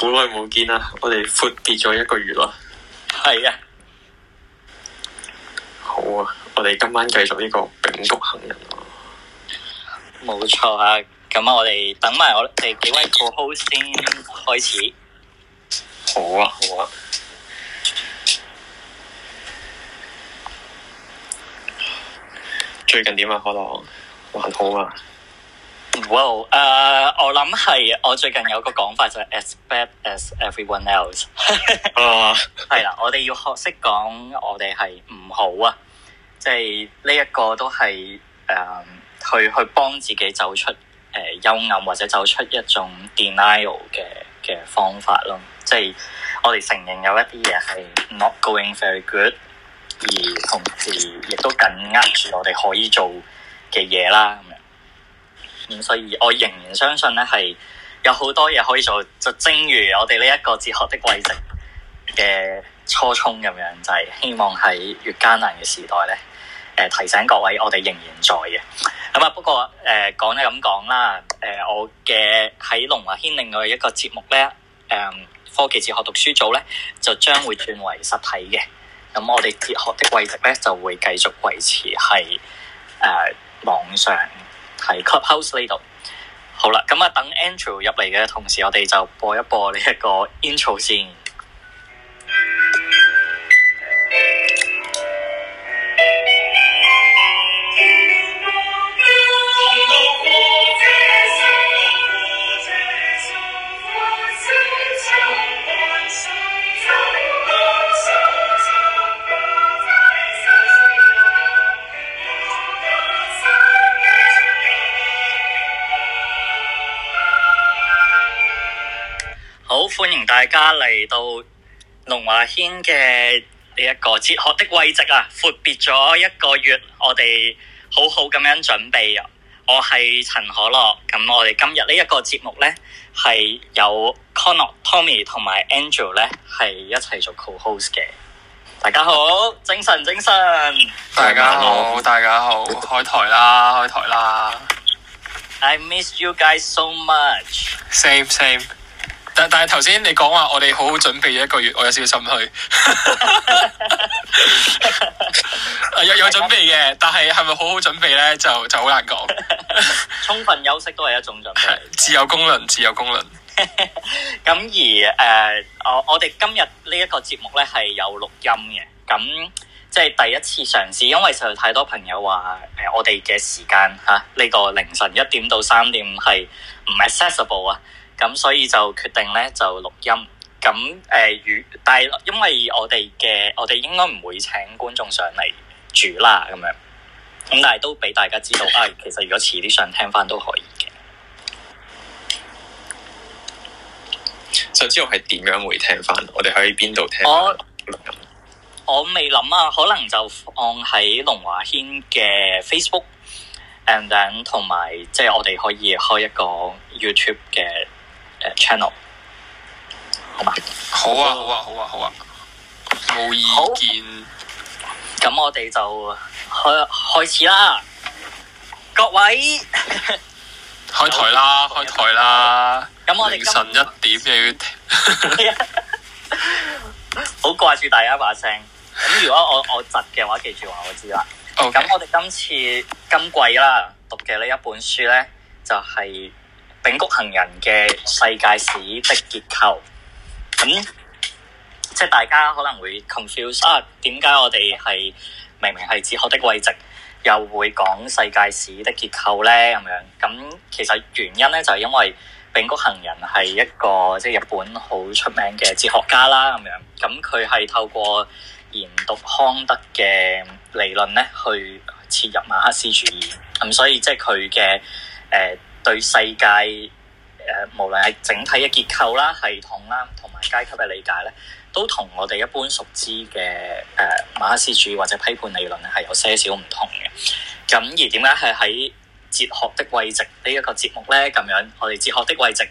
好耐冇見啦，我哋闊別咗一個月啦。係啊的。好啊，我哋今晚繼續呢個並獨行人。冇錯啊，咁我哋等埋我哋幾位 cohost 先開始。好啊，好啊。最近點啊，可樂？還好啊。哇！誒，我諗係我最近有個講法就係 as bad as everyone else。哦，係啦，我哋要學識講我哋係唔好啊，即係呢一個都係誒去去幫自己走出誒幽暗或者走出一種 denial 嘅嘅方法咯。即係我哋承認有一啲嘢係 not going very good，而同時亦都緊握住我哋可以做嘅嘢啦。嗯、所以，我仍然相信咧，係有好多嘢可以做。就正如我哋呢一個哲學的慰藉嘅初衷咁樣，就係、是、希望喺越艱難嘅時代咧，誒、呃、提醒各位，我哋仍然在嘅。咁、嗯、啊，不過誒講係咁講啦，誒、呃呃、我嘅喺龍華軒另外一個節目咧，誒、嗯、科技哲學讀書組咧，就將會轉為實體嘅。咁、嗯、我哋哲學的慰藉咧，就會繼續維持係誒、呃、網上。係 Clubhouse 呢度。好啦，咁啊等 Andrew 入嚟嘅同時，我哋就播一播呢一個 intro 先。 歡迎大家嚟到龍華軒嘅呢一個哲學的位置啊！闊別咗一個月，我哋好好咁樣準備。我係陳可樂，咁我哋今日呢一個節目呢，係有 Connor、Tommy 同埋 Angel 咧，係一齊做 co-host 嘅。大家好，精神精神！大家好，Hello. 大家好，開台啦，開台啦！I miss you guys so much. Same, same. 但但係頭先你講話我哋好好準備咗一個月，我有少少心虛。 有有準備嘅，的但係係咪好好準備咧？就就好難講。 充分休息都係一種準備。 自由功能，自由功能。咁 而誒、uh，我我哋今日呢一個節目咧係有錄音嘅，咁即係第一次嘗試，因為實在太多朋友話誒，uh, 我哋嘅時間嚇呢、uh, 個凌晨一點到三點係唔 accessible 啊。咁所以就決定咧就錄音。咁誒，如、呃、但係因為我哋嘅我哋應該唔會請觀眾上嚟住啦，咁樣。咁但係都俾大家知道，啊、哎，其實如果遲啲上聽翻都可以嘅。想知道係點樣回聽翻？我哋可以邊度聽？我未諗啊，可能就放喺龍華軒嘅 Facebook，and then，同埋即係、就是、我哋可以開一個 YouTube 嘅。誒，channel，好嘛？好啊，好啊，好啊，好啊，冇意見。咁、啊、我哋就開開始啦，各位開台啦， 開台啦。咁我凌晨一點又要好掛住大家把聲。咁如果我我窒嘅話，記住話我知啦。咁 Okay. 我哋今次今季啦讀嘅呢一本書咧，就係、是。柄谷行人嘅世界史的結構，咁、嗯、即係大家可能會 confuse 啊，點解我哋係明明係哲學的位置，又會講世界史的結構咧？咁樣咁其實原因咧就係、是、因為柄谷行人係一個即係日本好出名嘅哲學家啦。咁樣咁佢係透過研讀康德嘅理論咧，去切入馬克思主義。咁、嗯、所以即係佢嘅誒。呃對世界誒、呃，無論係整體嘅結構啦、系統啦，同埋階級嘅理解咧，都同我哋一般熟知嘅誒、呃、馬克思主義或者批判理論咧係有些少唔同嘅。咁而點解係喺《哲學的慰藉》呢一個節目咧？咁樣我哋《哲學的慰藉》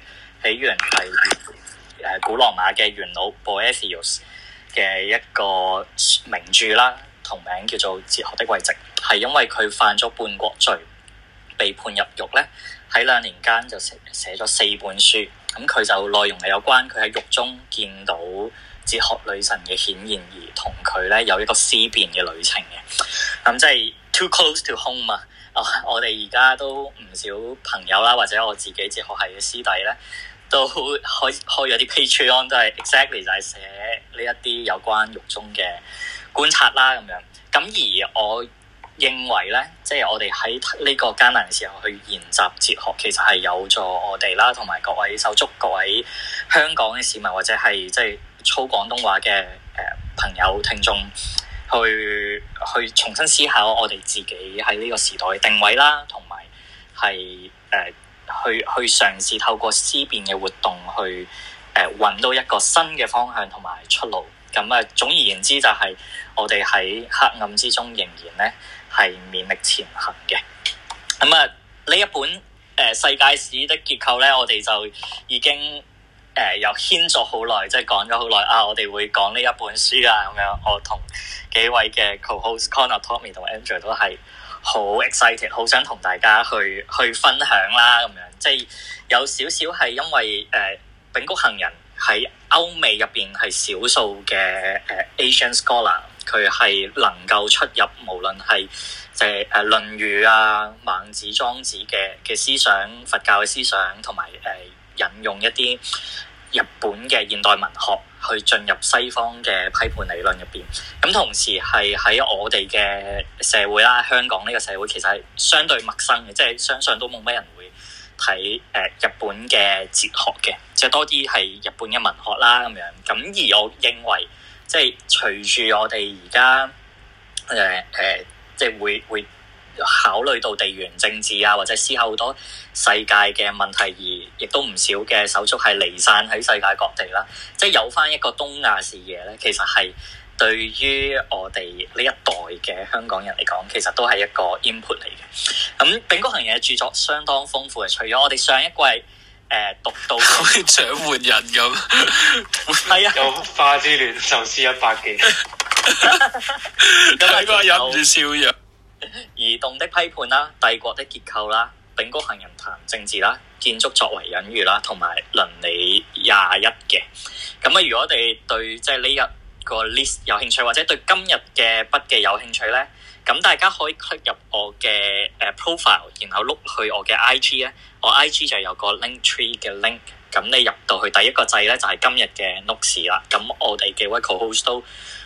起源係誒古羅馬嘅元老 Boethius 嘅一個名著啦，同名叫做《哲學的慰藉》，係因為佢犯咗叛國罪被判入獄咧。喺兩年間就寫寫咗四本書，咁佢就內容係有關佢喺獄中見到哲學女神嘅顯現，而同佢咧有一個思辨嘅旅程嘅。咁即係 too close to home 啊，我哋而家都唔少朋友啦，或者我自己哲學系嘅師弟咧，都開開咗啲 Patreon，都係 exactly 就係寫呢一啲有關獄中嘅觀察啦咁樣。咁而我認為咧，即係我哋喺呢個艱難嘅時候去研習哲學，其實係有助我哋啦，同埋各位手足，各位香港嘅市民或者係即係操廣東話嘅誒、呃、朋友聽眾，去去重新思考我哋自己喺呢個時代嘅定位啦，同埋係誒去去嘗試透過思辨嘅活動去誒搵、呃、到一個新嘅方向同埋出路。咁啊，總而言之就係、是、我哋喺黑暗之中仍然咧。係勉力前行嘅。咁、嗯、啊，呢一本誒、呃、世界史的結構咧，我哋就已經誒又、呃、牽咗好耐，即係講咗好耐啊。我哋會講呢一本書啊，咁樣我同幾位嘅 co-host Connor Tommy 同 Andrew 都係好 excited 好想同大家去去分享啦，咁樣即係有少少係因為誒，柄、呃、谷行人喺歐美入邊係少數嘅誒、呃、Asian scholar。佢係能夠出入，無論係誒、誒、《論語》啊、《孟子》、《莊子》嘅嘅思想、佛教嘅思想，同埋誒引用一啲日本嘅現代文學去進入西方嘅批判理論入邊。咁、嗯、同時係喺我哋嘅社會啦，香港呢個社會其實係相對陌生嘅，即係相信都冇乜人會睇誒、呃、日本嘅哲學嘅，即係多啲係日本嘅文學啦咁樣。咁而我認為。即係隨住我哋而家誒誒，即係會會考慮到地緣政治啊，或者思考好多世界嘅問題，而亦都唔少嘅手足係離散喺世界各地啦。即係有返一個東亞視野咧，其實係對於我哋呢一代嘅香港人嚟講，其實都係一個 input 嚟嘅。咁炳哥行嘢著作相當豐富嘅，除咗我哋上一季。誒，讀到好似掌門人咁，係啊。有花之戀，就撕一百件。點解忍唔住笑嘅？移動的批判啦，帝國的結構啦，柄谷行人談政治啦，建築作為隱喻啦，同埋倫理廿一嘅。咁啊，如果我哋對即係呢一個 list 有興趣，或者對今日嘅筆記有興趣咧？咁大家可以 click 入我嘅誒、uh, profile，然後碌去我嘅 IG 咧，我 IG 就有個 link tree 嘅 link。咁你入到去第一個掣咧，就係今日嘅 notes 啦。咁我哋嘅 Weekly Host 都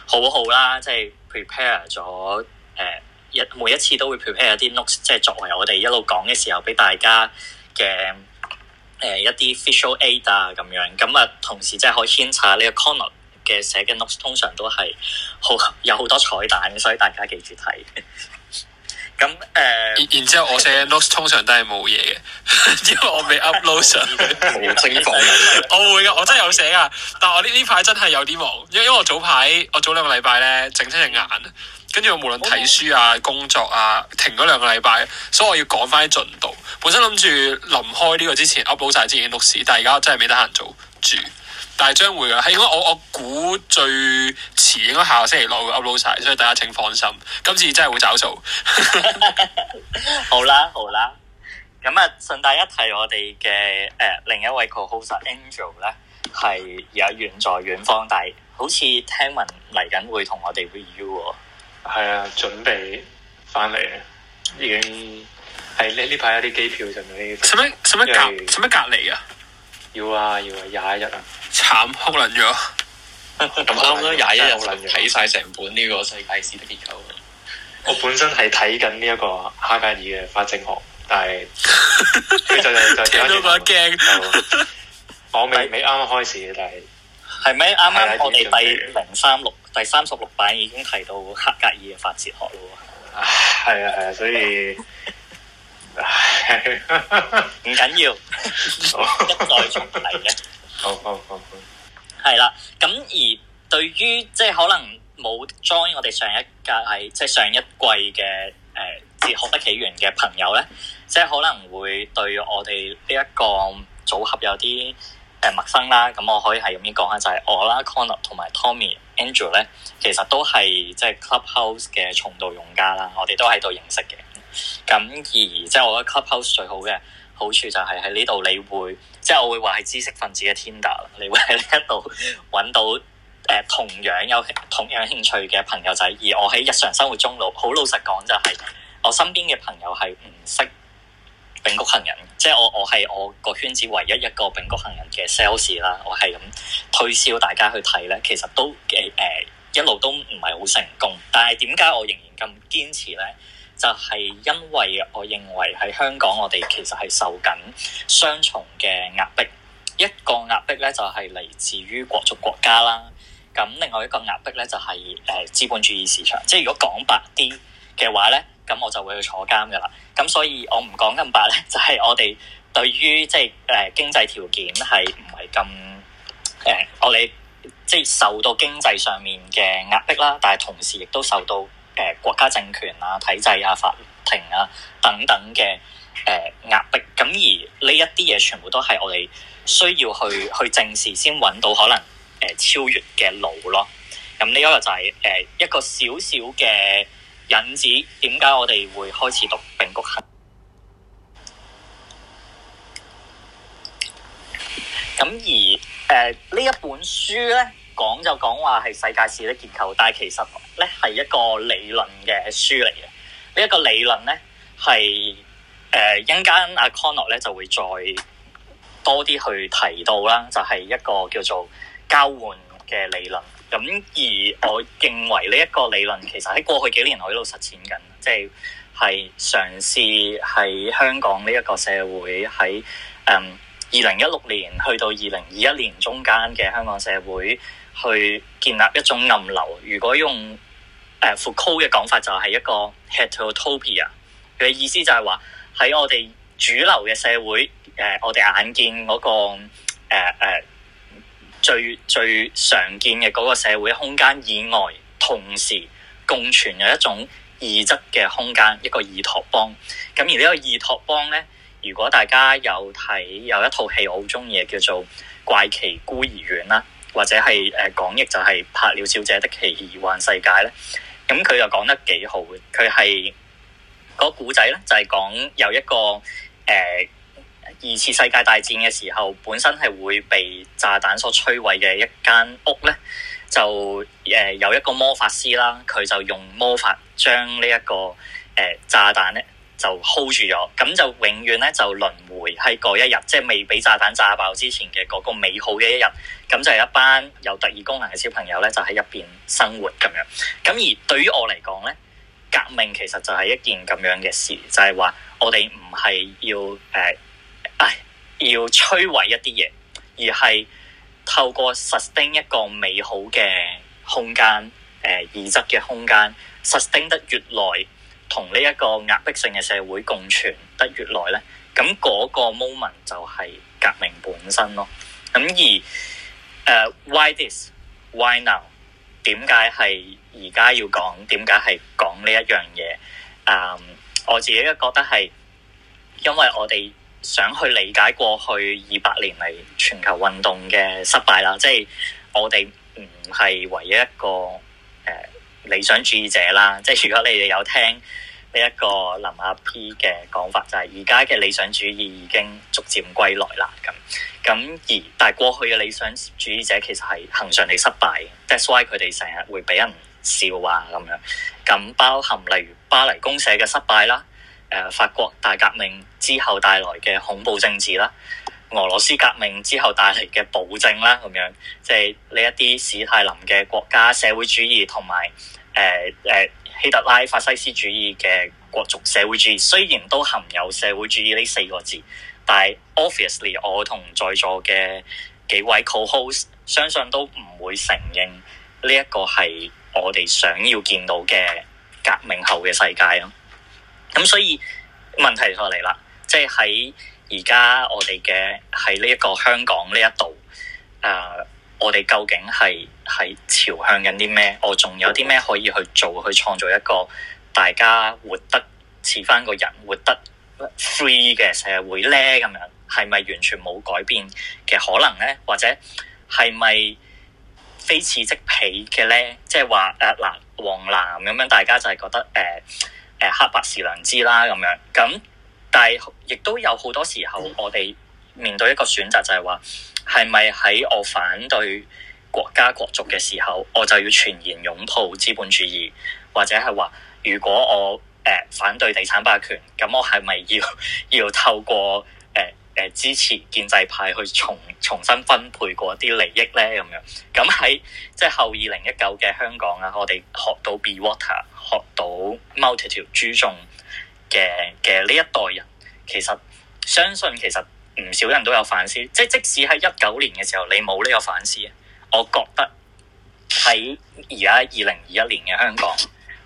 好好啦，即、就、係、是、prepare 咗誒、呃、一每一次都會 prepare 一啲 notes，即係作為我哋一路講嘅時候俾大家嘅誒、呃、一啲 visual aid 啊咁樣。咁啊，同時即係可以檢下呢個 corner。嘅寫嘅 notes 通常都係好有好多彩蛋，所以大家記住睇。咁 誒，uh、然之後我寫嘅 notes 通常都係冇嘢嘅，因為我未 upload 上佢。冇聲講，我會嘅，我真係有寫㗎，但係我呢呢排真係有啲忙，因為因為我早排我早兩個禮拜咧整親隻眼，跟住我無論睇書啊、好工作啊，停咗兩個禮拜，所以我要趕返啲進度。本身諗住臨開呢個之前 upload 曬之前嘅 notes，但係而家真係未得閒做住。但係將會嘅，係我我我估最遲應該下個星期六會 upload 晒，ed, 所以大家請放心。今次真係會找數。 好啦好啦，咁啊順帶一提我，我哋嘅誒另一位 cohost Angel 咧係而家遠在遠方， 但係好似聽聞嚟緊會同我哋 review 係啊，準備翻嚟，啊，已經係你呢排有啲機票，準備。使乜使乜隔使乜隔離啊？要啊，要啊，廿一啊，慘哭爛咗，咁啱啦，廿一又能睇晒成本呢個世界史嘅結構。我本身係睇緊呢一個哈格爾嘅法哲學，但係，就到個鏡，我未未啱啱開始嘅，但係，係咪？啱啱我哋第零三六第三十六版已經提到哈格爾嘅法哲學咯，啊，係啊，所以。唉，唔緊要，一再重嚟嘅。 好好好好。係啦，咁而對於即係可能冇 join 我哋上一屆係即係上一季嘅誒哲學的起源嘅朋友咧，即係可能會對我哋呢一個組合有啲誒陌生啦。咁我可以係咁樣講啊，就係我啦，Connor 同埋 Tommy、Angel 咧，其實都係即係 Clubhouse 嘅重度用家啦，我哋都喺度認識嘅。咁而即係、就是、我覺得 Clubhouse 最好嘅好處就係喺呢度，你會即係、就是、我會話係知識分子嘅 Tinder，你會喺呢一度揾到誒、呃、同樣有同樣興趣嘅朋友仔。而我喺日常生活中老好老實講，就係我身邊嘅朋友係唔識並谷行人，即、就、係、是、我我係我個圈子唯一一個並谷行人嘅 sales 啦。我係咁推銷大家去睇咧，其實都誒、呃、一路都唔係好成功，但係點解我仍然咁堅持咧？就係因為我認為喺香港，我哋其實係受緊雙重嘅壓迫。一個壓迫咧就係嚟自於國族國家啦。咁另外一個壓迫咧就係誒資本主義市場。即係如果講白啲嘅話咧，咁我就會去坐監㗎喇。咁所以我唔講咁白咧，就係我哋對於即係誒經濟條件係唔係咁誒我哋即係受到經濟上面嘅壓迫啦。但係同時亦都受到，誒國家政權啊、體制啊、法庭啊等等嘅誒、呃、壓迫，咁而呢一啲嘢全部都係我哋需要去去正視，先揾到可能誒、呃、超越嘅路咯。咁呢一個就係、是、誒、呃、一個小小嘅引子，點解我哋會開始讀《並谷行》？咁而誒呢一本書咧？講就講話係世界史的結構，但係其實咧係一個理論嘅書嚟嘅。呢、這、一個理論咧係誒，一間、呃、阿 Conor 咧就會再多啲去提到啦，就係、是、一個叫做交換嘅理論。咁而我認為呢一個理論其實喺過去幾年我喺度實踐緊，即係係嘗試喺香港呢一個社會喺誒二零一六年去到二零二一年中間嘅香港社會。去建立一種暗流。如果用誒福柯嘅講法，就係一個 heterotopia 佢嘅意思就，就係話喺我哋主流嘅社會，誒、呃、我哋眼見嗰、嗰個誒、呃呃、最最常見嘅嗰個社會空間以外，同時共存有一種異質嘅空間，一個異托邦。咁而個呢個異托邦咧，如果大家有睇有一套戲我，我好鍾意嘅叫做《怪奇孤兒院》啦。或者係誒廣譯就係《拍鳥小姐的奇幻世界》咧，咁佢又講得幾好嘅，佢係嗰個故仔咧就係、是、講有一個誒、呃、二次世界大戰嘅時候，本身係會被炸彈所摧毀嘅一間屋咧，就誒、呃、有一個魔法師啦，佢就用魔法將呢、這、一個誒、呃、炸彈咧。就 hold 住咗，咁就永遠咧就輪迴喺嗰一日，即係未俾炸彈炸爆之前嘅嗰個美好嘅一日，咁就係一班有特異功能嘅小朋友咧，就喺入邊生活咁樣。咁而對於我嚟講咧，革命其實就係一件咁樣嘅事，就係話我哋唔係要誒、呃、要摧毀一啲嘢，而係透過 sustain 一個美好嘅空間，誒異質嘅空間 sustain 得越耐。同呢一個壓迫性嘅社會共存得越耐呢，咁嗰個 moment 就係革命本身咯。咁而誒，uh，why this，why now？點解係而家要講？點解係講呢一樣嘢？嗯，um，我自己覺得係因為我哋想去理解過去二百年嚟全球運動嘅失敗啦。即係我哋唔係唯一一個。理想主義者啦，即係如果你哋有聽呢一個林阿 P 嘅講法，就係而家嘅理想主義已經逐漸歸來啦，咁咁而但係過去嘅理想主義者其實係恆常地失敗，mm hmm.，that's why 佢哋成日會俾人笑啊咁樣，咁包含例如巴黎公社嘅失敗啦，誒、呃、法國大革命之後帶來嘅恐怖政治啦。俄羅斯革命之後帶嚟嘅保證啦，咁樣即係呢一啲史泰林嘅國家社會主義同埋誒誒希特拉法西斯主義嘅國族社會主義，雖然都含有社會主義呢四個字，但係 obviously 我同在座嘅幾位 co-host 相信都唔會承認呢一個係我哋想要見到嘅革命後嘅世界咯。咁所以問題就嚟啦，即係喺而家我哋嘅喺呢一個香港呢一度，誒、呃，我哋究竟係係朝向緊啲咩？我仲有啲咩可以去做，去創造一個大家活得似返個人、活得 free 嘅社會咧？咁樣係咪完全冇改變嘅可能咧？或者係咪非此即彼嘅咧？即係話誒嗱黃藍咁樣，大家就係覺得誒誒、呃呃、黑白是良知啦咁樣咁。但係，亦都有好多時候，我哋面對一個選擇，就係話，係咪喺我反對國家國族嘅時候，我就要全然擁抱資本主義，或者係話，如果我誒、呃、反對地產霸權，咁我係咪要要透過誒誒、呃呃、支持建制派去重重新分配嗰啲利益咧？咁樣，咁喺即係後二零一九嘅香港啊，我哋學到 be water，學到 multitude 注重。嘅嘅呢一代人，其實相信其實唔少人都有反思，即即使喺一九年嘅時候，你冇呢個反思，我覺得喺而家二零二一年嘅香港，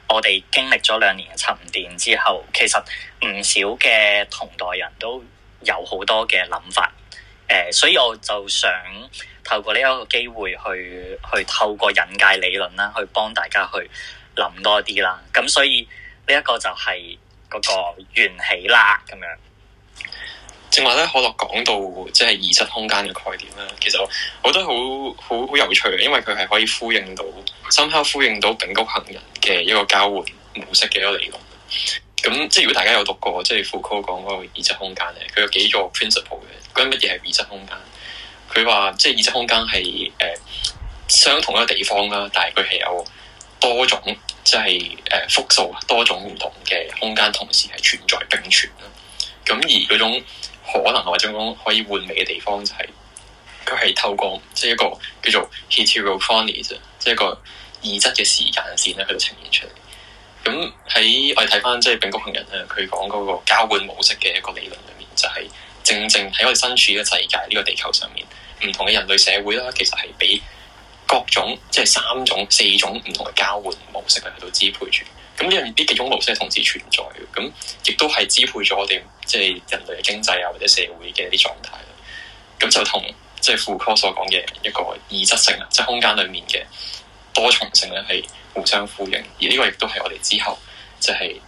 我哋經歷咗兩年嘅沉澱之後，其實唔少嘅同代人都有好多嘅諗法。誒、呃，所以我就想透過呢一個機會去去透過引介理論啦，去幫大家去諗多啲啦。咁所以呢一個就係、是。嗰個緣起啦，咁樣。正話咧，可樂講到即係異質空間嘅概念啦，其實我覺得好好好有趣嘅，因為佢係可以呼應到，深刻呼應到《柄谷行人》嘅一個交換模式嘅一個理論。咁即係如果大家有讀過，即係傅科講嗰個異質空間咧，佢有幾個 principle 嘅，關於乜嘢係異質空間。佢話即係異質空間係誒、呃、相同嘅地方啦，但係佢係有多種。即係誒，複數多種唔同嘅空間同時係存在並存啦。咁而嗰種可能或者講可以換美嘅地方就係佢係透過即係、就是、一個叫做 heterophony 啫，即係一個異質嘅時間線咧，佢就呈現出嚟。咁喺我哋睇翻即係《柄谷行人》啊，佢講嗰個交換模式嘅一個理論裏面，就係、是、正正喺我哋身處嘅世界呢、這個地球上面，唔同嘅人類社會啦，其實係比。各種即係三種、四種唔同嘅交換模式係喺度支配住，咁呢樣啲幾種模式同時存在嘅，咁、嗯、亦都係支配咗我哋即係人類嘅經濟啊或者社會嘅一啲狀態，咁、嗯、就同即係傅科所講嘅一個異質性啊，即係空間裏面嘅多重性咧係互相呼應，而呢個亦都係我哋之後即係誒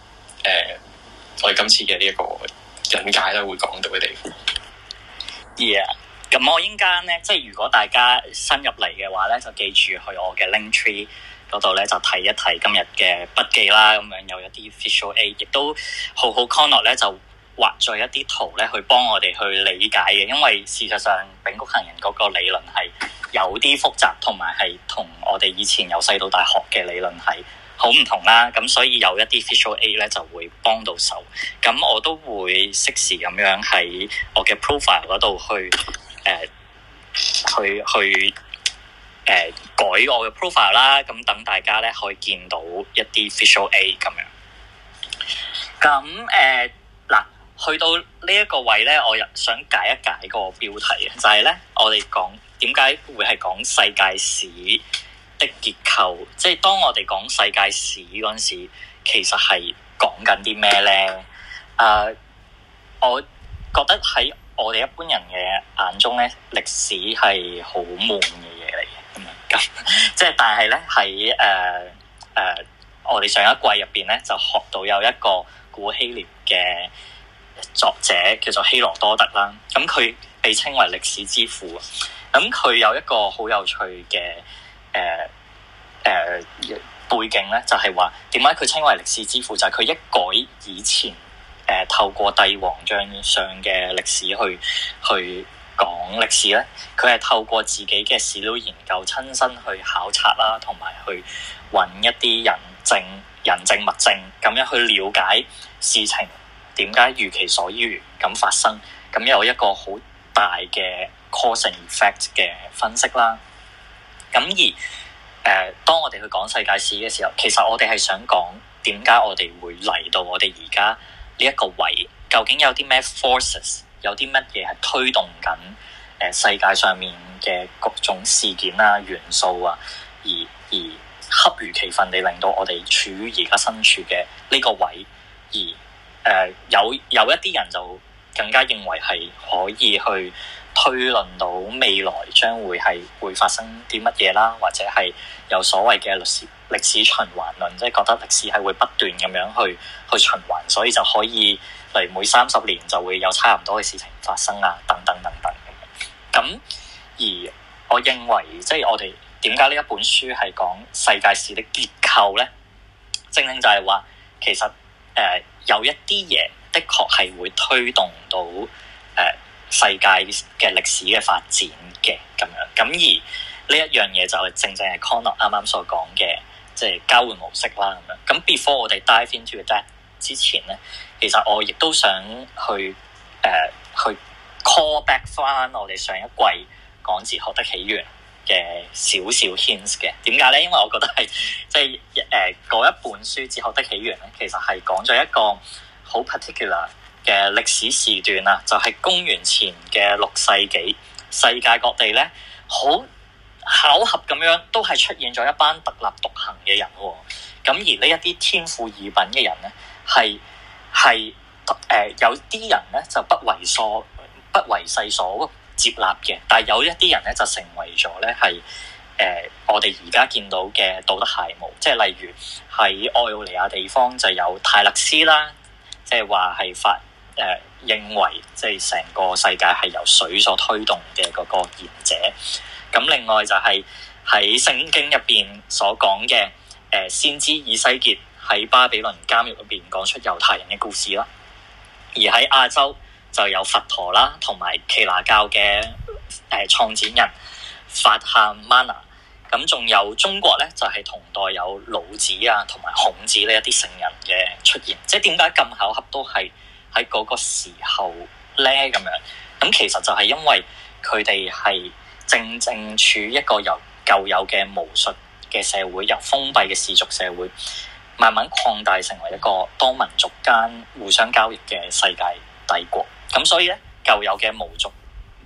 我哋今次嘅呢一個引介啦，會講到嘅地方。Yeah. 咁我依家咧，即係如果大家新入嚟嘅話咧，就記住去我嘅 Linktree 嗰度咧，就睇一睇今日嘅筆記啦。咁樣有一啲 visual aid 亦都好好 connote 咧，就畫咗一啲圖咧，去幫我哋去理解嘅。因為事實上，丙谷行人嗰個理論係有啲複雜，同埋係同我哋以前由細到大學嘅理論係好唔同啦。咁所以有一啲 visual aid 咧，就會幫到手。咁我都會適時咁樣喺我嘅 profile 嗰度去。誒，去去誒、呃，改我嘅 profile 啦，咁等大家咧可以見到一啲 social A 咁樣。咁誒，嗱、呃，去到呢一個位咧，我又想解一解一個標題啊，就係、是、咧，我哋講點解會係講世界史的結構，即、就、係、是、當我哋講世界史嗰陣時，其實係講緊啲咩咧？誒、呃，我覺得喺我哋一般人嘅眼中咧，歷史係好悶嘅嘢嚟嘅。咁即係，但係咧喺誒誒，我哋上一季入邊咧就學到有一個古希臘嘅作者叫做希羅多德啦。咁佢、嗯、被稱為歷史之父。咁、嗯、佢有一個好有趣嘅誒誒背景咧，就係話點解佢稱為歷史之父？就係、是、佢一改以前。誒，透過帝王將相嘅歷史去去講歷史咧，佢係透過自己嘅史料研究，親身去考察啦，同埋去揾一啲人證、人證物證，咁樣去了解事情點解如其所欲咁發生，咁有一個好大嘅 cause and effect 嘅分析啦。咁而誒、呃，當我哋去講世界史嘅時候，其實我哋係想講點解我哋會嚟到我哋而家。呢一個位究竟有啲咩 forces，有啲乜嘢係推動緊？誒、呃、世界上面嘅各種事件啊、元素啊，而而恰如其分地令到我哋處於而家身處嘅呢個位，而誒、呃、有有一啲人就更加認為係可以去推論到未來將會係會發生啲乜嘢啦，或者係有所謂嘅歷史歷史循環論，即係覺得歷史係會不斷咁樣去去循環，所以就可以嚟每三十年就會有差唔多嘅事情發生啊，等等等等。咁而我認為，即係我哋點解呢一本書係講世界史的結構呢？正正就係話，其實誒有一啲嘢的確係會推動到。世界嘅歷史嘅發展嘅咁樣，咁而呢一樣嘢就係正正係 Connor 啱啱所講嘅，即係交換模式啦咁樣，咁 Before 我哋 dive into that 之前咧，其實我亦都想去誒、呃、去 call back 翻我哋上一季《講哲學的起源》嘅少少 hints 嘅。點解咧？因為我覺得係即係誒嗰一本書《哲學的起源》咧，其實係講咗一個好 particular。嘅歷史時段啊，就係、是、公元前嘅六世紀，世界各地咧好巧合咁樣，都係出現咗一班特立獨行嘅人喎。咁而呢一啲天賦異稟嘅人咧，係係誒有啲人咧就不為所不為世所接納嘅，但係有一啲人咧就成為咗咧係誒我哋而家見到嘅道德楷模，即係例如喺愛奧尼亞地方就有泰勒斯啦，即係話係法。誒認為，即係成個世界係由水所推動嘅嗰個賢者。咁另外就係喺聖經入邊所講嘅誒先知以西結喺巴比倫監獄入邊講出猶太人嘅故事啦。而喺亞洲就有佛陀啦，同埋耆那教嘅誒創展人法哈曼娜。咁仲有中國咧，就係同代有老子啊，同埋孔子呢一啲聖人嘅出現。即係點解咁巧合都係？喺嗰個時候咧，咁樣咁其實就係因為佢哋係正正處一個由舊有嘅巫術嘅社會，由封閉嘅氏族社會慢慢擴大成為一個多民族間互相交易嘅世界帝國。咁所以咧，舊有嘅巫族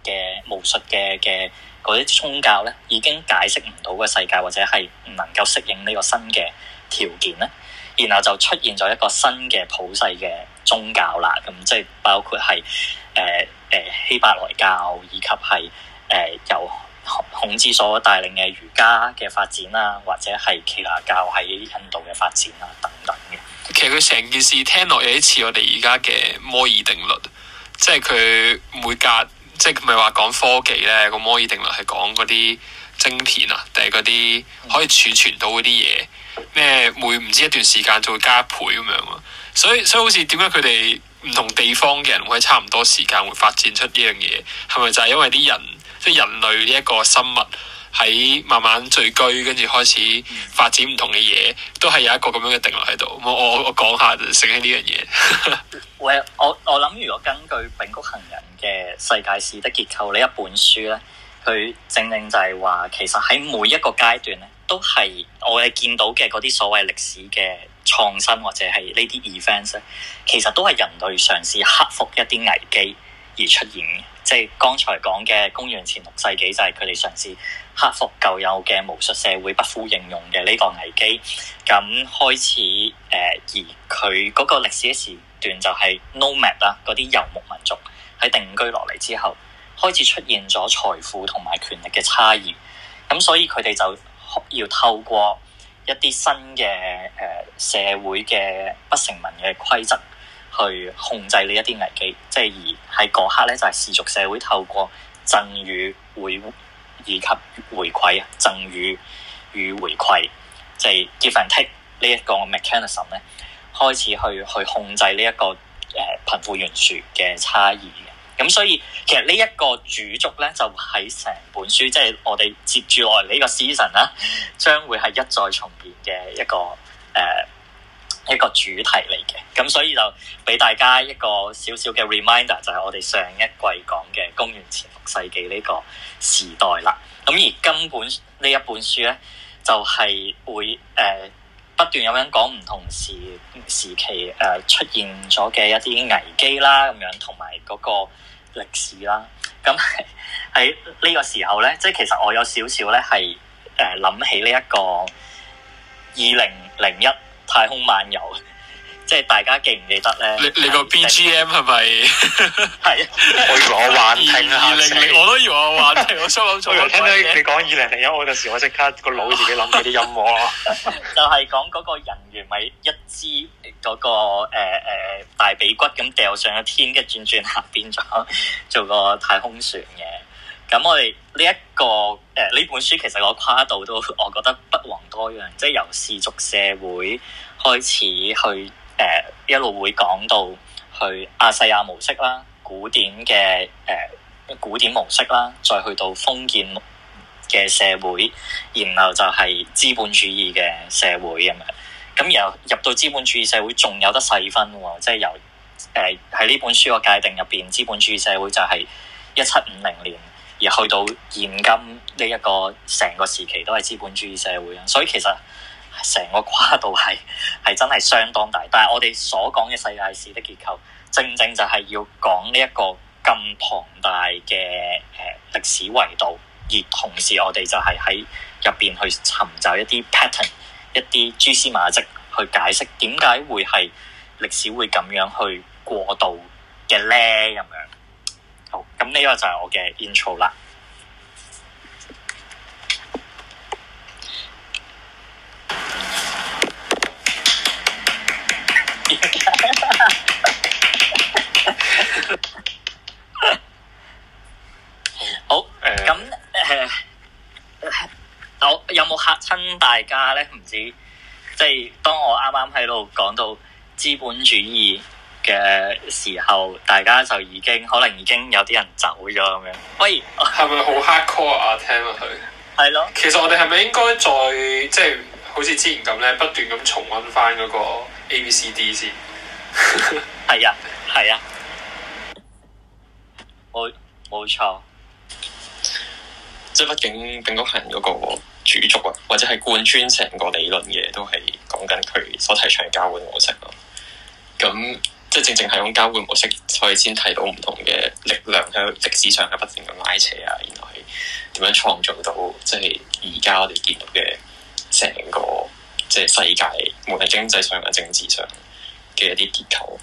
嘅巫術嘅嘅嗰啲宗教咧，已經解釋唔到嘅世界，或者係唔能夠適應呢個新嘅條件咧，然後就出現咗一個新嘅普世嘅。宗教啦，咁即係包括係誒誒希伯來教，以及係誒、呃、由孔子所帶領嘅儒家嘅發展啦，或者係其他教喺印度嘅發展啦，等等嘅。其實佢成件事聽落又似我哋而家嘅摩爾定律，即係佢每隔即係佢咪話講科技咧？個摩爾定律係講嗰啲晶片啊，定係嗰啲可以儲存到嗰啲嘢咩？每唔知一段時間就會加倍咁樣啊！所以所以好似點解佢哋唔同地方嘅人會差唔多時間會發展出呢樣嘢？係咪就係因為啲人即係、就是、人類呢一個生物喺慢慢聚居，跟住開始發展唔同嘅嘢，都係有一個咁樣嘅定律喺度？我我我講下就醒起呢樣嘢。喂，我 well, 我諗如果根據《柄谷行人》嘅《世界史的結構》呢一本書咧，佢正正就係話其實喺每一個階段咧，都係我哋見到嘅嗰啲所謂歷史嘅。創新或者係呢啲 events 咧，其實都係人類嘗試克服一啲危機而出現，即係剛才講嘅公元前六世紀，就係佢哋嘗試克服舊有嘅巫術社會不敷應用嘅呢個危機。咁開始誒、呃、而佢嗰個歷史嘅時段就係 nomad 啦，嗰啲遊牧民族喺定居落嚟之後，開始出現咗財富同埋權力嘅差異。咁所以佢哋就要透過。一啲新嘅誒、呃、社會嘅不成文嘅規則去控制呢一啲危機，即係而喺嗰刻咧就係氏族社會透過贈與會以及回饋啊，贈與與回饋，即係 give and take 呢一個 mechanism 咧，開始去去控制呢、這、一個誒貧、呃、富懸殊嘅差異。咁所以其實呢一個主軸咧，就喺成本書，即、就、係、是、我哋接住落嚟呢個 season 啦，將會係一再重現嘅一個誒、呃、一個主題嚟嘅。咁所以就俾大家一個小小嘅 reminder，就係我哋上一季講嘅公元前六世紀呢個時代啦。咁而根本呢一本書咧，就係、是、會誒。呃不斷有人講唔同時時期誒出現咗嘅一啲危機啦，咁樣同埋嗰個歷史啦。咁喺呢個時候咧，即係其實我有少少咧係誒諗起呢一個二零零一太空漫遊。即係大家記唔記得咧？你你個 BGM 係咪係啊？我以為我幻聽下。二 我都以為我幻聽。 我收諗錯咗。你講二零零一嗰陣時，我即刻個腦自己諗起啲音樂就係講嗰個人員咪一支嗰、那個誒誒、呃呃、大髀骨咁掉上咗天，跟住轉轉下變咗做個太空船嘅。咁我哋呢一個誒呢、呃、本書其實個跨度都，我覺得不遑多讓。即、就、係、是、由氏族社會開始去。誒、呃，一路會講到去亞細亞模式啦，古典嘅誒、呃、古典模式啦，再去到封建嘅社會，然後就係資本主義嘅社會咁樣。咁然後入到資本主義社會，仲有得細分喎、哦，即係由誒喺呢本書個界定入邊，資本主義社會就係一七五零年，而去到現今呢一個成個時期都係資本主義社會啊。所以其實。成個跨度係係真係相當大，但係我哋所講嘅世界史的結構，正正就係要講呢一個咁龐大嘅誒、呃、歷史維度，而同時我哋就係喺入邊去尋找一啲 pattern、一啲蛛絲馬跡去解釋點解會係歷史會咁樣去過渡嘅咧咁樣。好，咁呢個就係我嘅 intro 啦。親大家咧，唔知即係當我啱啱喺度講到資本主義嘅時候，大家就已經可能已經有啲人走咗咁樣。喂，係咪好 hardcore 啊？ 聽落去係咯。是的 其實我哋係咪應該再即係好似之前咁咧，不斷咁重温翻嗰個 A、 B、C、D 先？係啊，係啊。冇冇錯。即係畢竟定哥係人嗰個。主軸啊，或者係貫穿成個理論嘅，都係講緊，佢所提倡嘅交換模式咯。咁即係正正係用交換模式，所以先睇到唔同嘅力量喺歷史上係不斷咁拉扯啊。然後係點樣創造到即係而家我哋見到嘅成個即係世界，無論經濟上啊、政治上嘅一啲結構。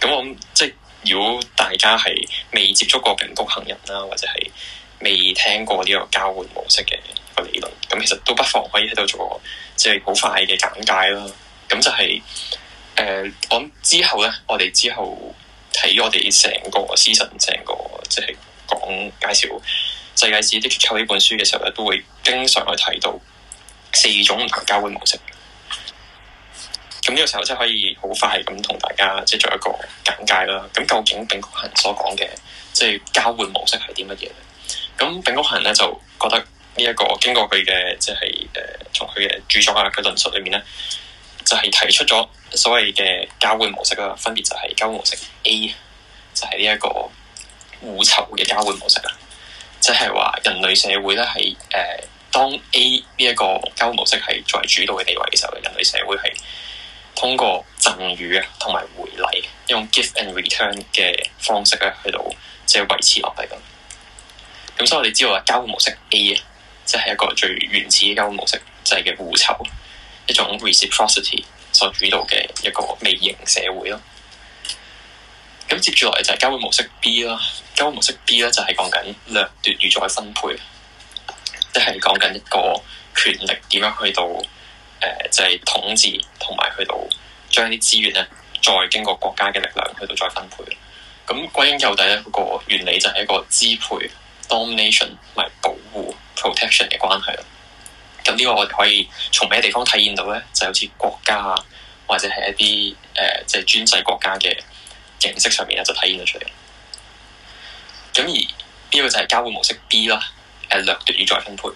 咁我諗即係如果大家係未接觸過《柄谷行人》啦，或者係未聽過呢個交換模式嘅。個理論，咁其實都不妨可以喺度做即係好快嘅簡介啦。咁就係、是、誒、呃，我諗之後咧，我哋之後睇我哋成個，season，個《斯神》成個即係講介紹《世界史的結構》呢本書嘅時候咧，都會經常去睇到四種唔同交換模式。咁呢個時候即係可以好快咁同大家即係做一個簡介啦。咁究竟柄谷行人所講嘅即係交換模式係啲乜嘢咧？咁柄谷行人咧就覺得。呢一個經過佢嘅即係誒，從佢嘅著作啊、佢論述裏面咧，就係、是、提出咗所謂嘅交換模式啊。分別就係交換模式 A，就係呢一個互酬嘅交換模式啊。即係話人類社會咧，係、呃、誒當 A 呢一個交換模式係作為主導嘅地位嘅時候，人類社會係通過贈與啊同埋回禮，用 gift and return 嘅方式啊，喺度即係維持落嚟咁。咁所以我哋知道話，交換模式 A。即係一個最原始嘅交換模式，就係嘅互酬一種 reciprocity 所主導嘅一個微型社會咯。咁接住落嚟就係交換模式 B 啦。交換模式 B 咧就係講緊掠奪與再分配，即係講緊一個權力點樣去到誒、呃，就係、是、統治同埋去到將啲資源咧再經過國家嘅力量去到再分配。咁歸根究底咧，個原理就係一個支配 （domination） 同埋保護。protection 嘅關係啦，咁、這、呢個我哋可以從咩地方體現到咧？就好似國家或者係一啲誒即係專制國家嘅形式上面咧，就體現咗出嚟。咁而呢個就係交換模式 B 啦、啊，誒掠奪與再分配。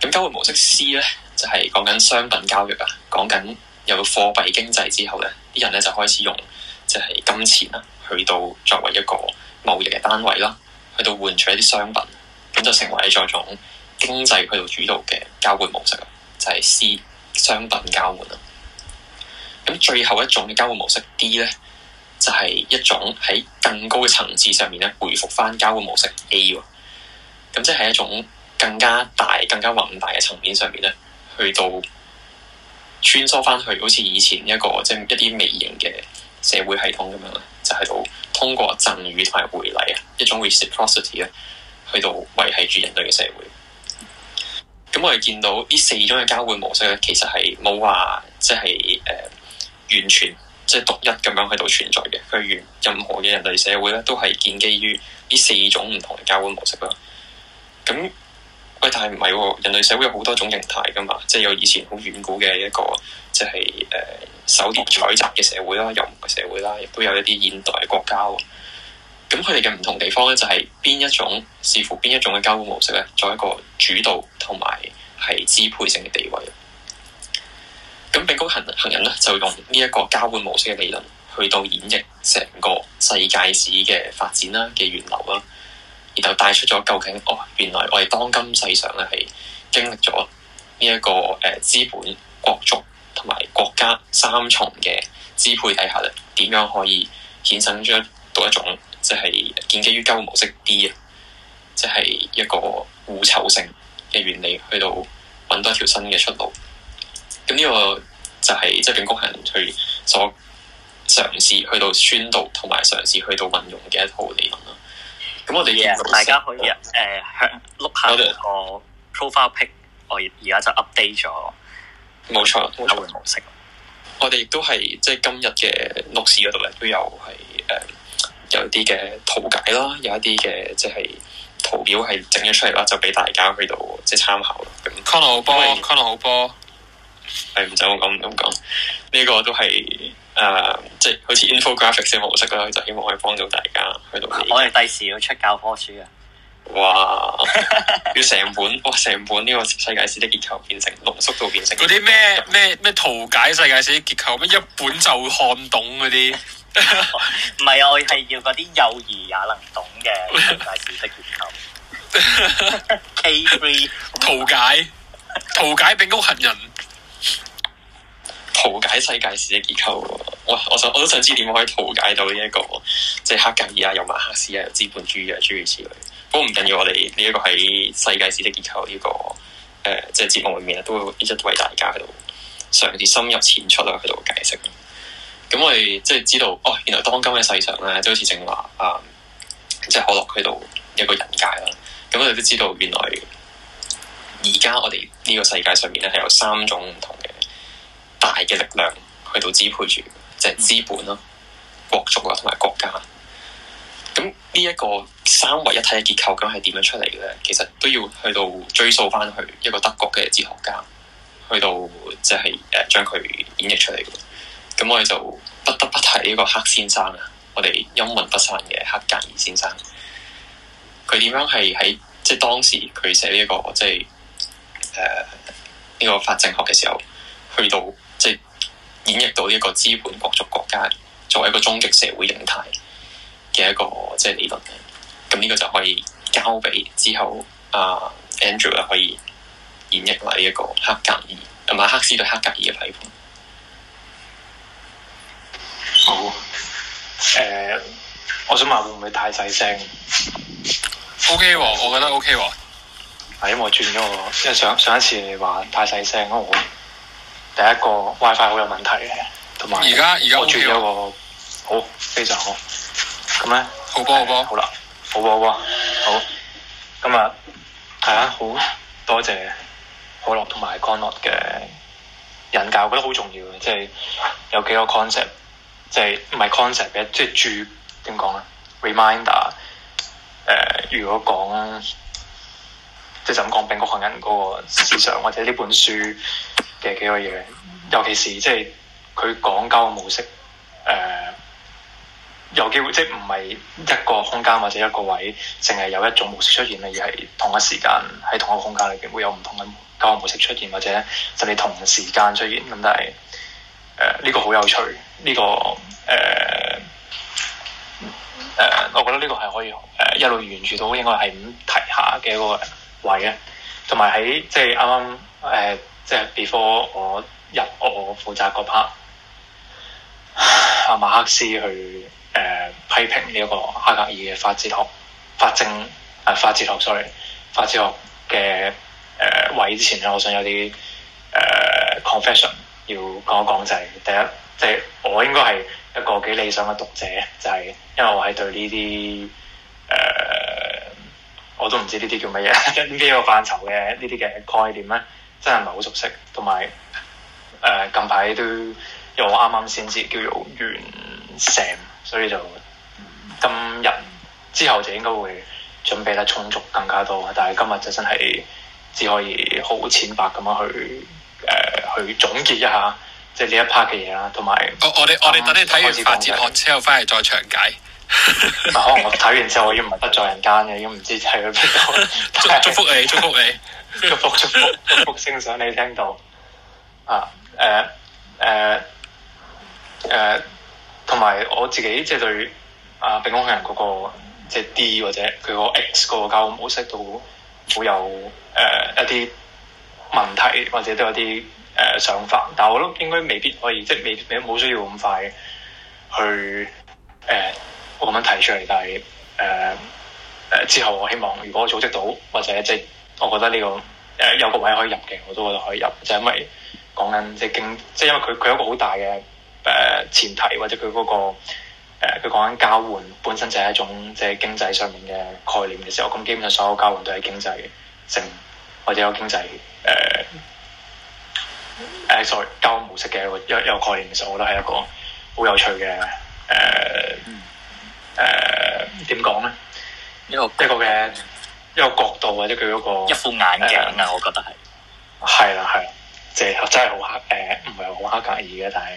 咁交換模式 C 咧，就係講緊商品交易啊，講緊有個貨幣經濟之後咧，啲人咧就開始用即係金錢啊，去到作為一個貿易嘅單位啦，去到換取一啲商品。就成為咗一種經濟去到主導嘅交換模式啦，就係、是、C 商品交換啦。咁最後一種嘅交換模式 D 咧，就係一種喺更高嘅層次上面咧，回覆翻交換模式 A 喎。咁即係一種更加大、更加宏大嘅層面上面咧，去到穿梭翻去好似以前一個即係、就是、一啲微型嘅社會系統咁樣，就喺、是、度通過贈與同埋回禮啊，一種 reciprocity 啊。去到維係住人類嘅社會，咁我哋見到呢四種嘅交換模式咧，其實係冇話即係誒完全即係獨一咁樣喺度存在嘅。佢完任何嘅人類社會咧，都係建基於呢四種唔同嘅交換模式啦。咁喂，但係唔係人類社會有好多種形態噶嘛？即係有以前好遠古嘅一個，即係誒狩獵採集嘅社會啦，遊牧嘅社會啦，亦都有一啲現代嘅國家喎。咁佢哋嘅唔同地方咧，就係、是、邊一種視乎邊一種嘅交換模式咧，作為一個主導同埋係支配性嘅地位。咁柄谷行人咧，就用呢一個交換模式嘅理論去到演繹成個世界史嘅發展啦嘅源流啦，然後帶出咗究竟哦，原來我哋當今世上咧係經歷咗呢一個誒資、呃、本、國族同埋國家三重嘅支配底下咧，點樣可以衍生出到一種。即係建基於交換模式 D 啊，即係一個互酬性嘅原理，去到揾多一條新嘅出路。咁呢個就係即係柄谷行人所嘗試去到宣導，同埋嘗試去到運用嘅一套理論啦。咁我哋、yeah, 大家可以誒向 look 下我 profile pic，k 我而家就 update 咗。冇錯，交換模式。我哋亦都係即係今日嘅錄視嗰度咧，都有係誒。呃啲嘅圖解啦，有一啲嘅即係圖表係整咗出嚟啦，就俾大家去到即係參考咯。康樂好波，c 康樂好波，係唔使我唔咁講。呢、這個都係誒，即、呃、係、就是、好似 infographics 模式啦，就希望可以幫到大家去到、這個。我哋第時要出教科書啊哇！ 哇，要成本哇，成本呢個世界史的結構變成濃縮到變成。嗰啲咩咩咩圖解世界史的結構，咩一本就看懂嗰啲？唔係 我係要嗰啲幼兒也能懂嘅世界史的結構。 K three，圖解，圖解柄谷行人，圖解世界史的結構啊。我想我想我都想知點可以圖解到呢、這、一個，即、就、係、是、黑格爾啊，尤馬克思啊，有資本主義啊諸如此類。不過唔緊要，緊要我，我哋呢一個喺世界史的結構呢、這個誒，即係節目裏面咧，都會一直為大家喺度嘗試深入淺出啦，喺度解釋。咁我哋即係知道，哦，原來當今嘅世上咧，即係好似正話啊，即、嗯、係、就是、可樂去到一個人界啦。咁我哋都知道，原來而家我哋呢個世界上面咧，係有三種唔同嘅大嘅力量去到支配住，即係資本咯、國族啊同埋國家。咁呢一個三位一體嘅結構，咁係點樣出嚟嘅咧？其實都要去到追溯翻去一個德國嘅哲學家，去到即係誒將佢演繹出嚟嘅。咁我哋就不得不提呢個黑先生啊，我哋陰魂不散嘅黑格爾先生。佢點樣係喺即係當時佢寫呢一個即係誒呢個法政學嘅時候，去到即係演繹到呢一個資本主義國族國家作為一個終極社會形態嘅一個即係理論嘅。咁呢個就可以交俾之後啊、呃、Andrew 可以演繹埋呢一個黑格爾，同、呃、埋馬克思對黑格爾嘅批判。好，誒、呃，我想問會唔會太細聲？O K 喎，okay, 我覺得 O K 喎。係因為我轉咗個，因為上上一次你話太細聲，我第一個 WiFi 好有問題嘅，同埋而家我轉咗個，okay. 好非常好。咁咧，好波好波，好啦，好波好波，好。咁啊，係啊，好多謝可樂同埋 Conor 嘅引教，我覺得好重要嘅，即係有幾個 concept。即係唔係 concept 嘅，即係注點講呢？Reminder 誒、呃，如果講即係就咁講，並國窮人嗰個市場或者呢本書嘅幾個嘢，尤其是即係佢講交嘅模式誒、呃，有機會即係唔係一個空間或者一個位，淨係有一種模式出現，而係同一時間喺同一個空間裏邊會有唔同嘅交嘅模式出現，或者甚至同時間出現咁，但係。誒呢、呃這個好有趣，呢、這個誒誒、呃呃，我覺得呢個係可以誒、呃、一路沿住到應該係咁提下嘅一個位啊。同埋喺即係啱啱誒即係 before 我入我負責嗰 part 阿馬克思去誒、呃、批評呢一個哈格爾嘅法哲學、法政誒、啊、法哲學，sorry，法哲學嘅誒、呃、位之前咧，我想有啲誒 confession。呃 confession。要講一講就係第一，即係我應該係一個幾理想嘅讀者，就係因為我係對呢啲誒，我都唔知呢啲叫乜嘢，呢個範疇嘅呢啲嘅概念咧，真係唔係好熟悉。同埋誒近排都，因為我啱啱先至叫做完成，所以就今日之後就應該會準備得充足更加多。但係今日就真係只可以好淺白咁樣去。誒、呃，去總結一下，即係呢一 part 嘅嘢啦，同埋我哋我哋等你睇完下節課之後翻嚟再詳解。 可能我睇完之後我已經唔係不在人間嘅，已經唔知係去邊度。祝福你，祝福你， 祝福祝福祝福，祝福聲想你聽到。啊，誒、呃，誒、呃，誒、呃，同埋我自己即係對啊，人工智能嗰個即係、就是、D 或者佢個 X 個教模式都，到會有誒、呃 uh, 一啲。問題或者都有啲誒、呃、想法，但係我都應該未必可以，即係未，未必冇需要咁快去、呃、我咁樣提出嚟。但係誒誒之後我希望，如果組織到或者即係我覺得呢、這個誒、呃、有個位可以入嘅，我都覺得可以入。即、就、係、是、因為講緊即係經，即、就、係、是、因為佢佢有一個好大嘅誒、呃、前提，或者佢嗰、那個佢講緊交換本身就係一種即係、就是、經濟上面嘅概念嘅時候，我咁基本上所有交換都係經濟性。或者有經濟誒誒，sorry，交換模式嘅一個一個一個概念，其實我覺得係一個好有趣嘅誒誒點講咧，一個一個嘅一個角度，或者佢嗰個一副眼鏡啊，呃、我覺得係係啦係啦，即係真係好黑誒，唔係好黑格爾嘅，但係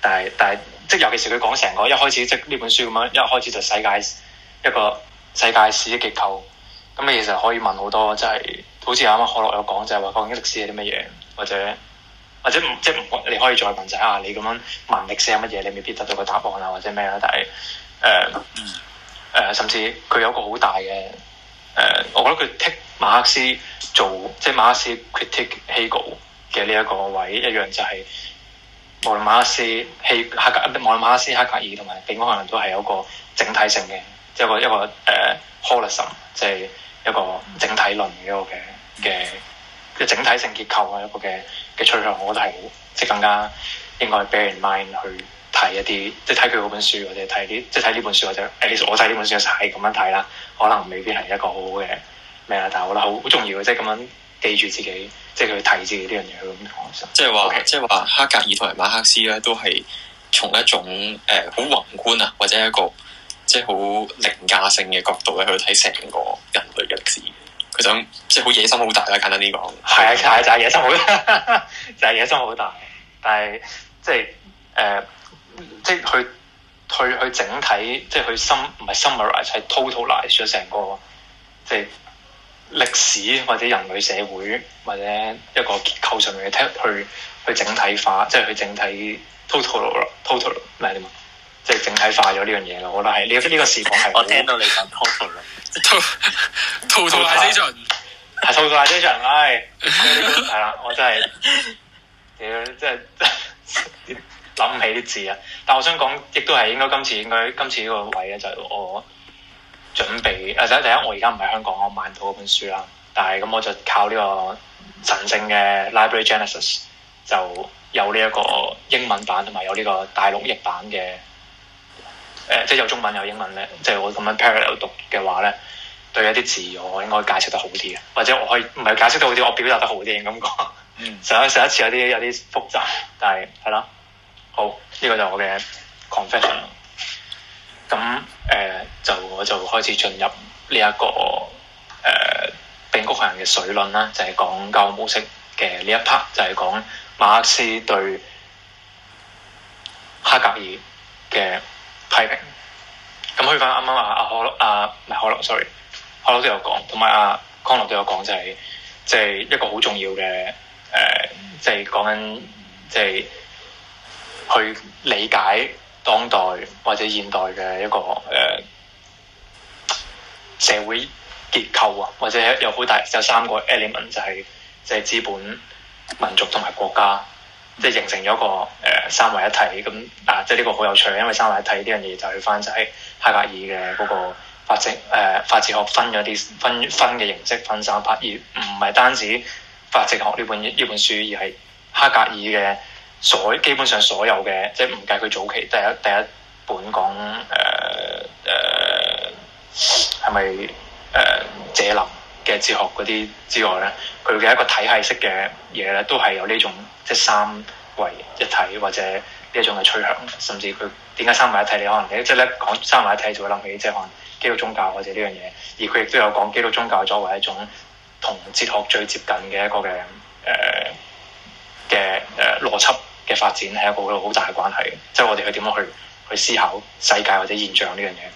但係但係即係尤其是佢講成個一開始即呢本書咁樣一開始就世界一個世界史嘅結構咁，你其實可以問好多即係。就是好似啱啱可樂有講就係話究竟歷史係啲乜嘢，或者或者唔，即係唔你可以再問就係啊，你咁樣問歷史係乜嘢，你未必得到個答案啊或者咩啦，但係誒誒，甚至佢有個好大嘅誒、呃，我覺得佢 take 馬克思做即係馬克思 critique Hegel 嘅呢一個位一樣就係無論馬克思、希黑格無論馬克思、黑格爾同埋俾我可能都係有個整體性嘅，一個一個誒 holism，即係。Uh, 一個整體論嘅一個嘅嘅嘅整體性結構啊，一個嘅嘅趨向，我覺得係即係更加應該 bear in mind 去睇一啲，即係睇佢嗰本書或者睇啲，即係睇呢本書或者誒，我睇呢本書係咁樣睇啦，可能未必係一個好好嘅咩啦，但係我覺得好重要嘅，即係咁樣記住自己，即係佢睇自己呢樣嘢，咁講即係話，Okay. 即係話，黑格爾同埋馬克思咧，都係從一種誒好、呃、宏觀啊，或者一個。即係好凌駕性嘅角度咧，去睇成個人類嘅歷史，佢想即係好野心好大啦，簡單啲講。係啊， 就係、是、野心好， 就係野心好大。但係即係誒，即係去去去整體，即係去深，唔係 summarise，係 totalize 咗成個即係、就是、歷史或者人類社會或者一個結構上面嘅去去，去整體化，即係去整體 total total 咩即係整體化咗呢樣嘢咯，我覺得係呢呢個視角係。我聽到你講圖圖啦，圖圖大資訊係圖唉，大資訊，係係啦，我真係屌，真係諗唔起啲字啊！但係我想講，亦都係應該今次應該今次呢個位咧，就係我準備誒，第一我而家唔喺香港，我買到嗰本書啦，但係咁我就靠呢個神聖嘅 Library Genesis 就有呢一個英文版同埋有呢個大陸譯版嘅。誒、呃，即係有中文有英文咧，即係我咁樣 parallel 讀嘅話咧，對一啲字我應該解釋得好啲嘅，或者我可以唔係解釋得好啲，我表達得好啲咁講。講嗯。上一上一次有啲有啲複雜，但係係咯。好，呢、這個就我嘅 confession、嗯。咁誒、呃，就我就開始進入呢、這、一個誒並國人嘅水論啦，就係、是、講教育模式嘅呢一 part，就係、是、講馬克思對黑格爾嘅。批評咁去翻啱啱話阿可樂阿唔係可樂 sorry 可樂都有講，同埋阿康樂都有講，啊、就係即係一個好重要嘅，誒即係講緊即係去理解當代或者現代嘅一個誒、呃、社會結構啊，或者有好大有三個 element 就係即係資本、民族同埋國家。即係形成咗個誒三位一體咁啊。即係呢個好有趣，因為三位一體呢啲嘢就係翻晒。係黑格爾嘅嗰個法政誒、呃、法哲學分咗啲分分嘅形式分三八二，唔係單止法哲學呢本呢本書而係黑格爾嘅所基本上所有嘅，即係唔計佢早期第一第一本講誒誒係咪誒謝林？嘅哲學嗰啲之外咧，佢嘅一個體系式嘅嘢咧，都係有呢種即係三位一體或者呢一種嘅趨向，甚至佢點解三位一體？你可能你即係咧講三位一體就會諗起即係可能基督宗教或者呢樣嘢，而佢亦都有講基督宗教作為一種同哲學最接近嘅一個嘅誒嘅誒邏輯嘅發展係一個好大嘅關係，即係我哋去點樣去去思考世界或者現象呢樣嘢。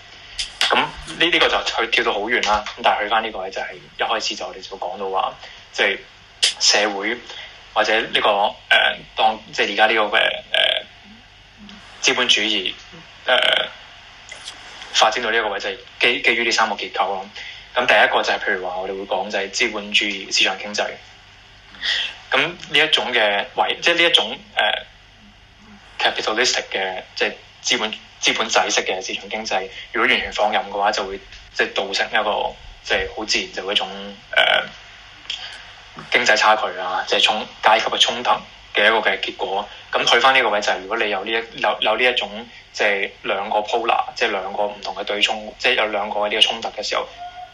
咁呢？呢個就去跳到好遠啦。咁但係去翻呢個位就係、是、一開始就我哋就講到話，即、就、係、是、社會或者呢、這個誒、呃、當，即係而家呢個誒誒資本主義誒、呃、發展到呢、這、一個位，就係、是、基基於呢三個結構咯。咁、嗯、第一個就係、是、譬如話，我哋會講就係、是、資本主義市場經濟。咁、嗯、呢一種嘅位，即係呢一種誒 capitalistic 嘅即係。呃資本資本仔式嘅市場經濟，如果完全放任嘅話，就會即係、就是、造成一個即係好自然就會一種誒、呃、經濟差距啊，即係衝階級嘅衝突嘅一個嘅結果。咁退翻呢個位就係，如果你有呢一有有呢一種即係、就是、兩個 polar，即係兩個唔同嘅對衝，即、就、係、是、有兩個呢個衝突嘅時候，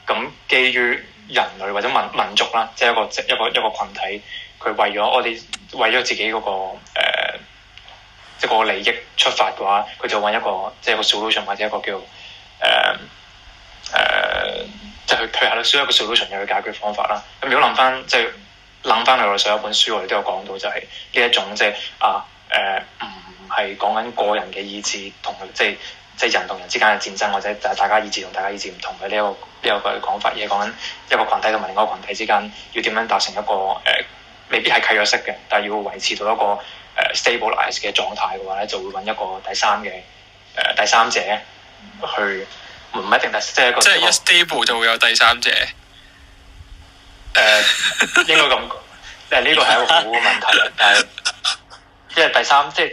咁基於人類或者民民族啦，即、就、係、是、一個一個一個,一個群體，佢為咗我哋為咗自己嗰、那個、呃一個利益出發嘅話，佢就揾一個即係個 solution 或者一個叫誒誒，即、呃、係、呃、去推下咯。所一個 solution 嘅解決方法啦。咁如果諗翻，即係諗翻我哋上一本書，我哋都有講到、就是，就係呢一種即係啊誒，唔係講緊個人嘅意志同，即係即係人同人之間嘅戰爭，或者大家大家意志同大家意志唔同嘅呢一個呢、呢個嘅講法，而係講緊一個群體同埋另一個群體之間要點樣達成一個誒、呃，未必係契約式嘅，但係要維持到一個。stableise 嘅狀態嘅話咧，就會揾一個第三嘅誒 Yeah. 第三者去，唔一定第即係一個。即係一 stable、嗯、就會有第三者。誒、呃、應該咁講，但係呢個係一個好嘅問題。 但係因為第三即係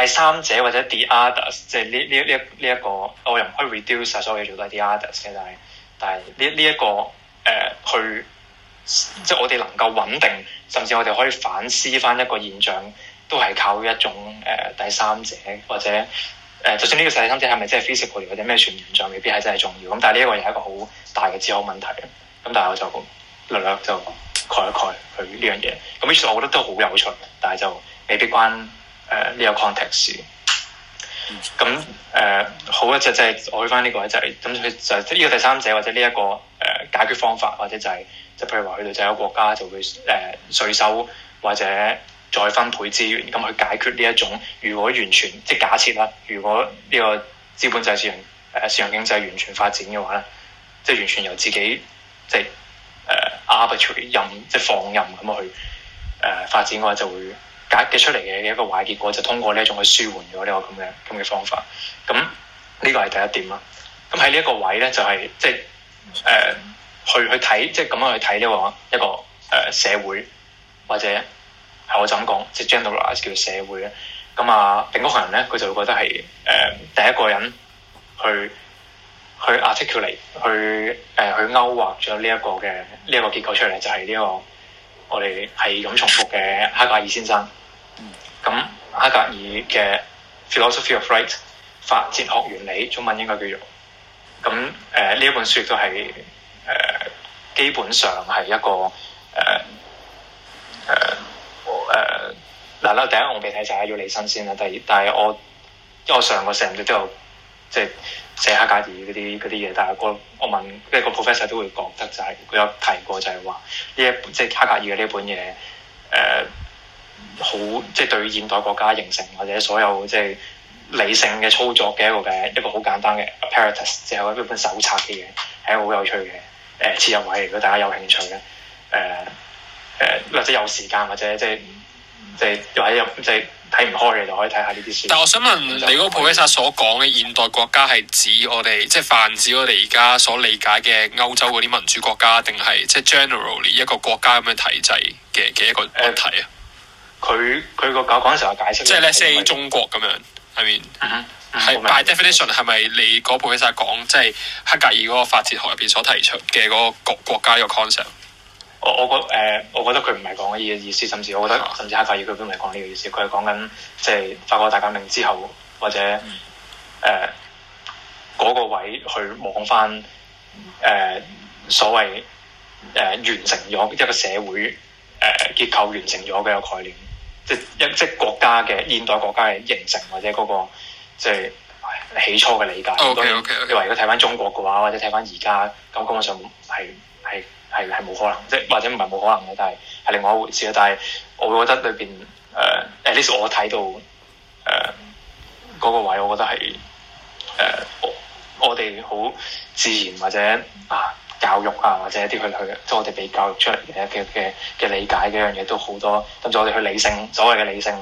第三者或者 the others，即係呢呢呢一呢一個，我又唔可以 reduce 所有嘢做到 the others 嘅。但係但係呢呢一個誒、呃、去，即係我哋能夠穩定，甚至我哋可以反思翻一個現象。都係靠一種誒、呃、第三者，或者誒、呃，就算呢個第三者係咪真係 physical 或者咩全存在，未必係真係重要。咁但係呢一個又係一個好大嘅思考問題。咁但係我就略略就概一概佢呢樣嘢。咁其實我覺得都好有趣，但係就未必關誒呢、呃這個 context。咁誒、mm. 嗯呃、好一就就係我去翻呢個咧，就係咁佢就呢、是、個第三者或者呢、這、一個誒、呃、解決方法，或者就係即係譬如話佢哋就有國家就會誒稅、呃、收或者。再分配資源，咁去解決呢一種。如果完全即係假設啦，如果呢個資本制市場誒、呃、市場經濟完全發展嘅話咧，即係完全由自己即係誒、呃、arbitrary 任即係放任咁去誒、呃、發展嘅話，就會解決出嚟嘅一個壞結果，就通過呢一種去舒緩咗呢個咁嘅咁嘅方法。咁呢個係第一點啦。咁喺呢、就是呃這個、一個位咧，就係即係誒去去睇，即係咁樣去睇呢個一個誒社會或者。係我就咁、是、講，即 generalize 叫做社會咧。咁啊，另一群人咧，佢就會覺得係誒、呃、第一個人去去 articulate 去誒、呃、去勾畫咗呢一個嘅呢一個結構出嚟，就係、是、呢、這個我哋係咁重複嘅黑格爾先生。咁黑格爾嘅 philosophy of right 法哲學原理，中文應該叫做咁誒呢一本書亦都係誒、呃、基本上係一個誒誒。呃呃誒嗱啦，第一我未睇就係要你新鮮啦。第二，但係我因為我上個成日都有即係寫黑格爾啲啲嘢，但係個我，我問即係個 professor 都會覺得就係、是、佢有提過就係話呢一即係黑格爾嘅呢本嘢誒、呃、好即係對現代國家形成或者所有即係理性嘅操作嘅一個嘅一個好簡單嘅 apparatus，即係一本手冊嘅嘢，係一個好有趣嘅誒切入位，如果大家有興趣嘅誒誒或者有時間或者即係。即就係喺入，就係睇唔開嘅，就可以睇下呢啲書。但係我想問、嗯、你嗰 Professor 所講嘅現代國家係指我哋，即、就、係、是、泛指我哋而家所理解嘅歐洲嗰啲民主國家，定係即係、就是、generally 一個國家咁嘅體制嘅嘅一個體啊？佢佢、呃、個教講成時解釋，即係咧，say 中國咁樣，係咪？係 by definition 係咪、uh huh. 你嗰 Professor 講，即、就、係、是、黑格爾嗰個法哲學入邊所提出嘅嗰個國國家一個 concept？我我覺誒、呃，我覺得佢唔係講呢個意思，甚至我覺得、啊、甚至黑格爾佢都唔係講呢個意思，佢係講緊即係法國大革命之後或者誒、嗯呃那個位去望翻誒所謂誒、呃、完成咗一個社會誒、呃、結構完成咗嘅概念，即係一即係國家嘅現代國家嘅形成或者、那個即係起初嘅理解。OK，你、okay, 話、okay, okay. 如果睇翻中國嘅話或者睇翻而家咁根本上係係。係係冇可能，即係或者唔係冇可能嘅，但係係另外一回事啊！但係我覺得裏邊誒，at least, 我睇到誒嗰、uh, 個位，我覺得係誒、uh, 我哋好自然或者啊教育啊或者一啲去，佢即係我哋被教育出嚟嘅嘅嘅嘅理解嘅一樣嘢都好多，跟、就、住、是、我哋去理性所謂嘅理性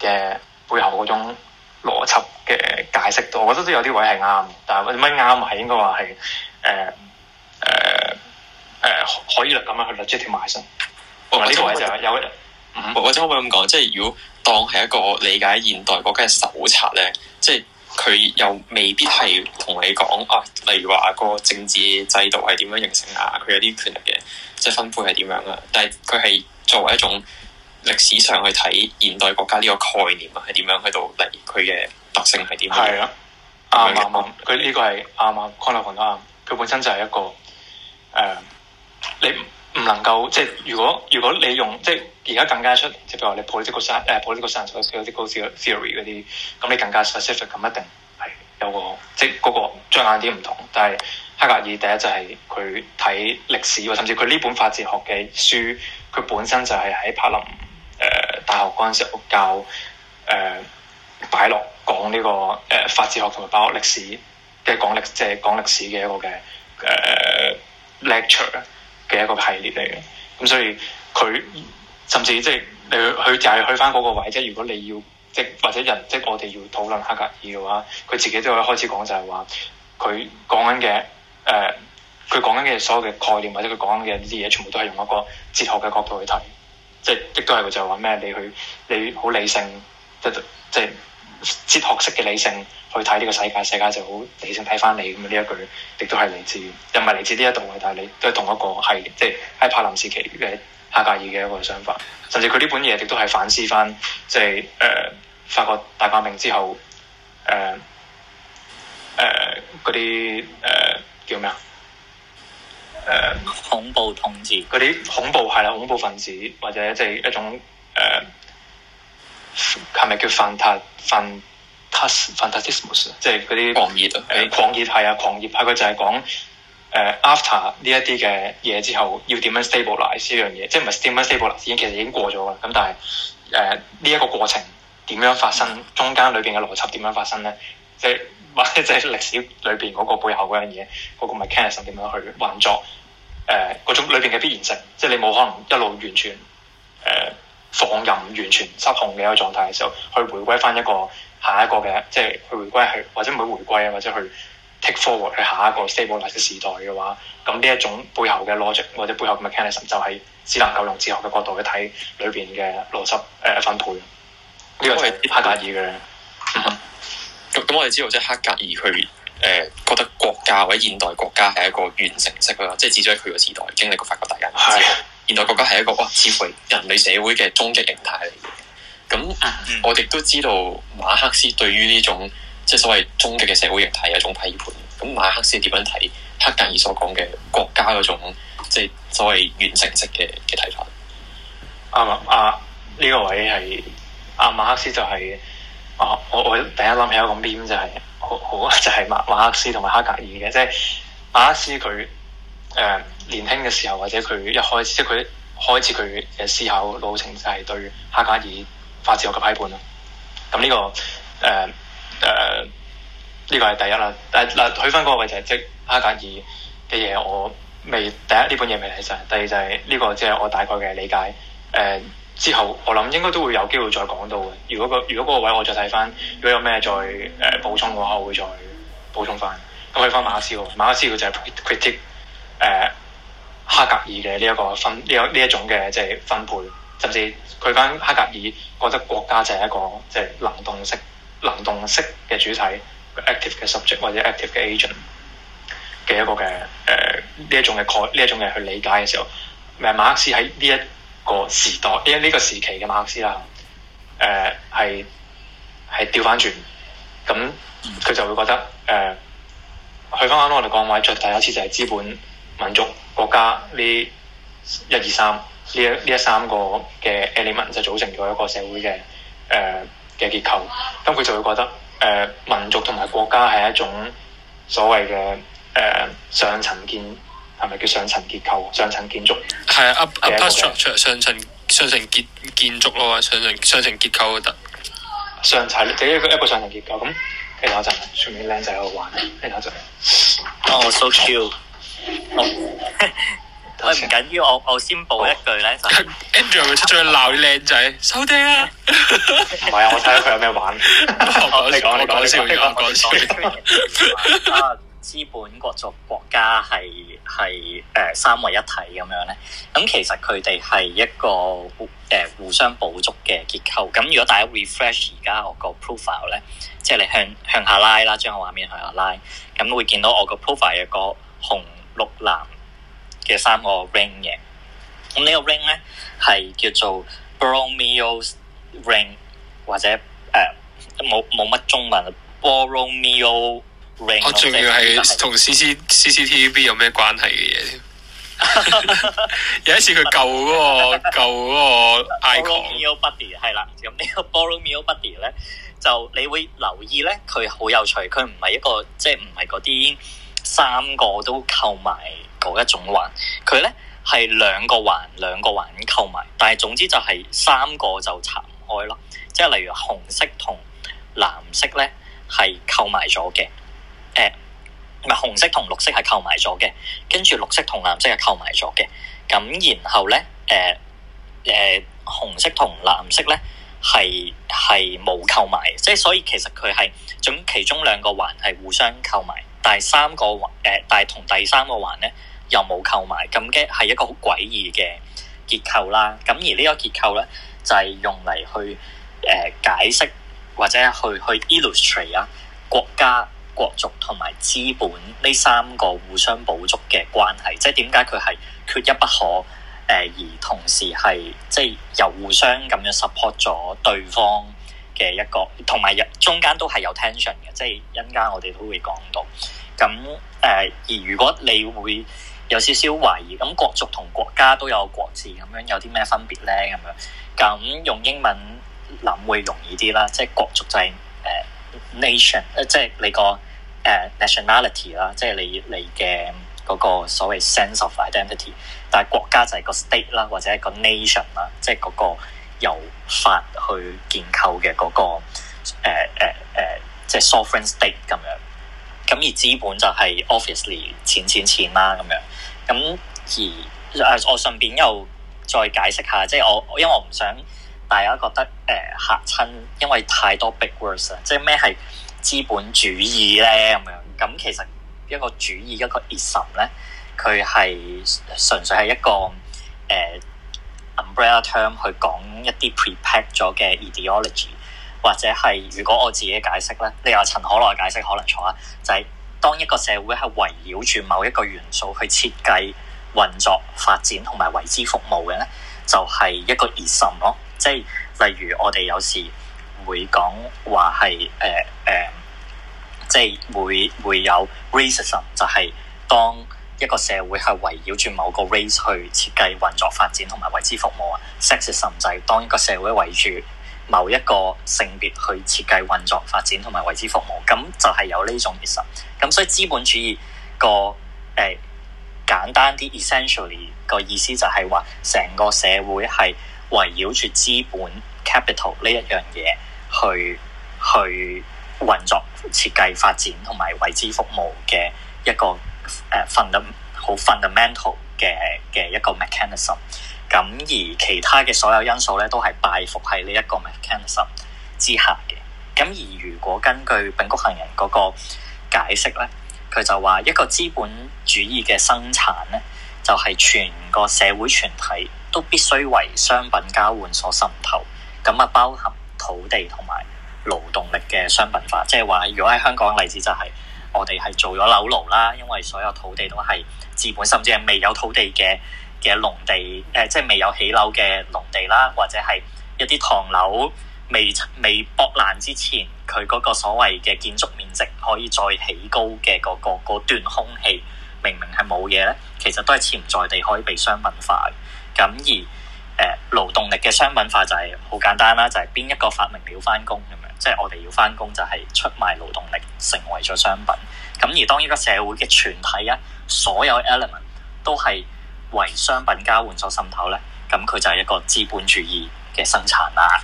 嘅背後嗰種邏輯嘅解釋，我覺得都有啲位係啱，但係點樣啱係應該話係誒誒。呃 uh, 誒、呃、可以咁樣去 reject 條邏輯。呢哇個位就有一，或者哇、嗯、我可以咁講，即係如果當係一個理解現代國家嘅手冊咧，即係佢又未必係同你講啊，例如話個政治制度係點樣形成啊，佢有啲權力嘅，即係分配係點樣啊。但係佢係作為一種歷史上去睇現代國家呢個概念啊，係點樣去到嚟？佢嘅特性係點樣？係、啊、咯，啱啱佢呢個係啱啱康樂羣佢本身就係一個誒。啊啊你唔能夠即係，如果如果你用即係而家更加出，即係譬如話你 political science 誒 political science，有有啲嗰啲 theory 嗰啲，咁你更加 specific 咁一定係有個即係嗰、那個着眼啲唔同。但係黑格爾第一就係佢睇歷史甚至佢呢本法哲學嘅書，佢本身就係喺柏林誒、呃、大學嗰陣時教誒擺落講呢個誒、呃、法哲學同埋包歷史嘅講歷即係講歷史嘅一個嘅誒、呃、lecture。嘅一個系列嚟嘅，咁所以佢甚至即係你去，就係去翻嗰個位，即係如果你要即或者人即我哋要討論黑格爾嘅話，佢自己都可以開始講就係話佢講緊嘅誒，佢講緊嘅所有嘅概念或者佢講緊嘅呢啲嘢，全部都係用一個哲學嘅角度去睇，即係亦都係就係話咩？你去你好理性即即係。哲學式嘅理性去睇呢個世界，世界就好理性睇翻你。咁呢一句亦都係嚟自，又唔係嚟自呢一度嘅，但係你都係同一個係，即係喺柏林時期嘅黑格爾嘅一個想法。甚至佢呢本嘢亦都係反思翻，即係誒法國大革命之後誒誒嗰啲誒叫咩啊？誒、呃、恐怖統治嗰啲恐怖係啦，恐怖分子或者即係一種誒。呃係咪叫 fantas、fantasis 即係嗰啲狂熱啊！欸、狂熱係啊，狂熱派佢就係、是、講誒、呃、after 呢一啲嘅嘢之後要點樣 stabilize 呢樣嘢？即係唔係 stabilize 已經其實已經過咗啦。咁但係誒呢一個過程點樣發生？中間裏邊嘅邏輯點樣發生咧？即係或者就係歷史裏邊嗰個背後嗰樣嘢，嗰、那個咪 mechanism 點樣去運作誒嗰種裏邊嘅必然性？即係你冇可能一路完全誒。呃放任完全失控嘅一個狀態嘅時候，去回歸翻一個下一個嘅，即係去回歸去，或者唔會回歸啊，或者去 take forward 去下一個 stable 嘅時代嘅話，咁呢一種背後嘅邏輯或者背後嘅 mechanism 就係只能夠用哲學嘅角度去睇裏邊嘅邏輯誒、呃、分配。呢、這個係黑格爾。嘅的。咁、嗯，我哋知道即係黑格爾佢誒、呃、覺得國家或者現代國家係一個完成式啊，即係至少喺佢個時代經歷過法國大家係。現代國家係一個哇，智慧人類社會嘅終極形態嚟嘅。咁我哋都知道馬克思對於呢種即係所謂終極嘅社會形態有一種批判。咁馬克思點樣睇黑格爾所講嘅國家嗰種即係所謂完成式嘅嘅睇法？啊啊！呢、啊呢個位係阿、啊、馬克思就係、是、啊，我我第一諗起一個、就是、我講邊就係好好就係馬馬克思同埋黑格爾嘅，即、就、係、是、馬克思佢誒。嗯年輕嘅時候或者佢一開始，即係佢開始佢嘅思考路程就係對黑格爾法哲學嘅批判啦。咁呢、這個誒誒呢個係第一啦。但係嗱，去翻嗰個位就係、是、即黑格爾嘅嘢，我未第一呢本嘢未睇晒，第二就係、是、呢、這個即係我大概嘅理解。誒、呃、之後我諗應該都會有機會再講到嘅。如果個如果嗰個位我再睇翻，如果有咩再誒、呃、補充嘅話，我會再補充翻。咁去翻馬克思喎，馬克思佢就係 critic 誒。critic，呃黑格爾嘅呢一個分呢一呢一種嘅即係分配，甚至佢翻黑格爾覺得國家就係一個即係能動式能動式嘅主體 active 嘅 subject 或者 active 嘅 agent 嘅一個嘅誒呢一種嘅概呢一種嘅去理解嘅時候，誒馬克思喺呢一個時代，呢呢個時期嘅馬克思啦，誒係係調翻轉，咁佢就會覺得誒、呃，去翻啱我哋講話，最第一次就係資本。民族國家呢一、一二三、三呢一呢一三個嘅 element 就組成咗一個社會嘅誒嘅結構。咁、嗯、佢就會覺得誒、呃、民族同埋國家係一種所謂嘅誒、呃、上層建係咪叫上層結構、上層建築？係啊，上上層上層建建築咯，上層，上層，建上，層，上，層上層結構得。上層就一個一個上層結構咁。你等我一陣，上面靚仔喺度玩，等我一陣。o、oh, so cute！Oh, so cute. 我我唔緊要，我我先補一句咧、就是。 Andrew 會出咗去鬧啲靚仔，收嗲 嘴啊！唔 係啊，我睇下佢有咩玩。你講你講你講你講。啊，資本國族國家係係誒三位一體咁樣咧。咁其實佢哋係一個誒互，互相補足嘅結構。咁如果大家 refresh 而家我個 profile 咧，即、就、係、是、你向向下拉啦，將個畫面向下拉，咁會見到我個 profile 有個紅。綠藍嘅三個 ring 嘅，咁呢個 ring 咧係叫做 Borromio Ring 或者誒冇冇乜中文 Borromio Ring 哦。我仲要係同 CCTV 有咩關係嘅嘢？ 有一次佢舊嗰個舊嗰個 icon Buddy，係啦，咁呢個 Borromio Buddy 咧，就你會留意咧，佢好有趣，佢唔係一個即係唔係嗰啲。就是三個都購埋嗰一種環，佢咧係兩個環兩個環購埋，但係總之就係三個就拆唔開咯。即係例如紅色同藍色咧係購埋咗嘅，誒唔係紅色同綠色係購埋咗嘅，跟住綠色同藍色係購埋咗嘅。咁然後咧誒誒紅色同藍色咧係係冇購埋嘅，即係所以其實佢係總其中兩個環係互相購埋。三呃、第三個環，誒，但係同第三個環咧又冇扣埋，咁嘅係一個好詭異嘅結構啦。咁而呢個結構咧就係、是、用嚟去誒、呃、解釋或者去去 illustrate 啊國家、國族同埋資本呢三個互相補足嘅關係，即係點解佢係缺一不可誒、呃，而同時係即係又互相咁樣 support 咗對方嘅一個，同埋中間都係有 tension 嘅，即係一陣間我哋都會講到。咁誒、嗯、而如果你會有少少懷疑，咁、嗯、國族同國家都有國字，咁樣有啲咩分別咧？咁樣咁用英文諗會容易啲啦，即係國族就係、是、誒、呃、nation，即係你個誒 nationality 啦，即係你、呃、你，即你嘅個所謂 sense of identity。但係國家就係個 state 啦，或者一個 nation 啦，即係個由法去建構嘅、那個誒誒誒即係 sovereign state 咁樣。咁而資本就係 obviously 錢錢錢啦咁樣，咁而誒我順便又再解釋下，即係我因為我唔想大家覺得誒嚇親，因為太多 big words 啦，即係咩係資本主義咧咁樣，咁其實一個主義一個 ism 咧，佢係純粹係一個誒、呃、umbrella term 去講一啲 prepack 咗嘅 ideology。或者係如果我自己解釋咧，你話陳可樂解釋可能錯啊，就係、是、當一個社會係圍繞住某一個元素去設計運作、發展同埋為之服務嘅咧，就係、是、一個、e、ism 咯。即係例如我哋有時會講話係誒誒即係會會有 racism，就係當一個社會係圍繞住某個 race 去設計運作、發展同埋為之服務啊。sexism 就係當一個社會圍住。某一個性別去設計運作發展同埋為之服務，咁就係有呢種其實，咁所以資本主義個誒、呃、簡單啲 essentially 個意思就係話，成個社會係圍繞住資本 capital 呢一樣嘢去去運作設計發展同埋為之服務嘅一個誒、呃、fund 好 fundamental 嘅嘅一個 mechanism。咁而其他嘅所有因素咧，都係拜服喺呢一個 Mechanism 之下嘅。咁而如果根據《柄谷行人》嗰個解釋咧，佢就話一個資本主義嘅生產咧，就係、是、全個社會全體都必須為商品交換所滲透。咁啊，包含土地同埋勞動力嘅商品化，即係話如果喺香港例子就係我哋係做咗樓奴啦，因為所有土地都係資本，甚至係未有土地嘅。嘅農地誒、呃，即係未有起樓嘅農地啦，或者係一啲唐樓未未剝爛之前，佢嗰個所謂嘅建築面積可以再起高嘅嗰、嗰個嗰段空氣，明明係冇嘢咧，其實都係潛在地可以被商品化嘅。咁而誒、呃、勞動力嘅商品化就係好簡單啦，就係、是、邊一個發明了翻工咁樣，即、就、係、是、我哋要翻工就係出賣勞動力成為咗商品。咁而當一個社會嘅全體啊，所有 element 都係。為商品交換所滲透咧，咁佢就係一個資本主義嘅生產啦。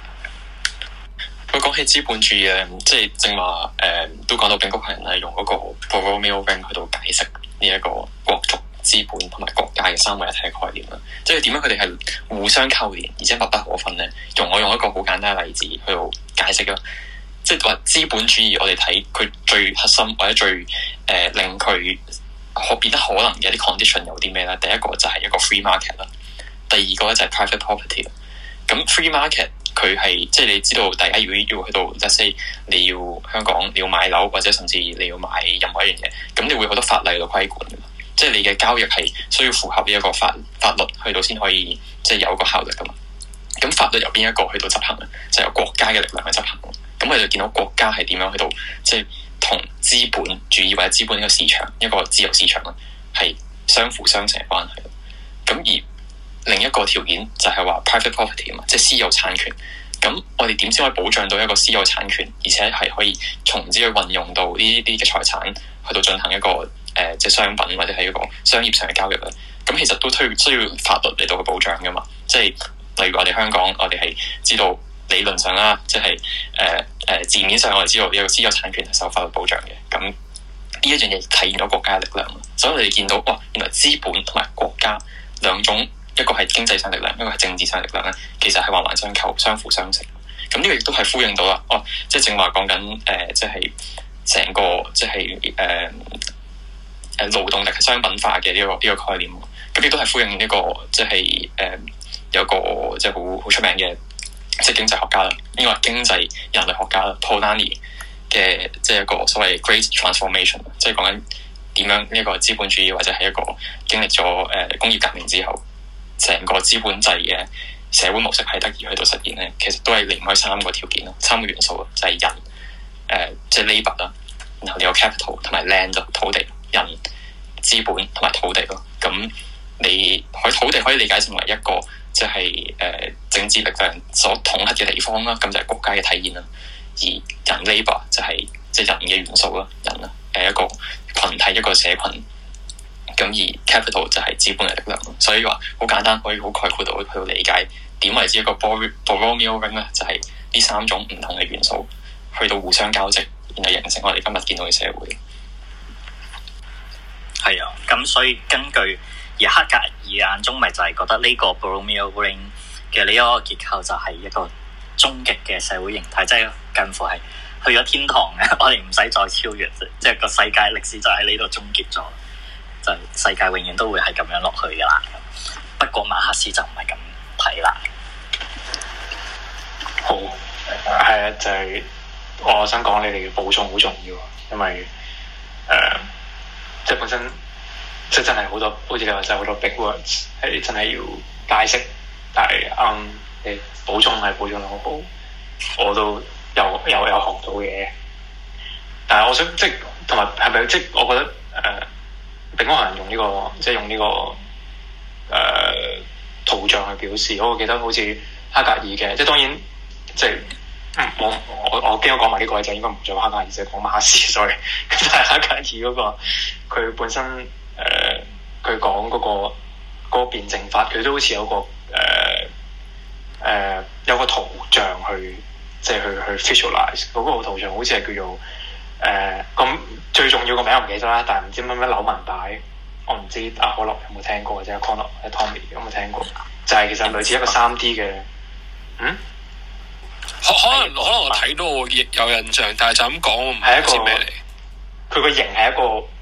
佢講起資本主義，即係正話，誒、呃，都講到柄谷行人，用嗰個 proliferating 去到解釋呢一個國族資本同埋國家嘅三位一體概念啦。即係點樣佢哋係互相扣連，而且密不可分咧。用我用一個好簡單嘅例子去到解釋啦，即係話資本主義，我哋睇佢最核心或者最誒、呃、令佢。可變得可能嘅一啲 condition 有啲咩咧？第一個就係一個 free market 啦，第二個咧就係 private property，咁 free market 佢係即係你知道，大家如果要去到，即係你要香港你要買樓或者甚至你要買任何一樣嘢，咁你會好多法例去到規管嘅嘛。即係你嘅交易係需要符合呢一個法法律去到先可以即係有個效力噶嘛。咁法律由邊一個去到執行咧？就由國家嘅力量去執行。咁我就見到國家係點樣去到。即係。同資本主義或者資本一個市場一個自由市場係相輔相成嘅關係。咁而另一個條件就係話 private property 啊，即係私有產權。咁我哋點先可以保障到一個私有產權，而且係可以從之去運用到呢啲嘅財產，去到進行一個誒、呃、即係商品或者係一個商業上嘅交易咧？咁其實都需需要法律嚟到去保障噶嘛？即係例如我哋香港，我哋係知道理論上啦，即係誒。呃誒字面上我哋知道呢個私有產權係受法律保障嘅，咁呢一樣嘢體現咗國家嘅力量，所以我哋見到哇，原來資本同埋國家兩種，一個係經濟上力量，一個係政治上力量咧，其實係環環相扣、相輔相成。咁呢個亦都係呼應到啦，哦，即係正話講緊誒，即係成個即係誒誒勞動力係商品化嘅呢個呢個概念。咁亦都係呼應呢個，即係誒有個即係好好出名嘅。即係經濟學家啦，呢個經濟人類學家啦 Polanyi 嘅即係一個所謂 Great Transformation，即係講緊點樣呢、這個資本主義或者係一個經歷咗誒工業革命之後，成個資本制嘅社會模式係得以去到實現咧，其實都係離唔開三個條件咯，三個元素就係、是、人誒、呃，即係 labor 啊，然後你有 capital 同埋 land 土地、人、資本同埋土地咯，咁。你可土地可以理解成為一個即係誒政治力量所統合嘅地方啦，咁就係國家嘅體現啦。而人 labour 就係即係人嘅元素啦，人啦，誒、呃、一個群體一個社群。咁而 capital 就係資本嘅力量，所以話好簡單，可以好概括到去到理解點為之一個波波羅米歐環咧，就係、是、呢三種唔同嘅元素去到互相交織，然後形成我哋今日見到嘅社會。係啊，咁所以根據。而黑格爾眼中咪就係覺得呢個 bourgeoisie 嘅呢一個結構就係一個終極嘅社會形態，即、就、係、是、近乎係去咗天堂嘅， 我哋唔使再超越，即係個世界歷史就喺呢度終結咗，就是、世界永遠都會係咁樣落去噶啦。不過馬克思就唔係咁睇啦。好，係啊，就係、是、我想講你哋嘅補充好重要，因為誒即係本身。即真係好多，好似你話齋好多 big words 係真係要解釋，但係啱誒補充係補充得好好，我都又又又學到嘢。但係我想即同埋係咪即我覺得誒，並唔可能用呢、這個即係用呢、這個誒、呃、圖像去表示。我記得好似黑格爾嘅，即係當然即係我我我驚講埋呢個位就應該唔做黑格爾，就係講馬克思 sorry，但咁，黑格爾嗰、那個佢本身。誒，佢講嗰個嗰、那個辯證法，佢都好似有個誒誒、uh, 呃、有個圖像去，即、就、係、是、去去 visualise 嗰個圖像，好似係叫做誒個、呃、最重要個名我唔記得啦，但係唔知乜乜扭文擺，我唔知阿可樂有冇聽過，或、啊、者阿康樂阿 Tommy、啊、有冇聽過，就係、是、其實類似一個三 D 嘅，嗯，可能可能我睇到亦但 有印象，但係就咁講唔係一個，佢個形係一個。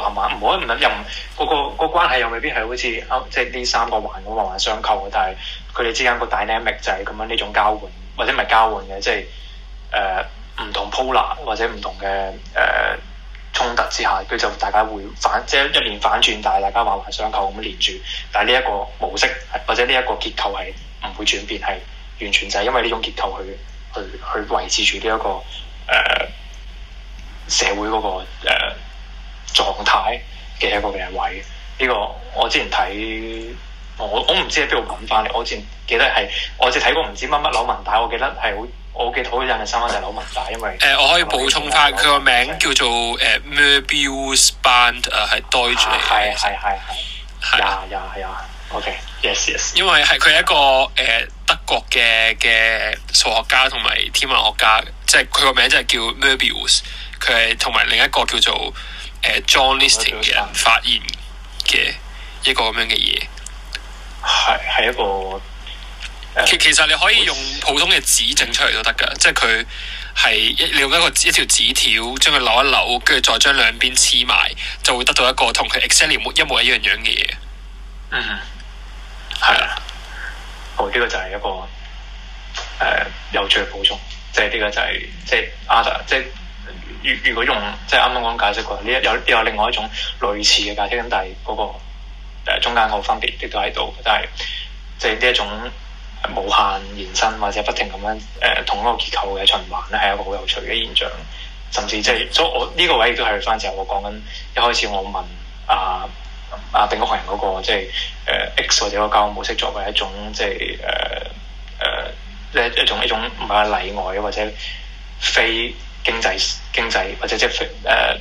環環唔可以唔又任，個個個關係又未必係好似歐即係呢三個環咁環環相扣嘅，但係佢哋之間個 dynamic 就係咁樣呢種交換，或者唔係交換嘅，即係誒唔同 polar 或者唔同嘅誒、呃、衝突之下，佢就大家會反即係一連反轉，但係大家環環相扣咁連住。但係呢一個模式或者呢一個結構係唔會轉變，係完全就係因為呢種結構去去去，去維持住呢一個誒社會嗰、那個狀態嘅一個嘅位，呢、這個我之前睇我我唔知喺邊度揾翻嚟。我之前記得係我只睇過唔知乜乜柳文帶，我記得係好我記得好印象係新就隻柳文帶，因為誒、呃、我可以補充翻佢個名叫做誒 Möbius Band 啊，係對住你係啊，係係係係啊，係啊、yeah, yeah, yeah,，OK yes yes，因為係佢一個誒、呃、德國嘅嘅數學家同埋天文學家，即係佢個名真係叫 Möbius，佢係同埋另一個叫做。誒 John Listing 嘅發現嘅一個咁樣嘅嘢，係係一個其、呃、其實你可以用普通嘅紙整出嚟都得㗎，即係佢係你用一個一條紙條將佢扭一扭，跟住再將兩邊黐埋，就會得到一個同佢 Excel 一模一樣樣嘅嘢。嗯哼，係啊的。哦，呢、這個就係一個，誒、呃，有趣嘅補充，即係呢個就係、是，即係，Ada 即。就是啊就是如如果用即係啱啱講解釋過，呢一有有另外一種類似嘅解釋，咁但係嗰個中間個分別亦都喺度，但係即係呢一種無限延伸或者不停咁樣誒同一個結構嘅循環咧，係一個好有趣嘅現象，甚至即係、就是，所以我呢、這個位亦都係翻正我講緊一開始我問阿阿、呃呃呃、定安行嗰、那個即係誒、呃、X 或者個交易模式作為一種即係誒誒一一種一種唔係例外或者非。經濟經濟或者即係誒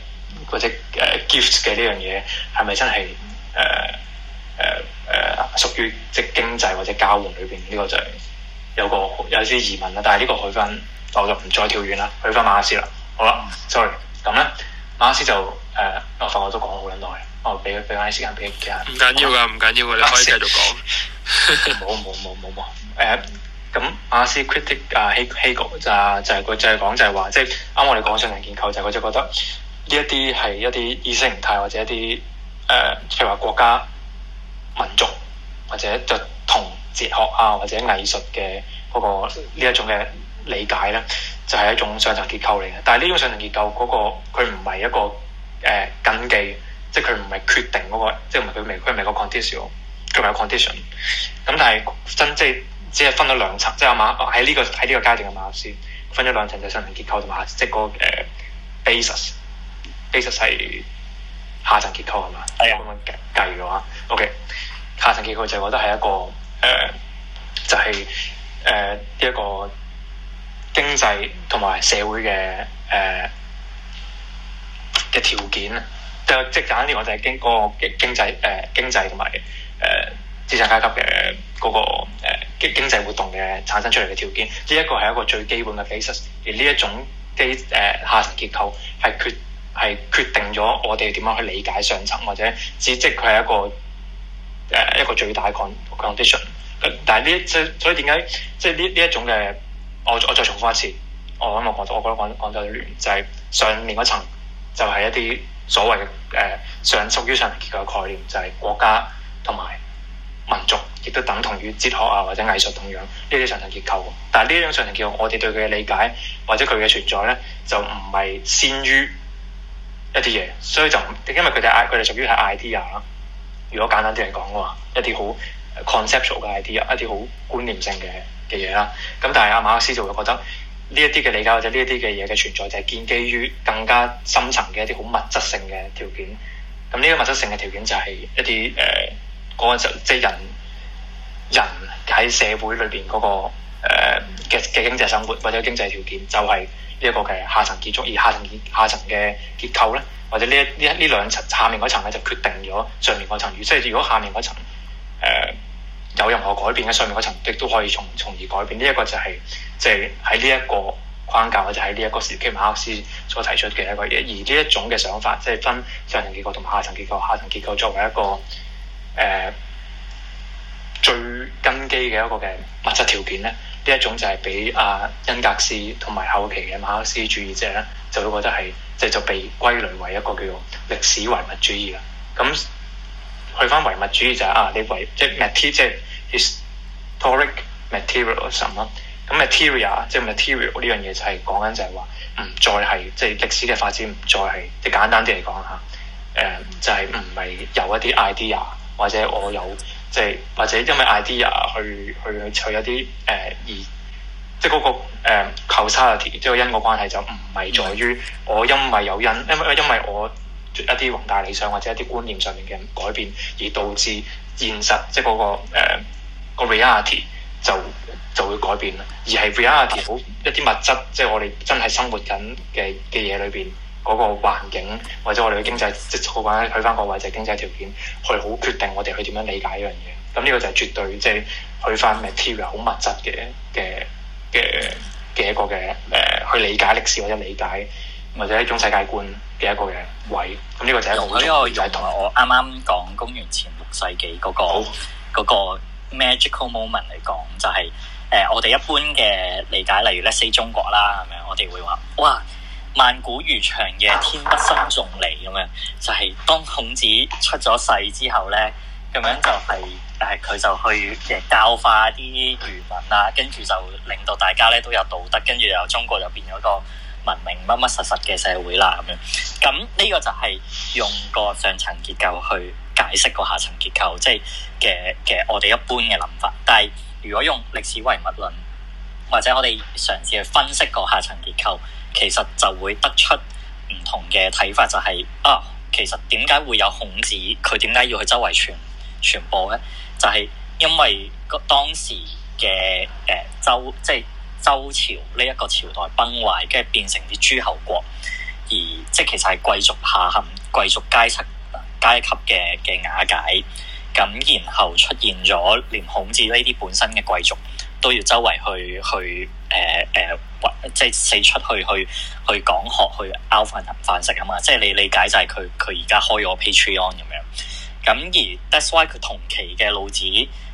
或者 gift 嘅呢樣嘢係咪真係誒誒誒屬於即係經濟或者交換裏邊呢個，就有個有啲疑問啦，但係呢個去翻我就唔再跳遠啦，去翻馬克思啦。好啦，sorry，咁咧馬克思就誒、呃，我發覺都講咗好撚耐，我俾俾翻啲時間俾其他人。唔緊要㗎，唔緊要㗎，啊、你可以繼續講。冇冇冇冇冇誒。咁阿 C 克 ritic 啊，He Hegel、啊、就係、是、佢就係講就係話，即係啱我哋講上層結構就係佢就，就，就，就，就覺得呢一啲係一啲意識形態或者一啲誒譬如話國家民族或者就同哲學啊或者藝術嘅個呢一種嘅理解咧，就係一種上層結構嚟嘅。但係呢種上層結構、嗰個佢唔係一個誒禁忌，即係佢唔係決定嗰、嗰個，即係唔係佢未，佢唔係個 condition，佢唔係 condition。咁但係真即係。就是即係分咗兩層，即、就、係、是這個、馬喺呢個喺呢個階段嘅馬克思分咗兩層就上層結構同埋下層，即係個誒、uh, basis，basis 係下層結構係嘛？咁 Yeah. 樣計嘅話，OK，下層結構就覺得係一個誒、呃，就係誒一個經濟同埋社會嘅誒嘅條件。就即係、就是、簡單啲，我就係經嗰個經濟、呃、經濟誒同埋誒。呃資產階級嘅嗰、那個誒、呃、經濟活動嘅產生出嚟嘅條件，呢一個係一個最基本嘅 basis，而呢一種基誒、呃、下層結構係決係決定咗我哋點樣去理解上層，或者只即佢係一個誒、呃、一個最大嘅 condition。但係呢即所以點解即係呢呢一種嘅我我再重複一次，我咁我我我覺得講覺得講,講得就聯就係上面嗰層就係一啲所謂誒上、呃、屬於上層結構嘅概念，就係、是、國家同埋。民族亦都等同於哲學啊，或者藝術同樣呢啲上層結構。但係呢種上層結構，我哋對佢嘅理解或者佢嘅存在咧，就唔係先於一啲嘢，所以就因為佢哋佢哋屬於係 idea 啦。如果簡單啲嚟講嘅話，一啲好 conceptual 嘅 idea，一啲好觀念性嘅嘅嘢啦。咁但係阿馬克思就會覺得呢一啲嘅理解或者呢一啲嘅嘢嘅存在，就係、是、建基於更加深層嘅一啲好物質性嘅條件。咁呢啲物質性嘅條件就係一啲誒。呃嗰即係人人喺社會裏邊嗰個嘅嘅、呃、經濟生活或者經濟條件，就係呢一個嘅下層結構。而下層下層嘅結構咧，或者呢一呢呢兩層下面嗰層咧，就決定咗上面嗰層。即係如果下面嗰層、呃、有任何改變咧，上面嗰層亦都可以從從而改變。呢、這、一個就係即係喺呢一個框架，或者喺呢一個時期，馬克思所提出嘅一個嘢。而呢一種嘅想法，即係分上層結構同下層結構，下層結構作為一個。誒、呃、最根基嘅一個嘅物質條件咧，呢一種就係俾阿恩格斯同埋後期嘅馬克思主義者咧，就會覺得係即係就被歸類為一個叫做歷史唯物主義啦。咁去翻唯物主義就係、是、啊，你唯即係 historic materialism 啦。咁 material 即係 material 呢樣嘢，就係講緊就係話唔再係即係歷史嘅發展，唔再係即係簡單啲嚟講嚇誒，就係唔係有一啲 idea。或者我有即係、就是、或者因為 idea 去去去取一啲誒、呃、而，即，、那個呃、ality，即係嗰個誒 causality，即係嗰個因果關係就唔係在於我因為有因，因為因為我一啲宏大理想或者一啲觀念上面嘅改變而導致現實即係、那個誒個、呃、reality 就就會改變啦，而係 reality 好一啲物質即係我哋真係生活緊嘅嘅嘢裏邊。嗰個環境或者我哋嘅經濟即係好講，去喺翻個位就經濟條件，去好決定我哋去點樣理解一樣嘢。咁、這、呢個就係絕對即係去翻 material 好物質嘅嘅嘅嘅一個嘅誒去理解歷史或者理解或者一種世界觀嘅一個嘅位。咁、這、呢個就係呢喺就用同埋我啱啱講公元前六世紀嗰、那個嗰好個 magical moment 嚟講，就係、是、誒、呃、我哋一般嘅理解，例如咧 let's say, 中國啦，咁樣我哋會話哇～萬古如長夜，天不生仲尼咁樣，就係當孔子出咗世之後咧，咁樣就係誒佢就去誒教化啲漁民啦，跟住就令到大家咧都有道德，跟住又中國就變咗個文明乜乜實實嘅社會啦咁樣。咁呢個就係用個上層結構去解釋個下層結構，即係嘅嘅我哋一般嘅諗法。但係如果用歷史唯物論，或者我哋嘗試去分析個下層結構。其實就會得出唔同嘅睇法、就是，就係啊，其實點解會有孔子？佢點解要去周圍傳傳播呢？就係、是、因為個當時嘅誒、呃、周，即係周朝呢一個朝代崩壞，跟住變成啲諸侯國，而即係其實係貴族下陷、貴族階層階級嘅嘅瓦解，咁然後出現咗連孔子呢啲本身嘅貴族。都要周圍去去誒誒、呃呃，即係四出去去去講學，去拗飯飯食啊嘛！即係你理解就係佢佢而家開咗個 Patreon 咁樣。咁而 That's why 佢同期嘅老子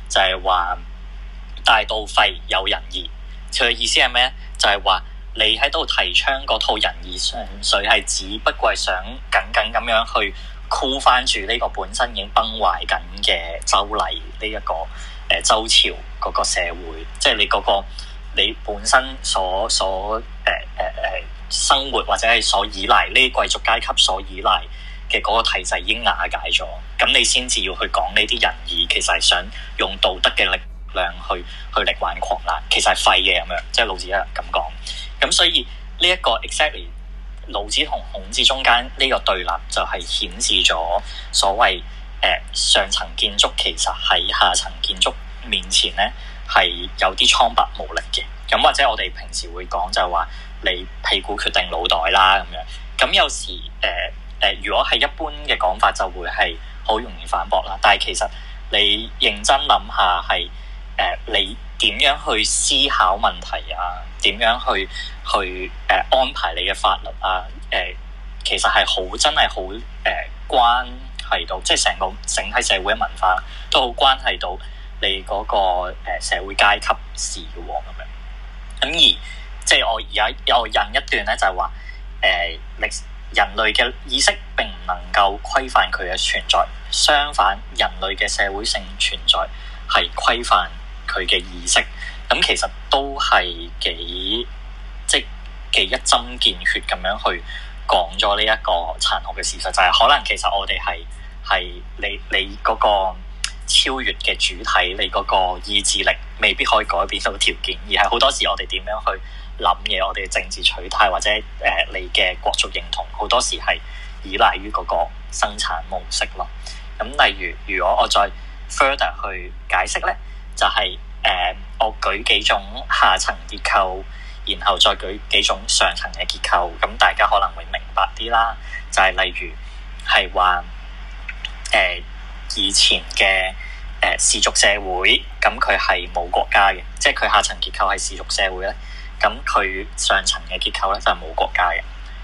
就係話大道廢有仁義。佢嘅意思係咩？就係、是、話你喺度提倡嗰套仁義尚水，係只不過係想緊緊咁樣去箍翻住呢個本身已經崩壞緊嘅周禮呢一個。誒、呃、周朝嗰個社會，即係你嗰、嗰個你本身所所誒誒誒生活或者係所依賴呢啲貴族階級所依賴嘅嗰個體制已經瓦解咗，咁你先至要去講呢啲仁義，其實係想用道德嘅力量去去力挽狂瀾，其實係廢嘅咁樣，即係老子一咁講。咁所以呢一個 exactly 老子同孔子中間呢個對立，就係顯示咗所謂。誒，上層建築其實喺下層建築面前咧，係有啲蒼白無力嘅，咁或者我哋平時會講就係話你屁股決定腦袋啦咁樣，咁有時誒誒、呃呃、如果係一般嘅講法就會係好容易反駁啦，但係其實你認真諗下係誒、呃、你點樣去思考問題啊，點樣去去誒、呃、安排你嘅法律啊誒、呃，其實係好真係好誒關。係到即係成個整體社會嘅文化都好關係到你嗰個社會階級事喎咁樣。咁而即係我而家又引一段咧，就係話誒歷人類嘅意識並唔能夠規範佢嘅存在，相反人類嘅社會性存在係規範佢嘅意識。咁其實都係幾即係幾一針見血咁樣去講咗呢一個殘酷嘅事實，就係可能其實我哋係。係你你嗰個超越嘅主體，你嗰個意志力未必可以改變到條件，而係好多時我哋點樣去諗嘢，我哋嘅政治取態或者誒、呃、你嘅國族認同，好多時係依賴於嗰個生產模式咯。咁、嗯、例如，如果我再 further 去解釋呢，就係、是、誒、uh, 我舉幾種下層結構，然後再舉幾種上層嘅結構，咁、嗯、大家可能會明白啲啦。就係、是、例如係話。誒、呃、以前嘅誒氏族社會，咁佢係冇國家嘅，即係佢下層結構係氏族社會咧，咁、嗯、佢上層嘅結構咧就係冇國家嘅。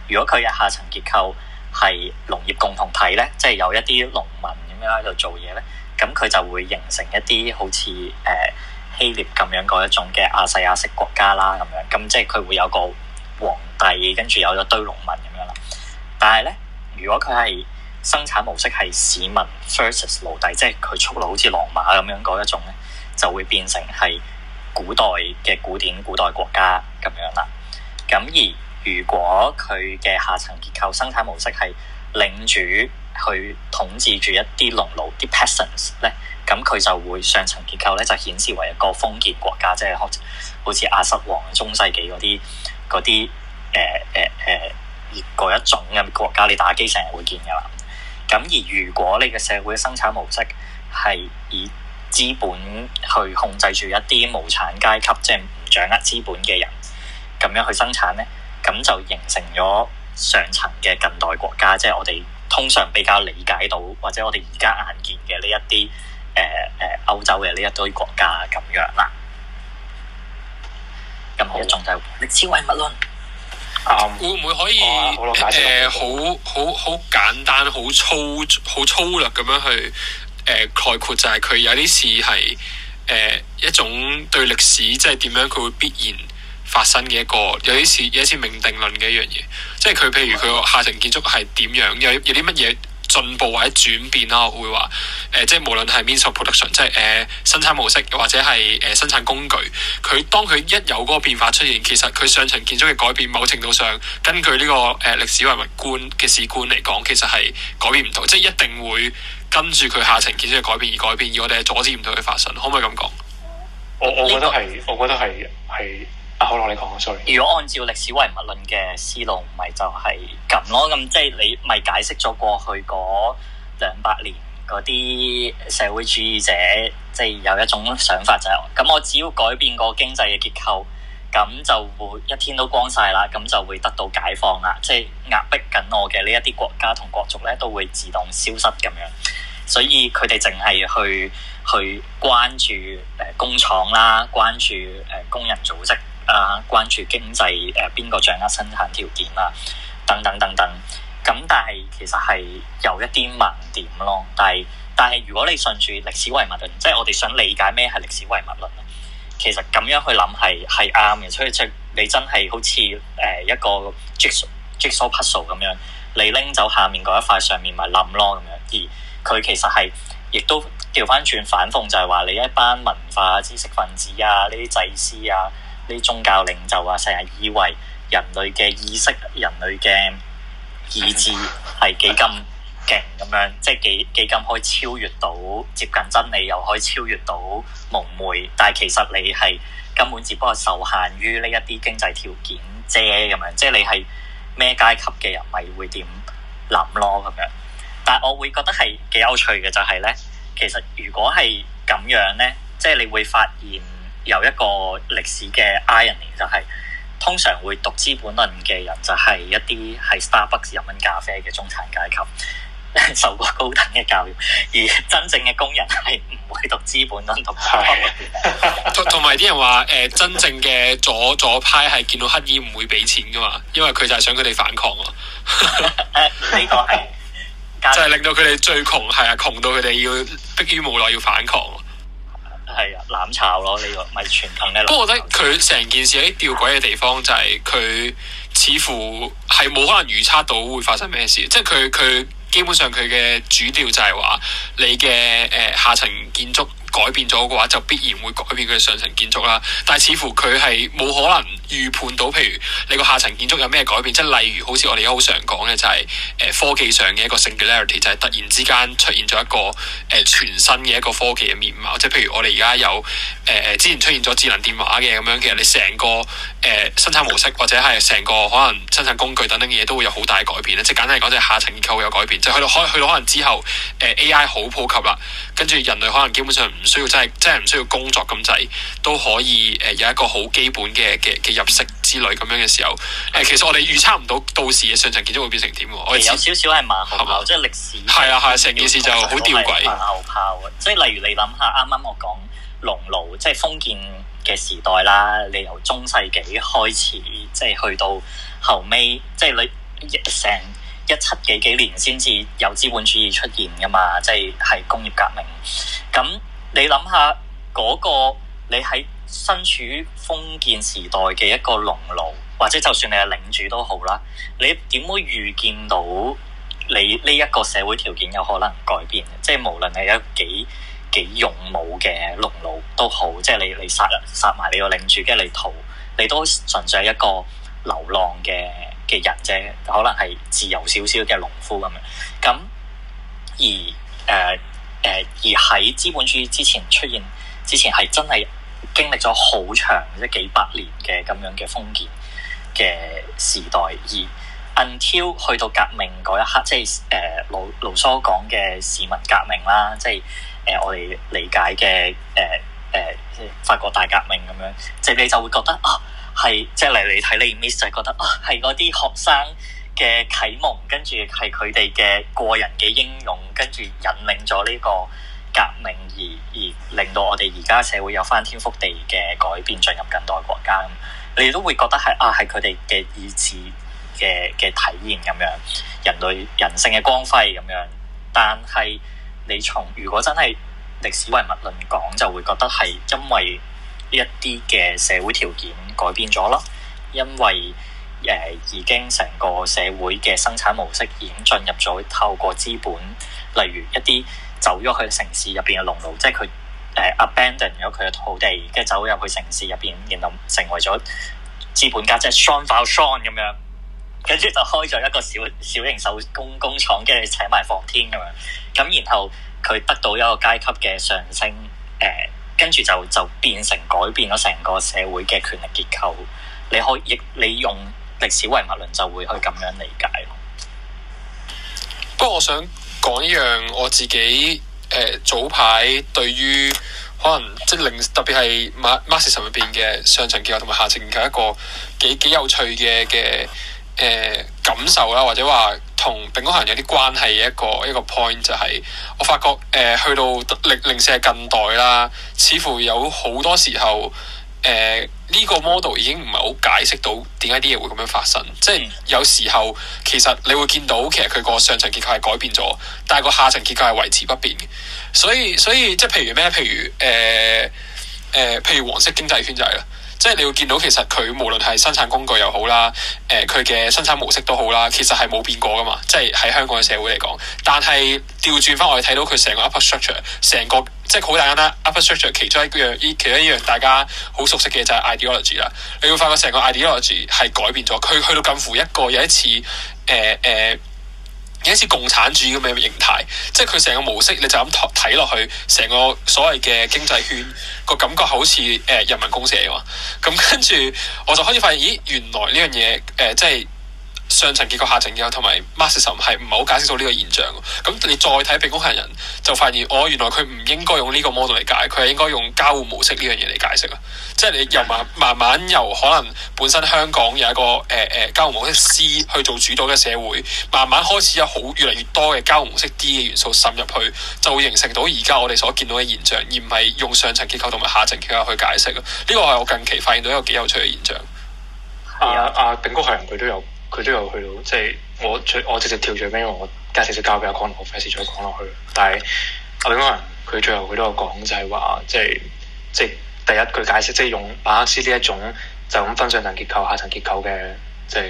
如果佢嘅下層結構係農業共同體咧，即係有一啲農民咁樣喺度做嘢咧，咁、嗯、佢就會形成一啲好似誒、呃、希臘咁樣嗰一種嘅亞細亞式國家啦，咁樣咁、嗯、即係佢會有個皇帝，跟住有一堆農民咁樣啦。但係咧，如果佢係生產模式係市民 versus 奴隸，即係佢速度好似羅馬咁樣嗰一種咧，就會變成係古代嘅古典古代國家咁樣啦。咁而如果佢嘅下層結構生產模式係領主去統治住一啲農奴啲 peasants 咧，咁佢就會上層結構咧就顯示為一個封建國家，即係好似好似亞瑟王中世紀嗰啲嗰啲誒誒誒嗰一種咁國家。你打機成日會見㗎啦。咁而如果你嘅社會生產模式係以資本去控制住一啲無產階級，即係唔掌握資本嘅人，咁樣去生產呢，咁就形成咗上層嘅近代國家，即係我哋通常比較理解到，或者我哋而家眼見嘅呢一啲誒誒歐洲嘅呢一堆國家咁樣啦。咁另一種就係歷史唯物論。會唔會可以誒好好好、呃、簡單好粗好粗略咁樣去誒、呃、概括就，就係佢有啲事係誒一種對歷史即係點樣佢會必然發生嘅一個有啲事有啲似命定論嘅一樣嘢，即係佢譬如佢個下層建築係點樣有有啲乜嘢進步或者轉變啦，我會話誒、呃，即係無論係 manufacture production，即係誒、呃、生產模式或者係誒、呃、生產工具，佢當佢一有嗰個變化出現，其實佢上層建築嘅改變，某程度上根據呢、這個誒、呃、歷史唯物觀嘅史觀嚟講，其實係改變唔到，即係一定會跟住佢下層建築嘅改變而改變，而我哋係阻止唔到佢發生，可唔可以咁講？我我覺得係，我覺得係係。啊，好啦，你講好衰。如果按照歷史唯物論嘅思路，唔係就係咁咯。咁即係你咪解釋咗過去嗰兩百年嗰啲社會主義者，即係有一種想法就係、是，咁我只要改變個經濟嘅結構，咁就會一天都光晒啦，咁就會得到解放啦。即係壓迫緊我嘅呢一啲國家同國族咧，都會自動消失咁樣。所以佢哋淨係去去關注誒工廠啦，關注誒工人組織。啊！關注經濟誒，邊、呃、個掌握生產條件啊，等等等等咁，但係其實係有一啲盲點咯。但係但係，如果你順住歷史唯物論，即係我哋想理解咩係歷史唯物論，其實咁樣去諗係係啱嘅。所以即係你真係好似誒一個 jigsaw jigsaw puzzle 咁樣，你拎走下面嗰一塊，上面咪冧咯咁樣。而佢其實係亦都調翻轉反諷，就係、是、話你一班文化知識分子啊，呢啲祭司啊。啲宗教領袖啊，成日以為人類嘅意識、人類嘅意志係幾咁勁咁樣，即係幾幾咁可以超越到接近真理，又可以超越到蒙昧。但係其實你係根本只不過受限於呢一啲經濟條件啫咁樣，即係你係咩階級嘅人，咪會點諗咯咁樣。但係我會覺得係幾有趣嘅，就係咧，其實如果係咁樣咧，即係你會發現。有一個歷史嘅 Irony 就係、是，通常會讀資本論嘅人就係一啲喺 Starbucks 飲緊咖啡嘅中產階級，受過高等嘅教育，而真正嘅工人係唔會讀資本論同埋。同埋啲人話誒、呃，真正嘅左左派係見到乞兒唔會俾錢㗎嘛，因為佢就係想佢哋反抗。呢個係就係令到佢哋最窮係啊，窮到佢哋要迫於無奈要反抗。係啊攬炒咯，呢個咪傳騰嘅。不過我覺得佢成件事啲吊詭嘅地方就係佢似乎係冇可能預測到會發生咩事，即係佢佢基本上佢嘅主調就係話你嘅誒下層建築。改變咗嘅話，就必然會改變佢上層建築啦。但係似乎佢係冇可能預判到，譬如你個下層建築有咩改變，即係例如好似我哋而家好常講嘅，就係、是、誒科技上嘅一個 singularity，就係突然之間出現咗一個誒全新嘅一個科技嘅面貌。即係譬如我哋而家有誒誒之前出現咗智能電話嘅咁樣，其實你成個誒生產模式或者係成個可能生產工具等等嘢都會有好大改變啦。即係簡單嚟講，就係下層結構會有改變，就去到可去到可能之後誒 AI 好普及啦，跟住人類可能基本上唔。需要真係真係唔需要工作咁滯，都可以誒有一個好基本嘅嘅嘅入息之類咁樣嘅時候誒。其實我哋預測唔到到時嘅上層建築會變成點喎？有少少係馬後炮，即係歷史係啊係啊成件事就好吊詭馬後炮啊。即係例如你諗下，啱啱我講農奴，即係封建嘅時代啦。你由中世紀開始，即係去到後尾，即係你成一七幾幾年先至有資本主義出現噶嘛？即係係工業革命咁。你諗下，嗰個你喺身處封建時代嘅一個農奴，或者就算你係領主都好啦，你點會預見到你呢一個社會條件有可能改變？即係無論你有幾幾勇武嘅農奴都好，即係你你殺殺埋你個領主，跟住你逃，你都純粹係一個流浪嘅嘅人啫，可能係自由少少嘅農夫咁樣。咁而誒。呃誒而喺資本主義之前出現之前係真係經歷咗好長，即係幾百年嘅咁樣嘅封建嘅時代，而 until 去到革命嗰一刻，即係誒盧盧梭講嘅市民革命啦，即係誒、呃、我哋理解嘅誒誒法國大革命咁樣，即係你就會覺得啊係即係嚟你睇你 Miss 就覺得啊係嗰啲學生嘅啟蒙，跟住係佢哋嘅個人嘅英勇，跟住引領咗呢個革命而，而而令到我哋而家社會有翻天覆地嘅改變，進入近代國家。你都會覺得係啊，係佢哋嘅意志嘅嘅體現，咁樣，人類人性嘅光輝，咁樣。但係你從如果真係歷史唯物論講，就會覺得係因為呢一啲嘅社會條件改變咗咯，因為。誒已經成個社會嘅生產模式已經進入咗，透過資本，例如一啲走咗去城市入邊嘅農奴，即係佢誒 abandon 咗佢嘅土地，跟住走入去城市入邊，然後成為咗資本家，即係雙發雙咁樣，跟住就開咗一個小小型手工工廠，跟住請埋房添咁樣。咁然後佢得到一個階級嘅上升，誒跟住就就變成改變咗成個社會嘅權力結構。你可以，你用。 歷史唯物論就會去咁樣理解。 不過我想講一樣我自己誒早排對於可能即係零特別係馬馬克思入邊嘅上層結構同埋下層結構一個幾幾有趣嘅嘅，誒感受啦，或者話同並唔可能有啲關係嘅一個一個 point 就係我發覺誒去到零零舍近代啦，似乎有好多時候。誒呢個 model 已經唔係好解釋到點解啲嘢會咁樣發生，即係有時候其實你會見到其實佢個上層結構係改變咗，但係個下層結構係維持不變嘅，所以所以即係譬如咩？譬如誒誒，譬如黃色經濟圈就係啦。即係你要見到其實佢無論係生產工具又好啦，誒佢嘅生產模式都好啦，其實係冇變過噶嘛。即係喺香港嘅社會嚟講，但係調轉翻我哋睇到佢成個，structure，個 upper structure，成個即係好簡單啦 upper structure 其中一樣其中一樣大家好熟悉嘅就係 ideology 啦。你要發覺成個 ideology 係改變咗，佢去到近乎一個有一次誒誒。呃呃而好似共產主義咁嘅形態，即係佢成個模式，你就咁睇落去，成個所謂嘅經濟圈，個感覺好，好似誒人民公社啊。咁、嗯、跟住我就開始發現，咦，原來呢樣嘢誒，即、呃、係。上層結構、下層結構同埋 Marxism 係唔係好解釋到呢個現象？咁你再睇被攻陷人，就發現哦，原來佢唔應該用呢個 model 嚟解，佢係應該用交互模式呢樣嘢嚟解釋啊！即係你由慢慢慢由可能本身香港有一個誒誒、呃、交互模式 C 去做主導嘅社會，慢慢開始有好越嚟越多嘅交互模式 D 嘅元素滲入去，就會形成到而家我哋所見到嘅現象，而唔係用上層結構同埋下層結構去解釋啊！呢、這個係我近期發現到一個幾有趣嘅現象。係啊，阿、啊、頂哥係人佢都有。佢都有去到，即係我我直接跳咗入去，我但係直接教佢又講，我費事再講落去。但係阿炳哥佢最後佢都有講，就係話即係即係第一句解釋，即係用馬克思呢一種就咁分上層結構、下層結構嘅即係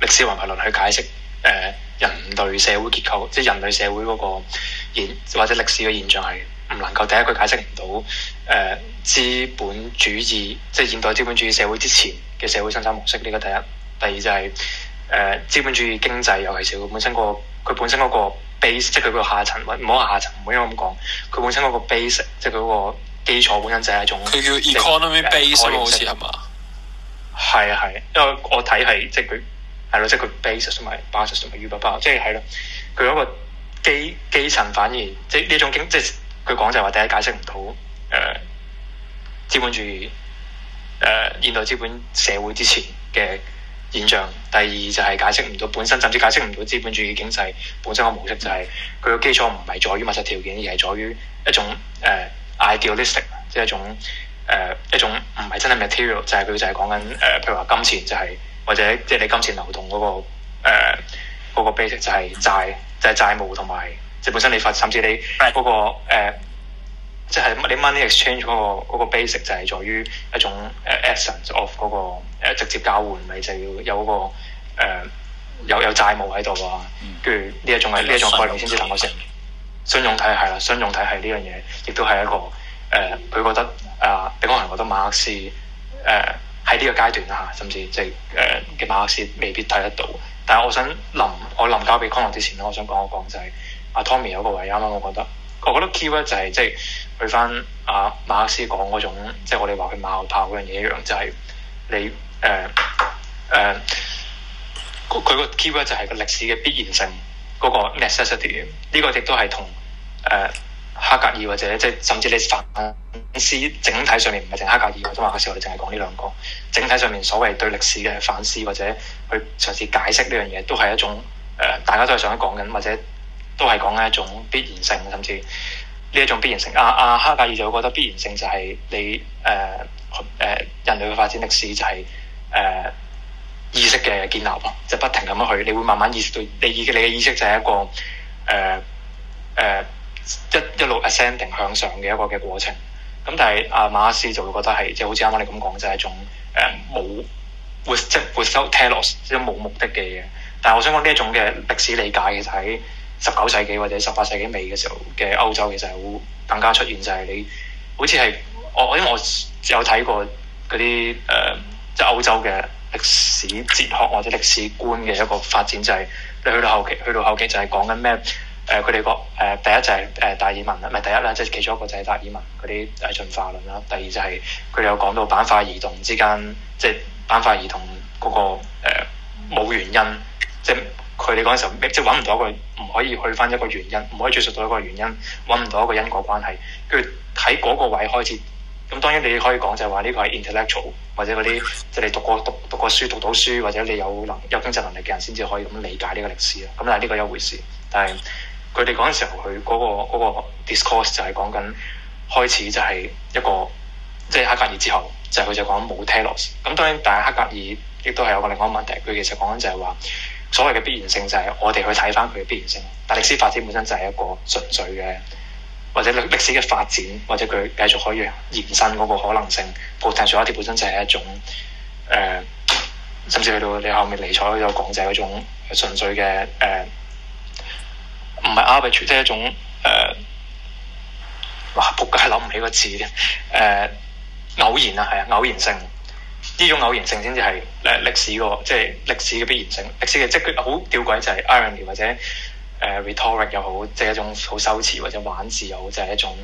歷史循環論去解釋誒人類社會結構，即係人類社會嗰個現或者歷史嘅現象係唔能夠第一句解釋唔到誒資本主義，即係現代資本主義社會之前嘅社會生產模式呢個第一。第二就係。誒、uh, 資本主義經濟，尤其是佢本身個佢本身嗰個 base，即係佢嗰個下層，唔好下層，唔好應該咁講，佢本身嗰個 base，即係佢嗰個基礎，本身就係一種。佢叫 economy、uh, base 好似係嘛？係啊係，因為我睇係即係佢係咯，即係佢 basis 同埋 basis 同埋 Uber 即係係咯，佢嗰個基基層反而即係呢種經，即係佢講就係話第一解釋唔到誒、uh, 資本主義誒現代資本社會之前嘅。現象，第二就係解釋唔到本身，甚至解釋唔到資本主義經濟本身個模式，就係佢個基礎唔係在於物質條件，而係在於一種誒、uh, idealistic 即係一種誒、uh, 一種唔係真係 material，就係佢就係講緊誒，譬如話金錢就係、是、或者即係你金錢流動嗰、那個誒、uh, basic 就係債就係、是、債務同埋即係本身你發甚至你嗰、那個、uh, 即係 money exchange 嗰、那個、那個、basic 就係在於一種 essence of 嗰個直接交換，咪就是、要有嗰個、呃、有有債務喺度啊。跟住呢一種係呢一種概念先至能夠成信用體系啦。信用體系呢樣嘢亦都係一個誒，佢、呃、覺得、呃、你可能覺得馬克思誒喺呢個階段啊，甚至即係誒嘅馬克思未必睇得到。但係我想臨我臨交俾 Connor 之前咧，我想講一講就係、是、阿、啊、Tommy 有個位啱啱，剛剛我覺得。我覺得 key 咧就係、是、即係去翻阿馬克思講嗰種，即係我哋話佢馬後炮嗰樣嘢一樣，就係、是、你誒誒佢個 key 咧就係個歷史嘅必然性嗰、那個 necessity。呢個亦都係同誒黑格爾或者即係甚至你反思整體上面唔係淨係黑格爾，或者馬克思，我哋淨係講呢兩個整體上面所謂對歷史嘅反思或者去嘗試解釋呢樣嘢，都係一種誒、呃、大家都係想講緊或者。都係講一種必然性，甚至呢一種必然性。阿、啊、阿、啊、哈格爾就會覺得必然性就係你誒誒、呃呃、人類嘅發展歷史就係、是、誒、呃、意識嘅建立咯，就是、不停咁樣去，你會慢慢意識到你意你嘅意識就係一個誒誒、呃呃、一一路 ascending 向上嘅一個嘅過程。咁但係阿、啊、馬克思就會覺得係即係好似啱啱你咁講，就係、是就是、一種誒冇、呃、without telos 即係冇目的嘅嘢。但係我想講呢一種嘅歷史理解其實就喺、是、～十九世紀或者十八世紀尾嘅時候嘅歐洲其實會更加出現，就係、是、你好似係我因為我有睇過嗰啲誒即係歐洲嘅歷史哲學或者歷史觀嘅一個發展，就係、是、你去到後期，去到後期就係講緊咩誒？佢哋個誒第一就係誒達爾文啦，唔、呃、係第一啦、就是，即、呃、係、就是、其中一個就係達爾文嗰啲誒進化論啦。第二就係佢哋有講到板塊移動之間，即、就、係、是、板塊移動嗰、那個冇、呃、原因，即、就、係、是。佢哋嗰陣時候，即係揾唔到一個唔可以去翻一個原因，唔可以追溯到一個原因，揾唔到一個因果關係。跟住喺嗰個位開始咁，當然你可以講就係話呢個係 intellectual 或者嗰啲，即係你讀過讀讀過書讀到書，或者你有能有經濟能力嘅人先至可以咁理解呢個歷史啦。咁但係呢個一回事，但係佢哋嗰陣時候，佢嗰個嗰個 discourse 就係講緊開始就係一個即係黑格爾之後，就係佢就講冇 telos。咁當然，但係黑格爾亦都係有個另外一個問題，佢其實講緊就係話。所謂嘅必然性就係我哋去睇翻佢嘅必然性，但歷史發展本身就係一個純粹嘅，或者歷史嘅發展，或者佢繼續可以延伸嗰個可能性。鋪天雪一貼本身就係一種誒、呃，甚至去到你後面尼采有講就係一種純粹嘅誒，唔、呃、係 arbitrary 即係一種誒，呃、哇！仆街諗唔起個字嘅誒，偶然啊，係啊，偶然性。呢種偶然性先至係誒歷史個，即係歷史嘅必然性，歷史嘅即係佢好吊詭就係，irony 或者誒、呃、rhetoric 又好，即、就、係、是、一種好修辭或者玩字又好，就係、是、一種誒、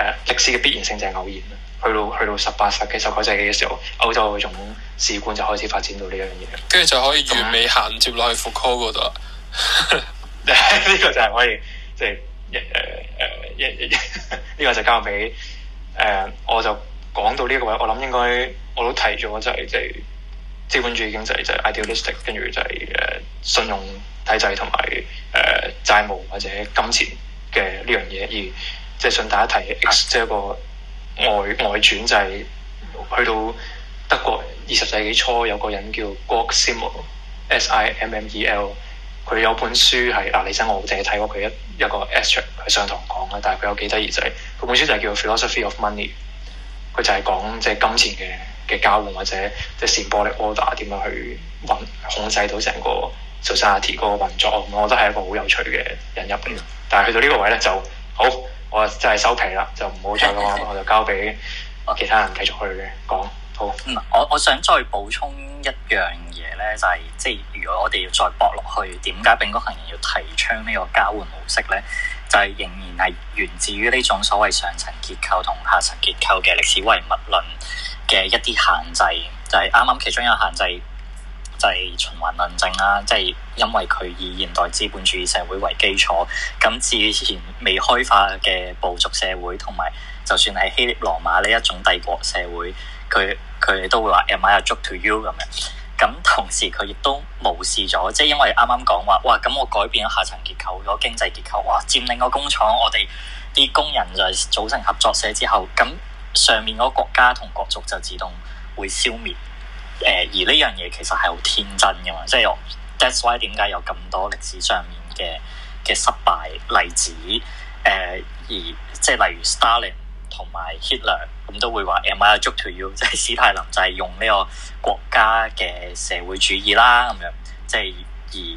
呃、歷史嘅必然性就係偶然。去到去到十八世紀、十九世紀嘅時候，歐洲嘅一種史觀就開始發展到呢樣嘢，跟住就可以完美銜接落去伏柯嗰度。呢 個就係可以即係一誒誒一呢個就交俾誒、呃、我就。講到呢個位，我諗應該我都提咗，就係即係資本主義經濟就係 idealistic，跟住就係誒信用體制同埋誒債務或者金錢嘅呢樣嘢。而即係順帶一提，即係一個外外轉就係去到德國二十世紀初有個人叫 Georg Simmel S I M M E L，佢有本書係嗱，李、啊、生我淨係睇過佢一一個 extract 佢上堂講嘅，但係佢有幾得意就係佢本書就係叫 Philosophy of Money。佢就係講即係金錢嘅嘅交換，或者即係 symbolic order 點樣去穩控制到成個 society 嗰個運作，我覺得係一個好有趣嘅引入，但係去到呢個位咧就好，我真係收皮啦，就唔好再講，我就交俾其他人繼續去講。好，嗯、我我想再補充一樣嘢咧，就係、是、即係如果我哋要再搏落去，點解柄谷行人要提倡呢個交換模式咧？就係、是、仍然係源自於呢種所謂上層結構同下層結構嘅歷史唯物論嘅一啲限制，就係啱啱其中一個限制就、啊，就係循環論證啦，即係因為佢以現代資本主義社會為基礎，咁之前未開化嘅部族社會，同埋就算係希臘羅馬呢一種帝國社會。佢佢哋都會話 Am I a joke to you 咁樣，咁同時佢亦都無視咗，即係因為啱啱講話，哇！咁我改變咗下層結構個經濟結構，哇！佔領個工廠，我哋啲工人就係組成合作社之後，咁上面嗰國家同國族就自動會消滅。誒、呃，而呢樣嘢其實係好天真噶嘛，即係 that's why 點解有咁多歷史上面嘅嘅失敗例子，誒、呃，而即係例如 Stalin。同埋 Hitler 咁都會話 Am I a joke to you，即係、就是、史泰林就係用呢個國家嘅社會主義啦，咁樣即係而誒、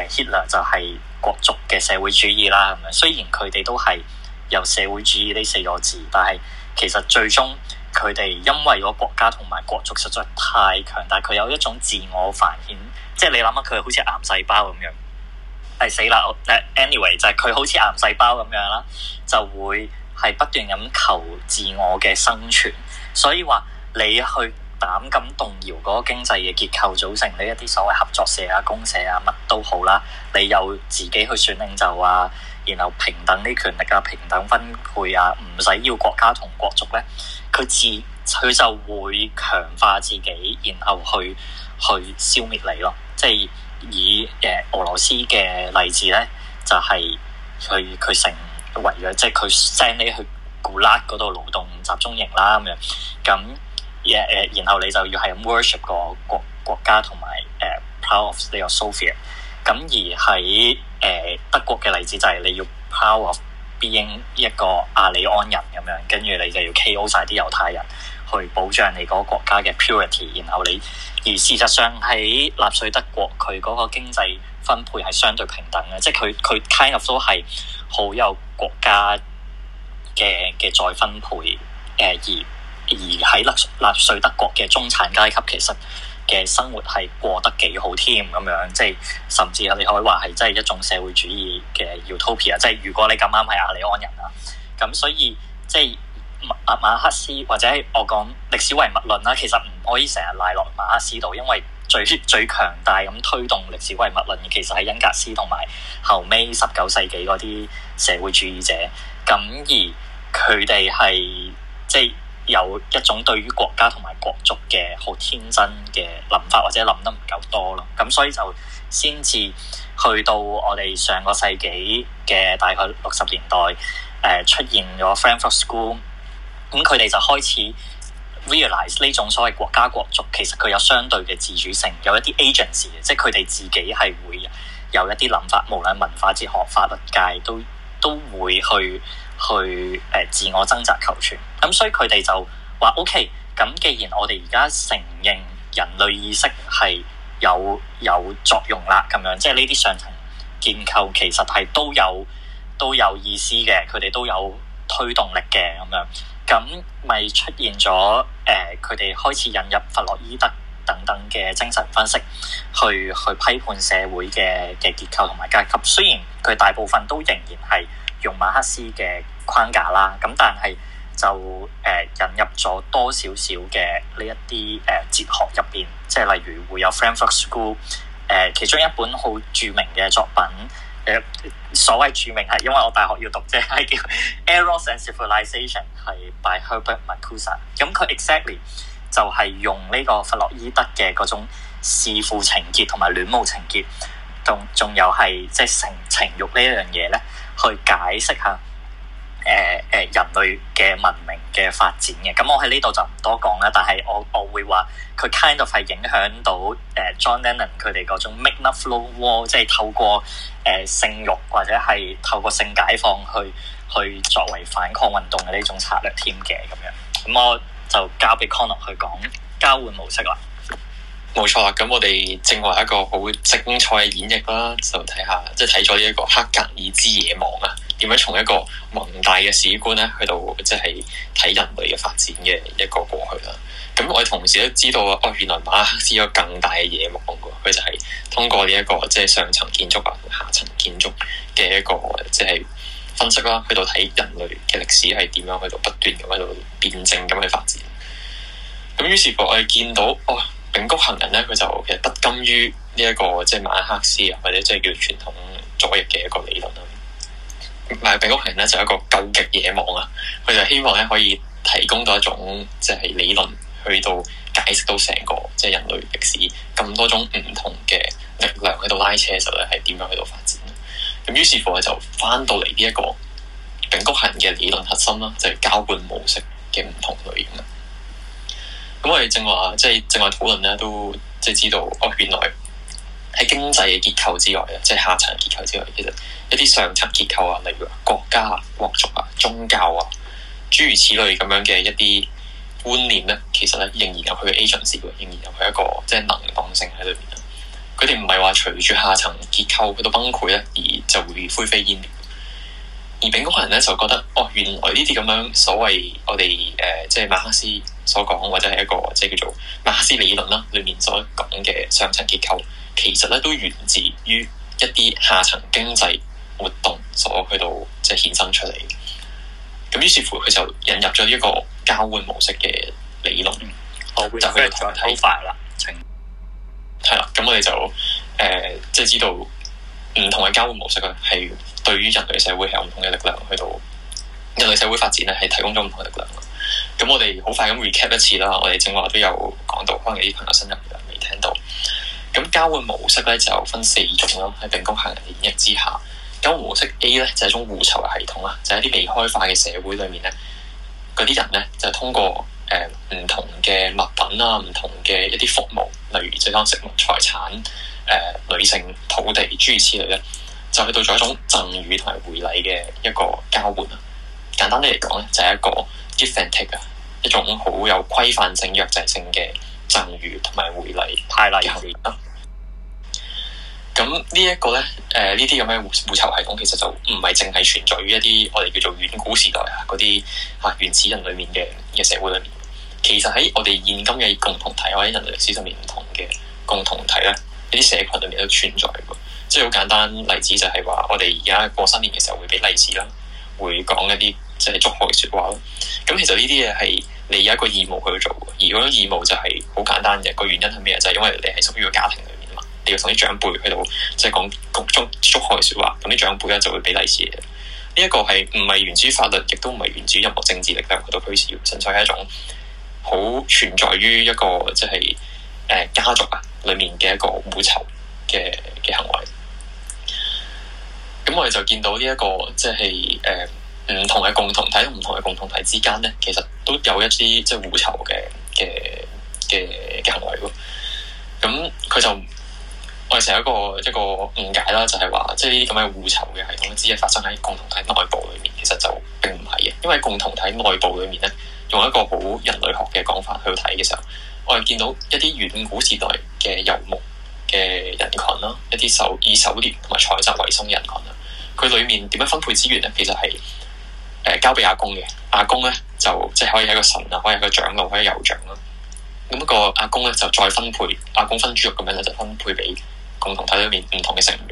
呃、Hitler 就係國族嘅社會主義啦，咁樣雖然佢哋都係有社會主義呢四個字，但係其實最終佢哋因為個國家同埋國族實在太強大，佢有一種自我繁衍，即、就、係、是、你諗下佢好似癌細胞咁樣，係、哎、死啦 anyway 就係佢好似癌細胞咁樣啦，就會。係不斷咁求自我嘅生存，所以話你去膽敢動搖嗰個經濟嘅結構組成呢一啲所謂合作社啊、公社啊乜都好啦，你又自己去選領袖啊，然後平等啲權力啊、平等分配啊，唔使要國家同國族咧，佢自佢就會強化自己，然後去去消滅你咯。即係以誒俄羅斯嘅例子咧，就係佢佢成。為咗即係佢 send 你去 Gulag 嗰度勞動集中營啦咁樣，咁然後你就要係 worship 個國國家同埋誒 proud of 呢個 Soviet，咁而喺誒、呃、德國嘅例子就係你要 proud of being 一個阿里安人咁樣，跟住你就要 KO 晒啲猶太人，去保障你嗰個國家嘅 purity，然後你。而事實上喺納粹德國，佢嗰個經濟分配係相對平等嘅，即係佢佢 kind of 都係好有國家嘅嘅再分配。誒而而喺納納粹德國嘅中產階級，其實嘅生活係過得幾好添咁樣，即係甚至你可以話係即係一種社會主義嘅 utopia 即係如果你咁啱係亞利安人啊。咁所以即係。馬馬克思或者我講歷史唯物論啦，其實唔可以成日賴落馬克思度，因為最最強大咁推動歷史唯物論，其實係恩格斯同埋後尾十九世紀嗰啲社會主義者。咁而佢哋係即係有一種對於國家同埋國族嘅好天真嘅諗法，或者諗得唔夠多咯。咁所以就先至去到我哋上個世紀嘅大概六十年代，誒、呃、出現咗 Frankfurt School。咁佢哋就開始 realize 呢種所謂國家國族，其實佢有相對嘅自主性，有一啲 agency 嘅，即係佢哋自己係會有一啲諗法。無論文化哲學、法律界都都會去去誒自我掙扎求存。咁所以佢哋就話：OK，咁既然我哋而家承認人類意識係有有作用啦，咁樣即係呢啲上層結構其實係都有都有意思嘅，佢哋都有推動力嘅咁樣。咁咪出現咗誒，佢哋開始引入弗洛伊德等等嘅精神分析，去去批判社會嘅嘅結構同埋階級，雖然佢大部分都仍然係用馬克思嘅框架啦，咁但係就誒、呃、引入咗多少少嘅呢一啲誒哲學入邊，即係例如會有 Frankfurt School 誒、呃、其中一本好著名嘅作品。誒所謂著名係因為我大學要讀啫，係叫《Eros and Civilization》係 by Herbert Marcuse。咁佢 exactly 就係用呢個弗洛伊德嘅嗰種弒父情結同埋戀母情結，同仲有係即係性情慾呢一樣嘢咧，去解釋下。誒誒、呃呃、人類嘅文明嘅發展嘅，咁我喺呢度就唔多講啦。但係我我會話佢 kind of 係影響到誒、呃、John Lennon 佢哋嗰種 make love flow war，即係透過誒、呃、性慾或者係透過性解放去去作為反抗運動嘅呢種策略添嘅咁樣。咁我就交俾 Connor 去講交換模式啦。冇錯，咁我哋正話一個好精彩嘅演繹啦。就睇下即係睇咗呢一個黑格爾之野望啊。點樣從一個宏大嘅史觀咧，去到即係睇人類嘅發展嘅一個過去啦。咁我哋同時都知道啊，哦，原來馬克思有更大嘅野望噶，佢就係通過呢、這、一個即係、就是、上層建築啊同下層建築嘅一個即係、就是、分析啦，去到睇人類嘅歷史係點樣去到不斷咁喺度辯證咁去發展。咁於是乎我哋見到哦，柄谷行人咧，佢就其實不甘於呢、這、一個即係、就是、馬克思啊，或者即係叫傳統左翼嘅一個理論啊。埋柄谷行咧就一個究極野望啊！佢就希望咧可以提供到一種即係理論，去到解釋到成個即係、就是、人類歷史咁多種唔同嘅力量喺度拉車嘅時候，係點樣喺度發展？咁於是乎咧就翻到嚟呢一個柄谷行嘅理論核心啦，就係、是、交換模式嘅唔同類型啦。咁我哋、就是、正話即係正話討論咧，都即係知道哦，原來。喺經濟嘅結構之外啊，即係下層結構之外，其實一啲上層結構啊，例如國家啊、國族啊、宗教啊，諸如此類咁樣嘅一啲觀念咧，其實咧仍然有佢嘅 agency 喎，仍然有佢一個即係能動性喺裏面。佢哋唔係話隨住下層結構佢都崩潰咧，而就會灰飛煙滅。而丙嗰個人咧就覺得，哦，原來呢啲咁樣所謂我哋誒，即係馬克思所講，或者係一個即係叫做馬克思理論啦，裏面所講嘅上層結構。其實咧都源自於一啲下層經濟活動所去到即係、就是、衍生出嚟嘅。咁於是乎，佢就引入咗一個交換模式嘅理論，嗯、就去到睇一睇。好快啦，係啦。咁我哋就誒、即、呃、係知道唔同嘅交換模式咧，係對於人類社會係有唔同嘅力量去到人類社會發展咧，係提供咗唔同嘅力量。咁我哋好快咁 recap 一次啦。我哋正話都有講到，可能有啲朋友新入嚟未聽到。咁交換模式咧就分四種咯，喺柄谷行人嘅演繹之下，交換模式 A 咧就係、是、一種互酬系統啦，就是、一啲未開發嘅社會裏面咧，嗰啲人咧就通過誒唔、呃、同嘅物品啊、唔同嘅一啲服務，例如即係食物、財產、誒、呃、女性、土地諸如此類咧，就去到咗一種贈與同埋回禮嘅一個交換啊。簡單啲嚟講咧，就係、是、一個 gift exchange 啊，一種好有規範性、約制性嘅，贈予同埋回禮嘅行為啊，咁呢一個咧，誒呢啲咁嘅互互酬系統其實就唔係淨係存在於一啲我哋叫做遠古時代啊嗰啲嚇原始人裏面嘅嘅社會裏面，其實喺我哋現今嘅共同體或者人類史上面唔同嘅共同體咧，呢啲社群裏面都存在。即係好簡單例子就係話，我哋而家過新年嘅時候會俾利是啦，會講一啲。即係祝賀嘅説話咯。咁其實呢啲嘢係你有一個義務去做嘅，而嗰個義務就係好簡單嘅。個原因係咩？就係因為你係屬於個家庭裏面嘛。你要同啲長輩去到即係講講祝祝賀嘅説話。咁啲長輩咧就會俾利是嘅。呢一個係唔係源自法律，亦都唔係源自任何政治力量去到推銷，純粹係一種好存在於一個即係誒家族啊裡面嘅一個互酬嘅嘅行為。咁我哋就見到呢一個即係誒。就是呃唔同嘅共同體同唔同嘅共同體之間咧，其實都有一啲即係互酬嘅嘅嘅行為咯。咁佢就我哋成日一個一個誤解啦，就係話即係呢啲咁嘅互酬嘅系統只係發生喺共同體內部裏面，其實就並唔係嘅，因為共同體內部裏面咧，用一個好人類學嘅講法去睇嘅時候，我哋見到一啲遠古時代嘅遊牧嘅人群啦，一啲手以狩獵同埋採集為生嘅人群啦，佢裡面點樣分配資源咧，其實係。誒交俾阿公嘅，阿公咧就即係可以係個神啊，可以係個長老，可以係酋長咯。咁個阿公咧就再分配，阿公分豬肉咁樣咧就分配俾共同體裏面唔同嘅成員。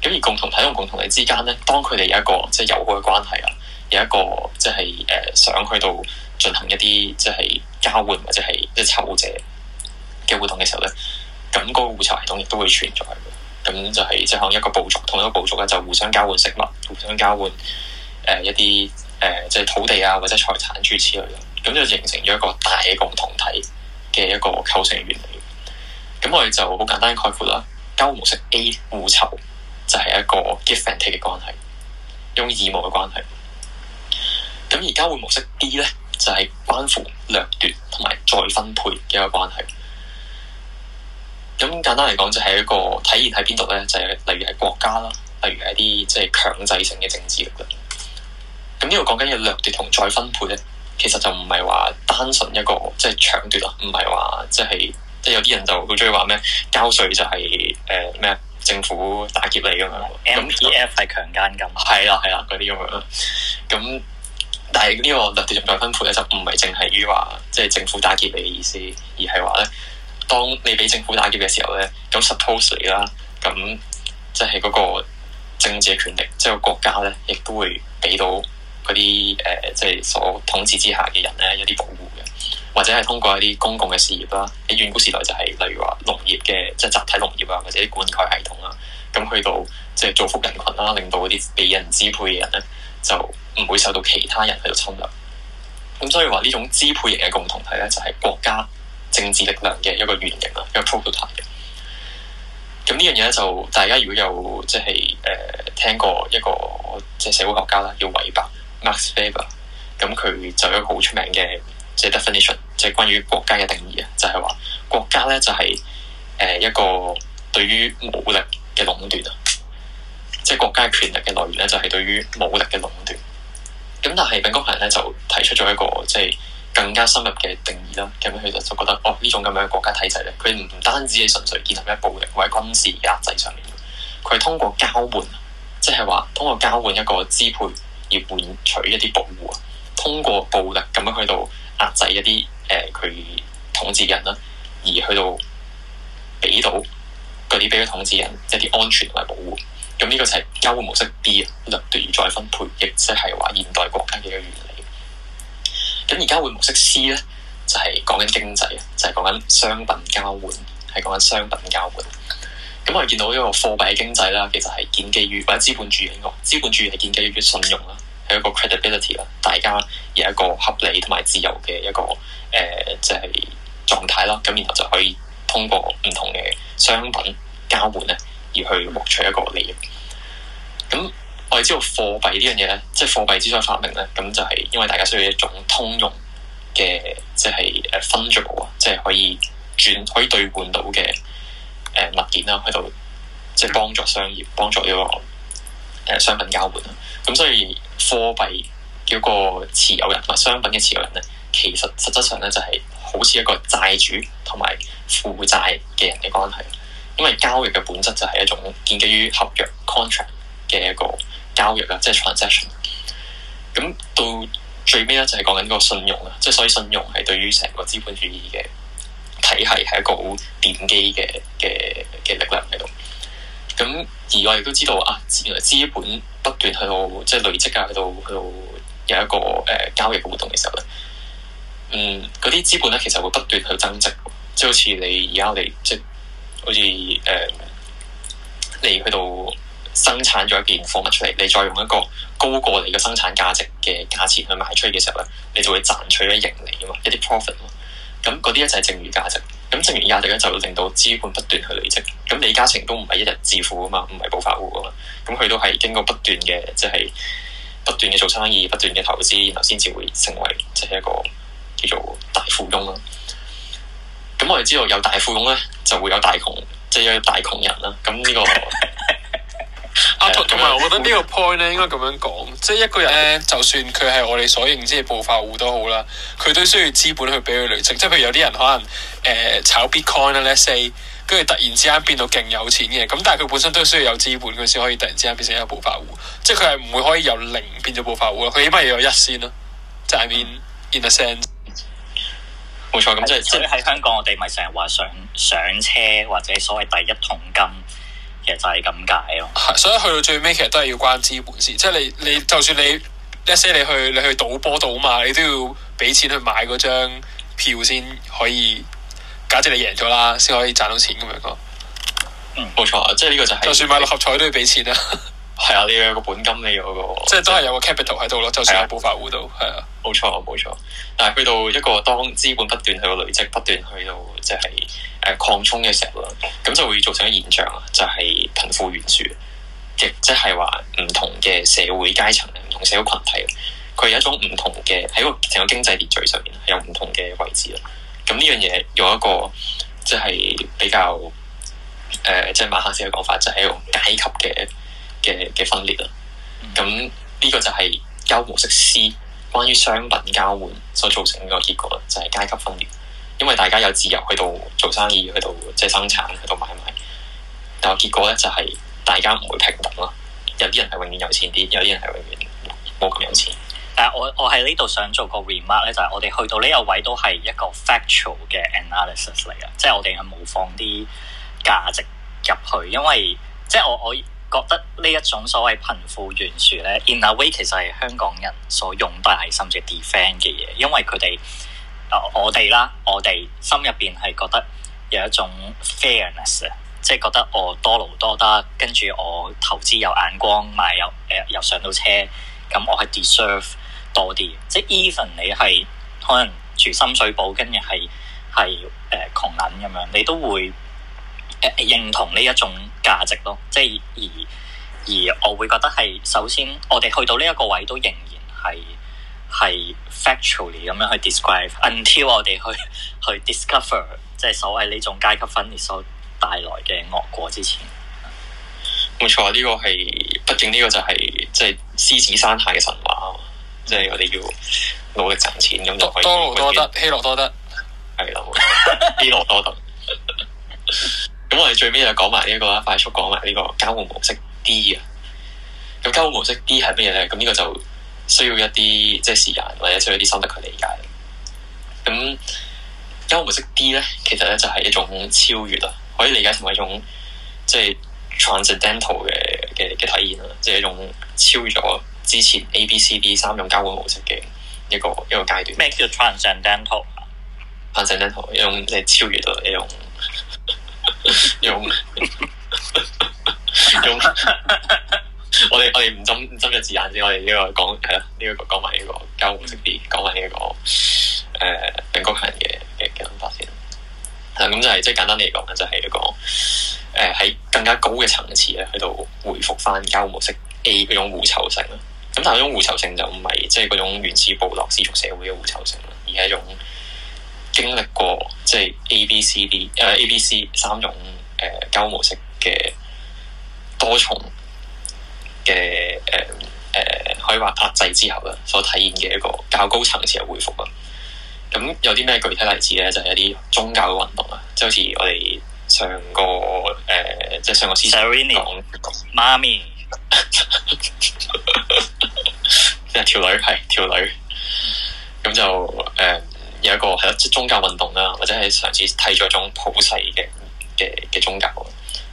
咁而共同體同共同體之間咧，當佢哋有一個即係友好嘅關係啊，有一個即係誒想去到進行一啲即係交換或者係即係酬謝嘅活動嘅時候咧，咁嗰個互酬系統亦都會存在。咁就係即係可能一個部族同一個部族咧就互相交換食物，互相交換。誒、呃，一啲誒、呃，即係土地啊，或者財產諸如此類嘅，咁就形成咗一個大嘅共同體嘅一個構成原理。咁我哋就好簡單概括啦。交換模式 A 互酬就係、是、一個 give and take 嘅關係，用義務嘅關係。咁而交換模式 D 咧，就係、是、關乎掠奪同埋再分配嘅一個關係。咁簡單嚟講，就係一個體現喺邊度咧？就係、是、例如係國家啦，例如係一啲即係強制性嘅政治力量。咁呢個講緊嘅掠奪同再分配咧，其實就唔係話單純一個即係搶奪啊，唔係話即係即係有啲人就好中意話咩交稅就係誒咩政府打劫你咁樣。MPF 係強姦金。係啊係啊，嗰啲咁樣。咁但係呢個掠奪同再分配咧，就唔係淨係於話即係政府打劫你嘅意思，而係話咧，當你俾政府打劫嘅時候咧，咁 supposedly 啦，咁即係嗰個政治嘅權力即係個國家咧，亦都會俾到。嗰啲誒，即係、呃就是、所統治之下嘅人咧，有啲保護嘅，或者係通過一啲公共嘅事業啦。喺遠古時代就係、是、例如話農業嘅，即係集體農業啊，或者啲灌溉系統啊，咁去到即係、就是、造福人群啦，令到嗰啲被人支配嘅人咧，就唔會受到其他人喺度侵略。咁所以話呢種支配型嘅共同體咧，就係、是、國家政治力量嘅一個原型啦，一個 prototype 嘅。咁呢樣嘢咧，就大家如果有即係誒、呃、聽過一個即係社會學家啦，叫韋伯。Max Weber 咁，佢就有一個好出名嘅，即係 definition，即係關於國家嘅定義啊。就係話國家咧就係誒一個對於武力嘅壟斷啊，即係國家嘅權力嘅來源咧就係對於武力嘅壟斷。咁但係，炳哥凡咧就提出咗一個即係更加深入嘅定義啦。咁佢就就覺得哦呢種咁樣嘅國家體制咧，佢唔單止係純粹建立喺暴力或者軍事壓制上面，佢係通過交換，即係話通過交換一個支配。要換取一啲保護啊，通過暴力咁樣去到壓制一啲誒佢統治人啦，而去到俾到嗰啲俾佢統治人一啲安全同埋保護，咁呢個就係交換模式 B，掠奪與再分配，亦即係話現代國家嘅一個原理。咁而交換模式 C 咧，就係、是、講緊經濟啊，就係、是、講緊商品交換，係講緊商品交換。咁我哋見到呢個貨幣經濟啦，其實係建基於或者資本主義呢個資本主義係建基於信用啦，係一個 credibility 啦，大家有一個合理同埋自由嘅一個誒，即係狀態啦。咁然後就可以通過唔同嘅商品交換咧，而去獲取一個利益。咁我哋知道貨幣呢樣嘢咧，即係貨幣之所以發明咧，咁就係因為大家需要一種通用嘅，即係誒 fungible 啊，即係可以轉，可以兌換到嘅。誒物件啦，去到即係幫助商業幫助呢個誒商品交換啦。咁所以貨幣 𠮶 個持有人，或商品嘅持有人咧，其實實質上咧就係好似一個債主同埋負債嘅人嘅關係。因為交易嘅本質就係一種建基於合約 contract 嘅一個交易啊，即係 transaction。咁到最尾咧就係講緊個信用啦，即係所以信用係對於成個資本主義嘅。體係係一個好奠基嘅嘅嘅力量喺度。咁而我亦都知道啊，資本不斷去到即係、就是、累積啊，去到去到有一個誒、呃、交易活動嘅時候咧，嗯，嗰啲資本咧其實會不斷去增值，即、就、係、是、好似你而家我哋即係好似誒，你去到生產咗一件貨物出嚟，你再用一個高過你嘅生產價值嘅價錢去賣出去嘅時候咧，你就會賺取咗盈利啊嘛，一啲 profit 咯。咁嗰啲呢就係剩餘價值，咁剩餘價值咧就令到資本不斷去累積。咁李嘉誠都唔係一日致富啊嘛，唔係暴發戶啊嘛。咁佢都係經過不斷嘅即係不斷嘅做生意、不斷嘅投資，然後先至會成為即係、就是、一個叫做大富翁啦。咁我哋知道有大富翁咧，就會有大窮，即、就、係、是、有大窮人啦。咁呢、這個。 啊，同埋我覺得呢個 point 咧應該咁樣講，即係一個人咧， 就算佢係我哋所認知嘅暴發戶都好啦，佢都需要資本去俾佢累積。即係譬如有啲人可能誒、呃、炒 Bitcoin 啊，let's say，跟住突然之間變到勁有錢嘅，咁但係佢本身都需要有資本佢先可以突然之間變成一個暴發戶。即係佢係唔會可以由零變咗暴發戶，佢起碼要有一先咯，就係 I mean, in a sense。冇錯，咁在即係即係喺香港我，我哋咪成日話想上車或者所謂第一桶金。其實就係咁解咯，所以去到最尾，其實都係要關資本事。即係你你就算你，假設你去你去賭波賭嘛，你都要俾錢去買嗰張票先可以，假設你贏咗啦，先可以賺到錢咁樣講。嗯，冇錯啊，即係呢個就係。就算買六合彩都要俾錢啊。嗯 係啊，你要有個本金你嗰、這個，即係是都係有個 capital 喺度咯。的就算係暴發戶都係啊，冇錯冇錯。但係去到一個當資本不斷去到累積，不斷去到即係誒擴充嘅時候啦，咁就會造成一種現象啊，就係、是、貧富懸殊，亦即係話唔同嘅社會階層、唔同社會群體，佢有一種唔同嘅喺個成個經濟秩序上面有唔同嘅位置啦。咁呢樣嘢用一個即係、就是、比較誒，即係馬克思嘅講法，就係、是、階、呃就是、級嘅。嘅嘅分裂啦，咁呢個就係交模式 C 關於商品交換所造成個結果，就係階級分裂。因為大家有自由去到做生意，去到即係生產，去到買賣。但係結果咧，就係大家唔會平等咯。有啲人係永遠有錢啲，有啲人係永遠冇咁有錢。但係我我喺呢度想做個 remark 咧，就係我哋去到呢個位都係一個 factual 嘅 analysis 嚟啊，即係我哋係冇放啲價值入去，因為即係我我。覺得呢一種所謂貧富懸殊咧，in a way，其實係香港人所用大，甚至 defend 嘅嘢，因為佢哋、呃、我哋啦，我哋心入邊係覺得有一種 fairness，即係覺得我多勞多得，跟住我投資有眼光，買又誒又上到車，咁我係 deserve 多啲。即係 even 你係可能住深水埗，跟住係係誒窮撚咁樣，你都會。誒認同呢一種價值咯，即係而而我會覺得係首先我哋去到呢一個位都仍然係係 factually 咁樣去 describe，until 我哋去去 discover 即係所謂呢種階級分裂所帶來嘅惡果之前。冇錯，呢、呢個係畢竟呢個就係即係獅子山下嘅神話，即係、就係、我哋要努力賺錢咁多就可以。多勞多得，希羅多德，係啦，希羅多德。 咁我哋最尾就講埋呢一個啦，快速講埋呢個交換模式 D 啊。咁交換模式 D 係乜嘢咧？咁呢個就需要一啲即係時間，或者需要啲心得去理解。咁交換模式 D 咧，其實咧就係一種超越啊，可以理解成為一種即係、就是、transcendental 嘅嘅嘅體驗啦，即、就、係、是、一種超越咗之前 A、B、C、D 三種交換模式嘅一個一個階段。咩叫 transcendental？transcendental 一種即係超越到一種。用 用， 我哋我哋唔斟唔斟個字眼先，我哋呢、這個講係啦，呢、這個講埋呢個交互模式啲、這個，講埋呢個誒，英國人嘅嘅諗法先。咁、嗯、就係即係簡單嚟講咧，就係、是、一個誒喺、呃、更加高嘅層次咧，喺度回復翻交互模式 A 嗰種互酬性啦。咁但係嗰種互酬性就唔係即係嗰種原始部落氏族社會嘅互酬性，而係一種。經歷過即係 A、B、C、D，誒 A、B、C 三種誒、呃、交模式嘅多重嘅誒誒，可以話壓制之後咧，所體現嘅一個較高層次嘅回復啦。咁有啲咩具體例子咧？就係、是、一啲宗教嘅運動啊，即係好似我哋上個誒、呃，即係上個思政講 Serena，講的媽咪，即係條女係條女，咁、嗯、就誒。呃有一個係咯，即宗教運動啦，或者係上次睇咗一種普世嘅嘅嘅宗教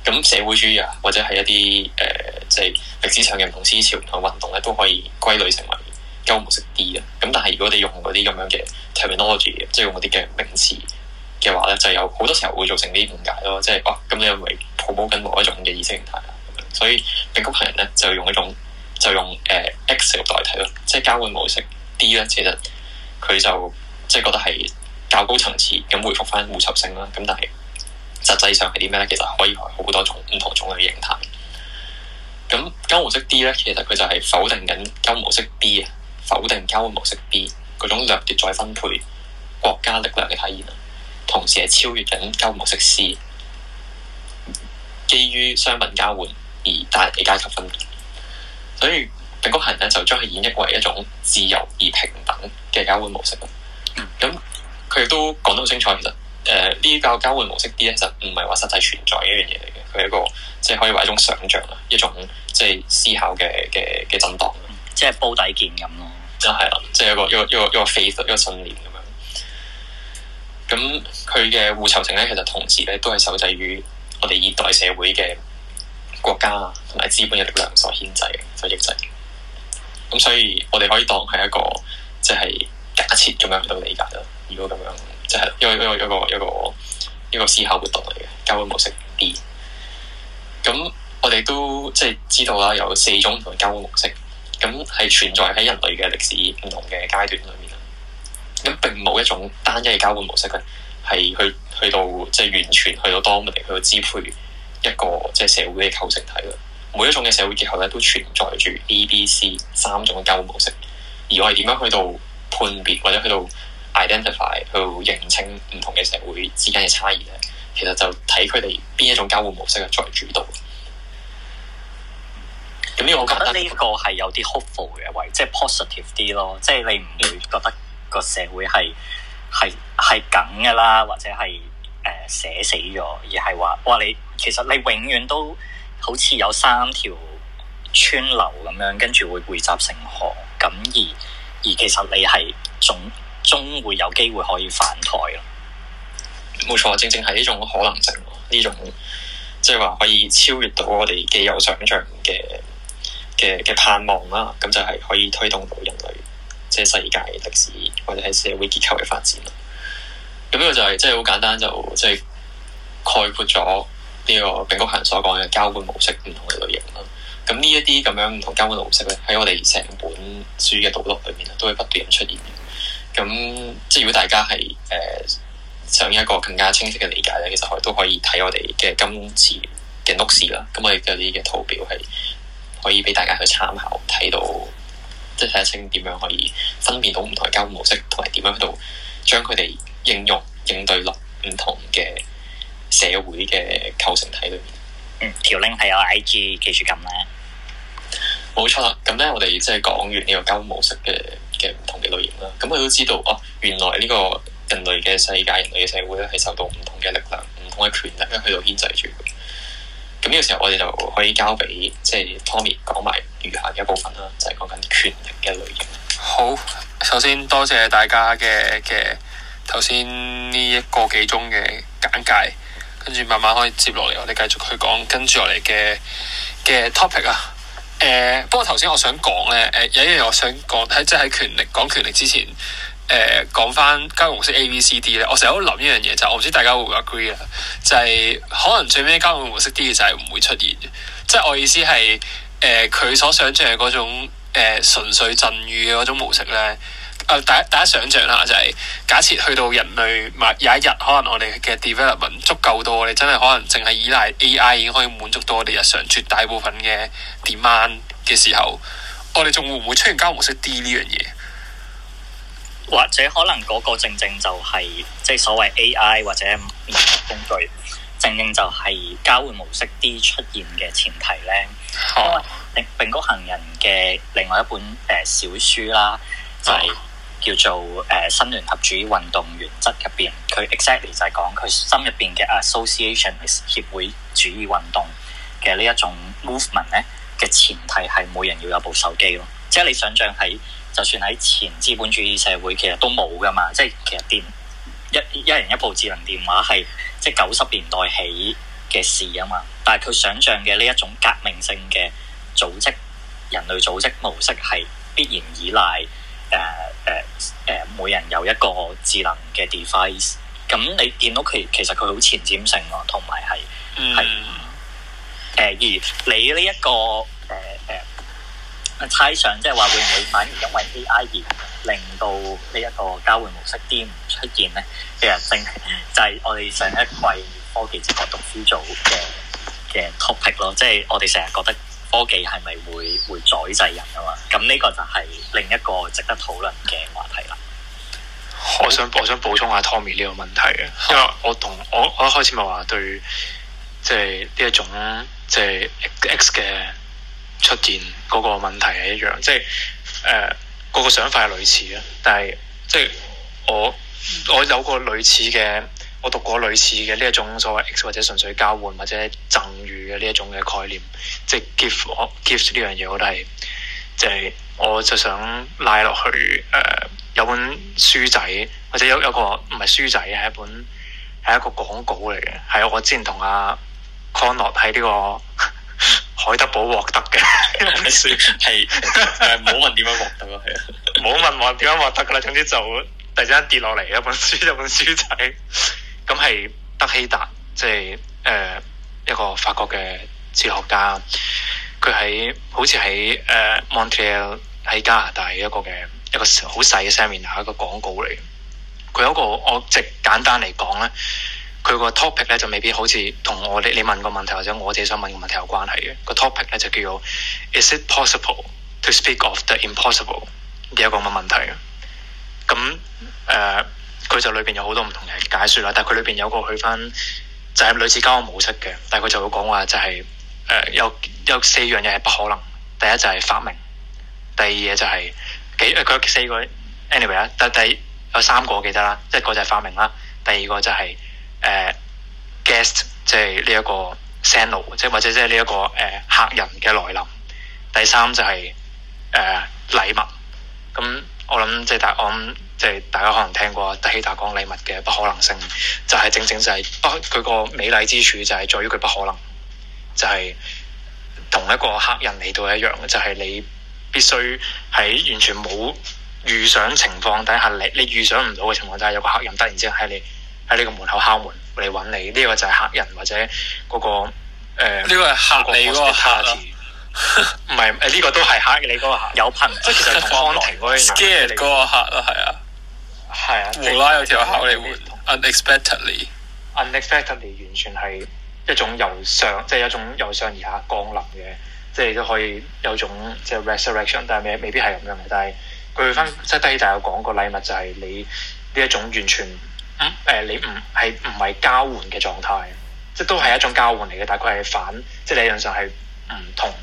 咁社會主義啊，或者係一啲誒，即、呃、係、就是、歷史上嘅唔同思潮、唔同運動咧，都可以歸類成為交換模式 D 啊。咁但係如果你用嗰啲咁樣嘅 terminology，即係用嗰啲嘅名詞嘅話咧，就有好多時候會造成呢啲誤解咯。即係哇，咁你認為抱抱緊某一種嘅意識形態啊？所以美國人咧就用一種就用 e、呃、X 嚟代替咯，即係交換模式 D 咧，其實佢就。即係覺得係較高層次，咁回覆翻互酬性啦。咁但係實際上係啲咩咧？其實可以好多種唔同種類嘅形態。咁交換模式 D 咧，其實佢就係否定緊交換模式 B 啊，否定交換模式 B 嗰種掠奪再分配國家力量嘅體現，同時係超越緊交換模式 C，基於商品交換而帶嚟嘅階級分別。所以柄谷行人咧就將佢演繹為一種自由而平等嘅交換模式。咁佢亦都講得好清楚，其實誒呢個交換模式啲咧，就唔係話實體存在嘅一樣嘢嚟嘅，佢係一個即係可以話一種想像啊，一種即係、就是、思考嘅嘅嘅震盪、嗯、即係煲底見咁咯，就係啦，即係一個一個一個一個 faith 一個信念咁樣。咁佢嘅互酬性咧，其實同時咧都係受制於我哋現代社會嘅國家啊，同埋資本嘅力量所牽制、所抑制。咁所以，我哋可以當係一個即係。就是假設咁樣去到理解咯，如果咁樣即係，因為因為一個一個一個思考活動嚟嘅交換模式 B。咁我哋都即係知道啦，有四種同交換模式，咁係存在喺人類嘅歷史唔同嘅階段裏面啦。咁並冇一種單一嘅交換模式嘅係去去到即係、就是、完全去到 dominate 去到支配一個即係、就是、社會嘅構成體啦。每一種嘅社會結構咧都存在住 A、B、C 三種嘅交換模式，而我哋點樣去到判別或者去到 identify 去到認清唔同嘅社會之間嘅差異咧，其實就睇佢哋邊一種交互模式啊，作為主導。咁呢個我覺得呢個係有啲 hopeful 嘅位，即係 positive 啲咯。即係你唔會覺得個社會係係係梗㗎啦，或者係誒、呃、寫死咗，而係話哇你其實你永遠都好似有三條川流咁樣，跟住會匯集成河咁而。而其實你係總終會有機會可以反台咯，冇錯，正正係呢種可能性，呢種即係話可以超越到我哋既有想象嘅嘅嘅盼望啦。咁就係可以推動到人類即係、就是、世界歷史或者係社會結構嘅發展啦。咁呢個就係即係好簡單，就即、是、係概括咗呢個柄谷行人所講嘅交換模式唔同嘅類型啦。咁呢一啲咁樣唔同交換模式咧，喺我哋成本書嘅道路，都會不斷出現。咁即係如果大家係誒、呃、想一個更加清晰嘅理解咧，其實可都可以睇我哋嘅今次嘅 note 啦、嗯。咁我哋呢啲圖表係可以俾大家去參考，睇到即係睇得清點樣可以分辨到唔同嘅交換模式，同埋點樣喺度將佢哋應用應對落唔同嘅社會嘅構成體裏面。嗯，條拎係有 I G 技術感咧。冇錯，咁咧我哋即係講完呢個交換模式嘅。唔同嘅類型啦，咁佢都知道哦、啊，原來呢個人類嘅世界、人類嘅社會咧，係受到唔同嘅力量、唔同嘅權力咧去到牽制住。咁呢個時候，我哋就可以交俾即係 Tommy 講埋餘下嘅一部分啦，就係講緊權力嘅類型。好，首先多謝大家嘅嘅頭先呢一個幾鐘嘅簡介，跟住慢慢可以接落嚟，我哋繼續去講跟住落嚟嘅嘅 topic 啊。誒，不過頭先我想講咧，誒、呃、有一樣嘢我想講喺即係喺權力講權力之前，誒、呃、講翻交易模式 A、B、C、D 咧，我成日都諗一樣嘢就，我唔知大家會唔會 agree 啊？就係可能最尾交易模式啲嘅就係、是、唔會，會，會出現嘅，即係我意思係誒佢所想象嘅嗰種誒、呃、純粹贈與嘅嗰種模式咧。誒，大家大家想像一下，就是，就係假設去到人類物有一日，可能我哋嘅 development 足夠多，我哋真係可能淨係依賴 AI 已經可以滿足到我哋日常絕大部分嘅 demand 嘅時候，我哋仲會唔會出現交換模式 D 呢樣嘢？或者可能嗰個正正就係即係所謂 AI 或者工具，正正就係交換模式 D 出現嘅前提咧。啊、因為《柄谷行人》嘅另外一本誒、呃、小書啦，就係、是啊。叫做誒、呃、新聯合主義運動原則入邊，佢 exactly 就係講佢心入邊嘅 association 協會主義運動嘅，呢一種 movement 咧嘅前提係每人要有部手機咯。即係你想象喺就算喺前資本主義社會，其實都冇噶嘛。即係其實電一一人一部智能電話係即係九十年代起嘅事啊嘛。但係佢想象嘅呢一種革命性嘅組織人類組織模式係必然依賴。誒誒誒，每人有一個智能嘅 device，咁你見到佢其實佢好前瞻性咯，同埋係係誒而你呢一個誒誒猜想，即係話會唔會反而因為 AI 而令到呢一個交換模式啲出現咧嘅日升，就係我哋上一季科技節目讀書組嘅嘅 topic 咯，即係我哋成日覺得。科技係咪會會宰制人啊嘛？咁呢個就係另一個值得討論嘅話題啦。我想我想補充下 Tommy 呢個問題嘅，因為我同我我一開始咪話對，即係呢一種即係、就是、X 嘅出現嗰個問題係一樣，即係誒個想法係類似嘅，但係即係我我有個類似嘅。我讀過類似嘅呢一種所謂 X 或者純粹交換或者贈與嘅呢一種嘅概念，即係 gift gift 呢樣嘢，我都係即係我就想拉落去誒，uh, 有本書仔或者有有個唔係書仔，係一本係一個廣告嚟嘅，係我之前同阿康樂喺呢個海德堡獲得嘅一本書，係唔好問點樣獲，唔好 問我點樣獲得㗎啦。 總之就突然間跌落嚟有本書，有本書仔。咁係、嗯、德希達，即係誒、呃、一個法國嘅哲學家。佢喺好似喺誒 Montreal，喺加拿大一個嘅一個好細嘅 seminar，一個廣告嚟。佢有一個我直簡單嚟講咧，佢個 topic 咧就未必好似同我你你問個問題或者我自己想問嘅問題有關係嘅。個 topic 咧就叫做 Is it possible to speak of the impossible？有一個咁嘅問題。咁誒。呃佢就裏邊有好多唔同嘅解説啦，但係佢裏邊有個區分就係、是、類似交換模式嘅，但係佢就會講話就係、是、誒、呃、有有四樣嘢係不可能。第一就係發明，第二嘢就係、是、幾誒佢、呃、四個 anyway 啦，但第有三個我記得啦，一個就係發明啦，第二個就係、是、誒、呃、guest 即係呢一個 s a n d e r 即或者即係呢一個誒、呃、客人嘅來臨，第三就係、是、誒、呃、禮物。咁、嗯、我諗即係答案。就是我即係大家可能聽過德希達講禮物嘅不可能性，就係正正就係不佢個美麗之處就係在於佢不可能，就係同一個客人嚟到一樣，就係你必須喺完全冇預想情況底下，你你預想唔到嘅情況就係有個客人突然之間喺你喺呢個門口敲門嚟搵你，呢個就係客人或者嗰個呢個係客嚟嗰個 p 唔係呢個都係客你嗰個客。有朋友，即係其實同康婷嗰個男嘅嗰個客啦，係啊。係啊，無啦有條考慮換里，unexpectedly，unexpectedly 完全係一種由上，即係有種由上而下降臨嘅，即係都可以有種即係、就是、resurrection，但係未未必係咁樣。但係佢翻真低大有講個禮物就係你呢一種完全唔、呃、你唔係唔係交換嘅狀態，即、就、係、是、都係一種交換嚟嘅，但概係反即係、就是、理論上係唔同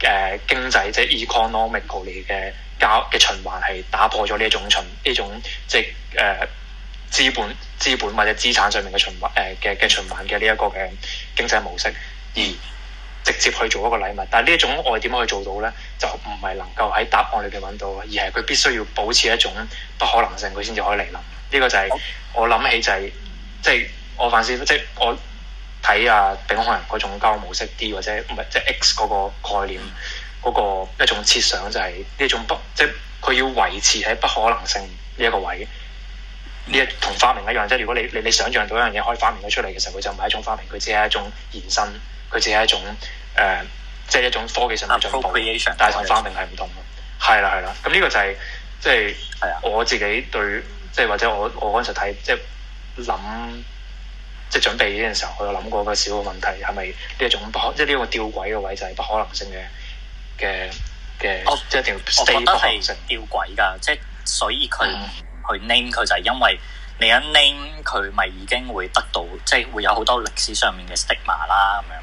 誒經濟即係 economic 嚟嘅。就是 e 教嘅循環係打破咗呢一種循呢種即係誒資本資本或者資產上面嘅循環誒嘅嘅循環嘅呢一個嘅經濟模式，而直接去做一個禮物。但係呢一種我點可以去做到咧？就唔係能夠喺答案裏邊揾到，而係佢必須要保持一種不可能性，佢先至可以嚟臨。呢、這個就係、是、好我諗起就係即係我反思，即、就、係、是、我睇阿炳可人嗰種交模式啲，D, 或者唔係即係 X 嗰個概念。嗯嗰個一種設想就係呢種不，即係佢要維持喺不可能性呢一個位，呢一同發明一樣，即係如果你你你想象到一樣嘢可以發明咗出嚟嘅時候，佢就唔係一種發明，佢只係一種延伸，佢只係一種誒，即、呃、係、就是、一種科技上嘅進步，但係同發明係唔同咯。係啦 okay.，係啦，咁呢個就係即係我自己對，即係或者我我嗰陣時睇，即係諗，即係準備呢陣時候，我有諗過個小嘅問題係咪呢種不可，即係呢個吊詭嘅位就係不可能性嘅。嘅嘅，我即係一定要。我覺得係吊詭噶，即係所以佢去 name 佢就係因為你一 name 佢，咪已經會得到，即係會有好多歷史上面嘅 stigma 啦咁樣。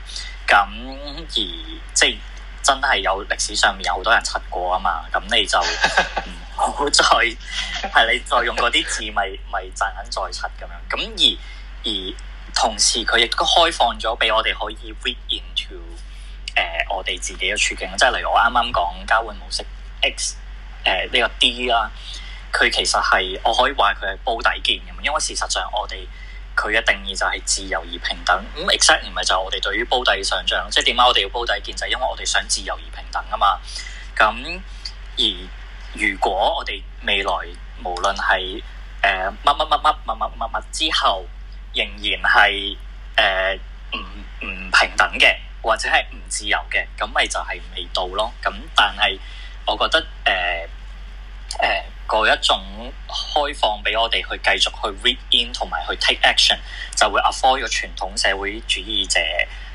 咁而即係真係有歷史上面有好多人拆過啊嘛，咁你就唔好再係 你再用嗰啲字咪咪賺緊再拆咁樣。咁而而同時，佢亦都開放咗俾我哋可以 read into。誒、呃，我哋自己嘅處境，即係例如我啱啱講交換模式 X，誒、呃、呢、這個 D 啦、啊，佢其實係我可以話佢係煲底見嘅，因為事實上我哋佢嘅定義就係自由而平等。咁 exactly 唔係就係我哋對於煲底嘅想像，即係點解我哋要煲底見就係、是、因為我哋想自由而平等啊嘛。咁、嗯、而如果我哋未來無論係誒乜乜乜乜乜乜乜乜之後，仍然係誒唔唔平等嘅，或者係唔自由嘅，咁咪就係未到咯。咁但係我覺得誒誒嗰一種開放俾我哋去繼續去 read in 同埋去 take action，就會 afford 咗傳統社會主義者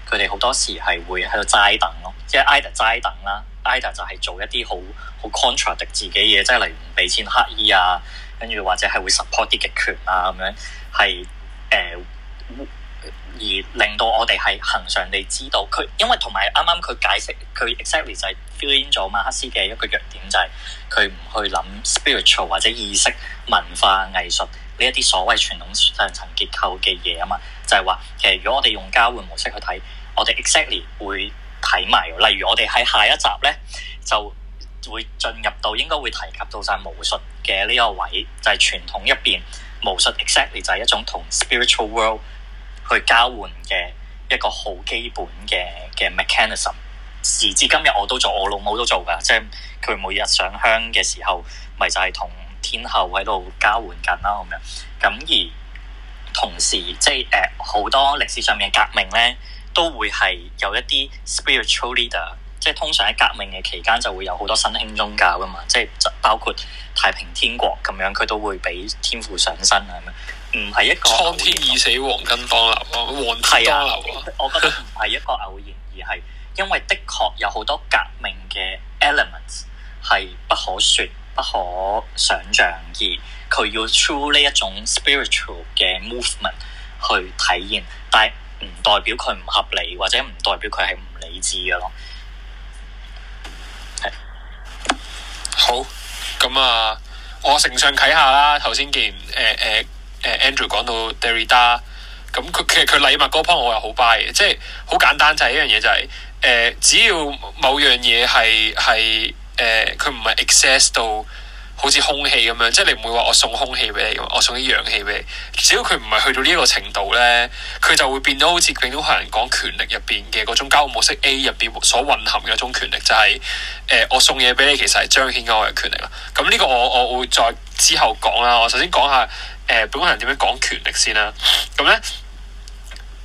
佢哋好多時係會喺度齋等咯，即係 ider 齋等啦。ider 就係做一啲好好 contract 自己嘢，即係例如唔畀錢乞衣啊，跟住或者係會 support 啲極權啊咁樣，係誒。呃而令到我哋係恒常地知道佢，因為同埋啱啱佢解釋，佢 exactly 就係 feeling 咗馬克思嘅一個弱點，就係佢唔去諗 spiritual 或者意識文化藝術呢一啲所謂傳統上層結構嘅嘢啊嘛，就係話其實如果我哋用交換模式去睇，我哋 exactly 會睇埋。例如我哋喺下一集咧就會進入到應該會提及到曬巫術嘅呢個位，就係傳統入邊巫術 exactly 就係一種同 spiritual world。去交換嘅一個好基本嘅嘅 mechanism，時至今日我都做，我老母都做㗎，即係佢每日上香嘅時候，咪就係同天后喺度交換緊啦咁樣，咁而同時即係誒好多歷史上面嘅革命咧，都會係有一啲 spiritual leader，即係通常喺革命嘅期間就會有好多新興宗教噶嘛，即係包括太平天國咁樣，佢都會俾天父上身啊咁樣。我覺得唔係一個偶然，而係 因為的確有好多革命嘅 elements 係不可説、不可想像，而佢要 through 呢一種 spiritual 嘅 movement 去體現。但係唔代表佢唔合理，或者唔代表佢係唔理智嘅咯。係好咁啊！我承上啟下啦，頭先見誒誒。呃誒 Andrew 講到 Derrida，咁佢其實佢禮物嗰 part 我係好 buy 嘅，即係好簡單就係、是、一樣嘢就係、是、誒、呃，只要某樣嘢係係誒，佢唔係、呃、excess 到好似空氣咁樣，即係你唔會話我送空氣俾你，我送啲氧氣俾你。只要佢唔係去到呢一個程度咧，佢就會變到好似佢都可能講權力入邊嘅嗰種交換模式 A 入邊所蘊含嘅一種權力，就係、是、誒、呃、我送嘢俾你，其實係彰顯緊我嘅權力啦。咁呢個我我會再之後講啦。我首先講下。誒，冰、呃、人點樣講權力先啦？咁咧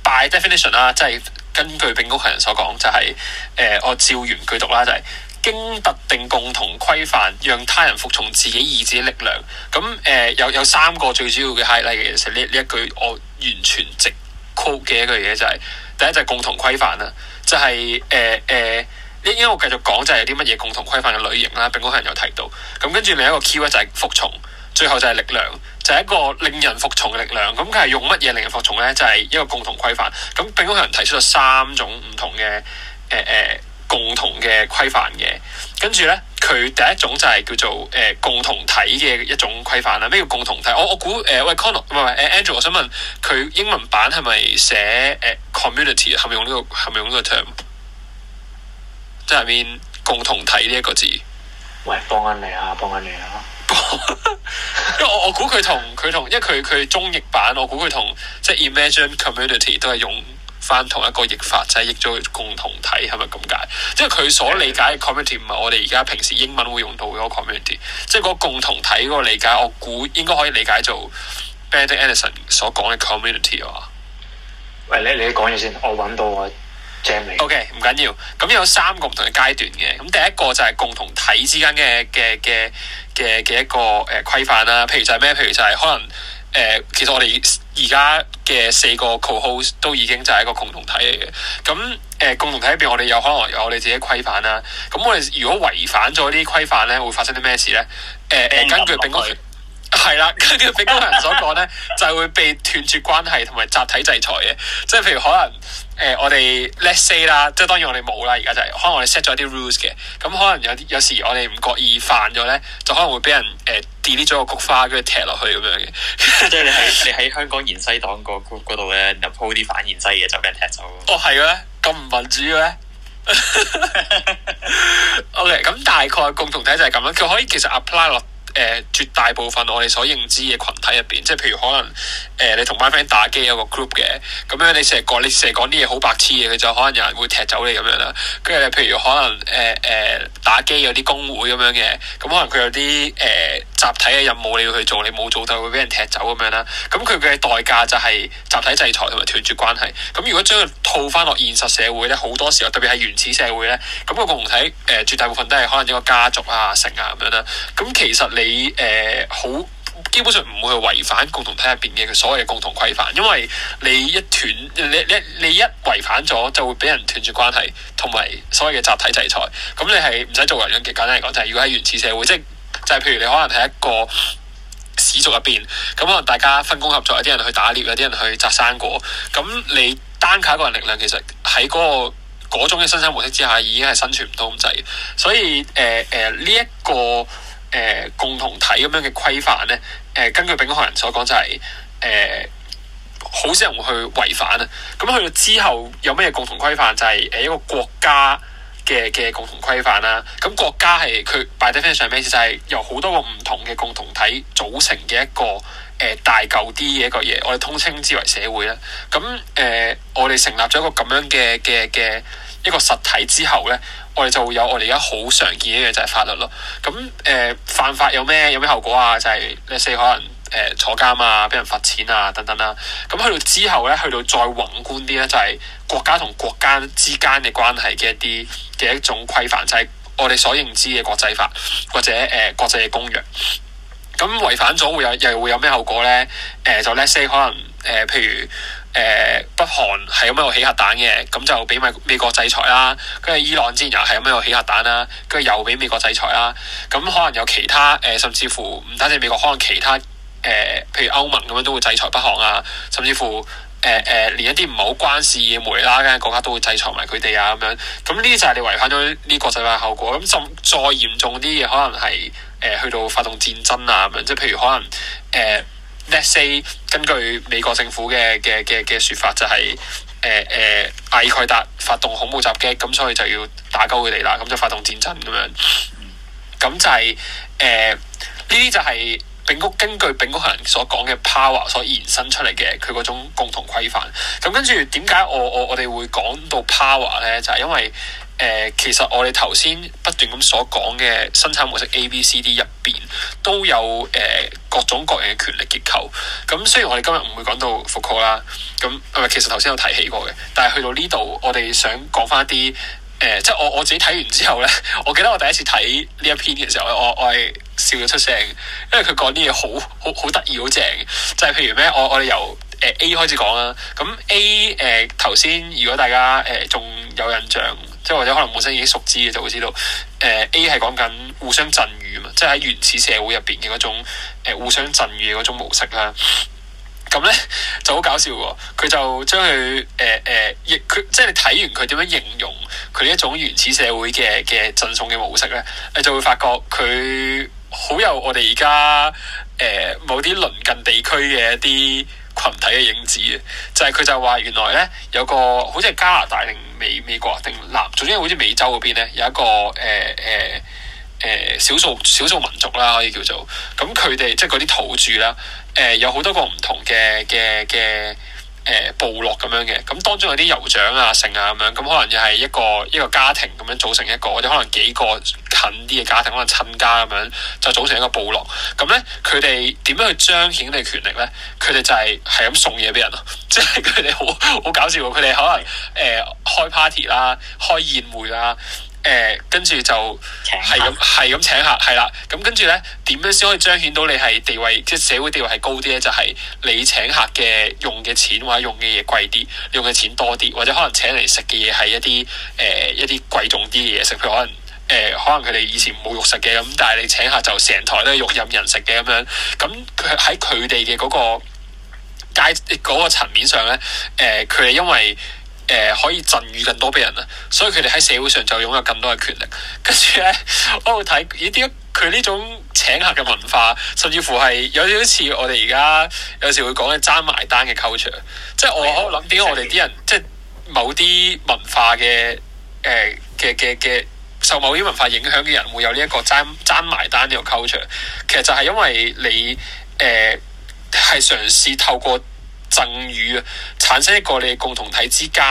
，by definition 啦，即係根據冰屋人所講，就係、是、誒、呃、我照原句讀啦，就係、是、經特定共同規範，讓他人服從自己意志力量。咁、嗯、誒、呃、有有三個最主要嘅 highlight 嘅，其實呢呢一句我完全直 quote 嘅一句嘢就係、是、第一就係共同規範啦，就係誒誒，應、呃呃、應該我繼續講就係啲乜嘢共同規範嘅類型啦。冰屋人有提到咁，跟、嗯、住另一個 keyword 就係服從，最後就係力量。第一個令人服從嘅力量，咁佢係用乜嘢令人服從咧？就係、是、一個共同規範。咁並可能提出咗三種唔同嘅誒誒共同嘅規範嘅。跟住咧，佢第一種就係叫做誒、呃、共同體嘅一種規範啦。咩叫共同體？我我估誒、呃、喂，Conor 唔係唔 Angie，我想問佢英文版係咪寫誒 community 啊、這個？係咪用呢個係咪用呢個 term？即係入面共同體呢一個字。喂，幫緊你啊！幫緊你啊！ 因為我我估佢同佢同因為佢佢中譯版，我估佢同即係 Imagine Community 都係用翻同一個譯法，就係、是、譯咗共同體係咪咁解？即係佢所理解嘅 Community 唔係我哋而家平時英文會用到嗰個 Community，即係個共同體嗰個理解，我估應該可以理解做 Benedict Anderson 所講嘅 Community 啊。喂，你你講嘢先，我揾到我。O.K. 唔緊要，咁有三個唔同嘅階段嘅，咁第一個就係共同體之間嘅嘅嘅嘅嘅一個誒規範啦。譬如就係咩？譬如就係可能誒、呃，其實我哋而家嘅四個 Co-host 都已經就係一個共同體嚟嘅。咁誒、呃，共同體入邊我哋有可能有我哋自己規範啦。咁我哋如果違反咗啲規範咧，會發生啲咩事咧？誒、呃、誒、呃，根據并公係啦，根據并公人所講咧， 就會被斷絕關係同埋集體制裁嘅。即係譬如可能。誒、呃，我哋 let's say 啦，即係當然我哋冇啦，而家就係、是、可能我哋 set 咗啲 rules 嘅，咁可能有啲有時我哋唔覺意犯咗咧，就可能會俾人誒 delete 咗個菊花跟住踢落去咁樣嘅， 即係你喺你喺香港賢西黨嗰度咧，就 po 啲反賢西嘅就俾人踢走。哦，係啊，咁唔民主嘅。O K，咁大概共同體就係咁樣，佢可以其實 apply 落。誒、呃、絕大部分我哋所認知嘅群體入邊，即係譬如可能誒、呃、你同班 friend 打機有個 group 嘅，咁樣你成日講你成日講啲嘢好白痴嘅，佢就可能有人會踢走你咁樣啦。跟住你，譬如可能誒誒、呃呃、打機有啲公會咁樣嘅，咁可能佢有啲誒、呃、集體嘅任務你要去做，你冇做就會俾人踢走咁樣啦。咁佢嘅代價就係集體制裁同埋斷絕關係。咁如果將佢套翻落現實社會咧，好多時候特別係原始社會咧，咁個共同體誒、呃、絕大部分都係可能一個家族啊、城啊咁樣啦。咁其實。你誒、呃、好基本上唔會去違反共同體入邊嘅所謂嘅共同規範，因為你一斷你你一你一違反咗，就會俾人斷絕關係，同埋所謂嘅集體制裁。咁你係唔使做人樣嘅，簡單嚟講，就係如果喺原始社會，即係就係、就係、譬如你可能係一個氏族入邊，咁可能大家分工合作，有啲人去打獵，有啲人去摘生果。咁你單靠一個人力量，其實喺嗰、嗰個嗰種嘅生產模式之下，已經係生存唔到咁滯。所以誒誒呢一個。誒、呃、共同體咁樣嘅規範咧，誒、呃、根據炳漢人所講就係誒好少人會去違反啊。咁、嗯、去到之後有咩共同規範就係、是、誒一個國家嘅嘅共同規範啦。咁、嗯、國家係佢 by definition 咩意思？ 就係由好多個唔同嘅共同體組成嘅一個誒、呃、大嚿啲嘅一個嘢，我哋通稱之為社會啦。咁、嗯、誒、呃、我哋成立咗一個咁樣嘅嘅嘅一個實體之後咧。我哋就會有我哋而家好常見嘅嘢就係法律咯。咁誒、呃、犯法有咩有咩後果啊？就係 let's say 可能誒、呃、坐監啊，俾人罰錢啊等等啦。咁去到之後咧，去到再宏觀啲咧，就係、是、國家同國家之間嘅關係嘅一啲嘅一種規範，就係、是、我哋所認知嘅國際法或者誒、呃、國際嘅公約。咁違反咗會有又會有咩後果咧？誒、呃、就 let's say 可能誒、呃、譬如。誒北韓係咁喺度起核彈嘅，咁就俾美美國制裁啦。跟住伊朗之前又係咁喺度起核彈啦，跟住又俾美國制裁啦。咁可能有其他誒、呃，甚至乎唔單止美國，可能其他誒、呃，譬如歐盟咁樣都會制裁北韓啊。甚至乎誒誒、呃，連一啲唔好關事嘅媒啦，跟住國家都會制裁埋佢哋啊咁樣。咁呢啲就係你違反咗呢個國際法嘅後果。咁就再嚴重啲嘅，可能係誒、呃、去到發動戰爭啊咁樣。即係譬如可能誒。呃 Let's say, 根據美國政府嘅嘅嘅嘅説法就係、是，誒、呃、誒，阿爾、啊、蓋達發動恐怖襲擊，咁所以就要打鳩佢哋啦，咁就發動戰爭咁樣。咁就係、是、誒，呢、呃、啲就係丙谷根據丙谷，谷人所講嘅 power 所延伸出嚟嘅佢嗰種共同規範。咁跟住點解我我我哋會講到 power 咧？就係、是、因為。誒、呃，其實我哋頭先不斷咁所講嘅生產模式 A、B、C、D 入邊，都有誒、呃、各種各樣嘅權力結構。咁、嗯、雖然我哋今日唔會講到復購啦，咁、嗯、啊，其實頭先有提起過嘅。但係去到呢度，我哋想講翻啲誒，即係我我自己睇完之後咧，我記得我第一次睇呢一篇嘅時候，我我係笑咗出聲，因為佢講啲嘢好好好得意，好正。就係、是、譬如咩，我我哋由誒 A 開始講啦。咁 A 誒頭先，如果大家誒仲、呃、有印象。即係或者可能本身已經熟知嘅就會知道，誒、呃、A 係講緊互相贈與嘛，即係喺原始社會入邊嘅嗰種、呃、互相贈與嘅嗰種模式啦。咁咧就好搞笑喎，佢就將佢誒誒亦佢，即係你睇完佢點樣形容佢呢一種原始社會嘅嘅贈送嘅模式咧，你、呃、就會發覺佢好有我哋而家誒某啲鄰近地區嘅一啲群體嘅影子啊，就係佢就話原來咧有個好似係加拿大定美美國定南，總之好似美洲嗰邊咧有一個誒誒誒少數少數民族啦，可以叫做咁佢哋即係嗰啲土著啦，誒有好多個唔同嘅嘅嘅。誒部落咁樣嘅，咁當中有啲酋長啊、成啊咁樣，咁可能又係一個一個家庭咁樣組成一個，或者可能幾個近啲嘅家庭，可能親家咁樣就組成一個部落。咁咧，佢哋點樣去彰顯你權力咧？佢哋就係係咁送嘢俾人咯，即係佢哋好好搞笑。佢哋可能誒、呃、開 party 啦、開宴會啦。誒、呃，跟住就係咁，係咁請客，係啦。咁、嗯、跟住咧，點樣先可以彰顯到你係地位，即係社會地位係高啲咧？就係、是、你請客嘅用嘅錢，或者用嘅嘢貴啲，用嘅錢多啲，或者可能請嚟、呃、食嘅嘢係一啲誒一啲貴重啲嘅嘢食，譬如、呃、可能誒可能佢哋以前冇肉食嘅咁，但係你請客就成台都係肉飲人食嘅咁樣。咁佢喺佢哋嘅嗰個階嗰、嗰個層面上咧，誒佢係因為。誒可以贈與更多俾人啊，所以佢哋喺社會上就擁有更多嘅權力。跟住咧，我會睇咦，點解佢呢種請客嘅文化，甚至乎係有少少似我哋而家有時會講嘅爭埋單嘅 culture。即係我我諗點解我哋啲人即係某啲文化嘅誒嘅嘅嘅受某啲文化影響嘅人會有呢一個爭爭埋單呢個 culture。其實就係因為你誒係嘗試透過。贈與啊，產生一個你共同體之間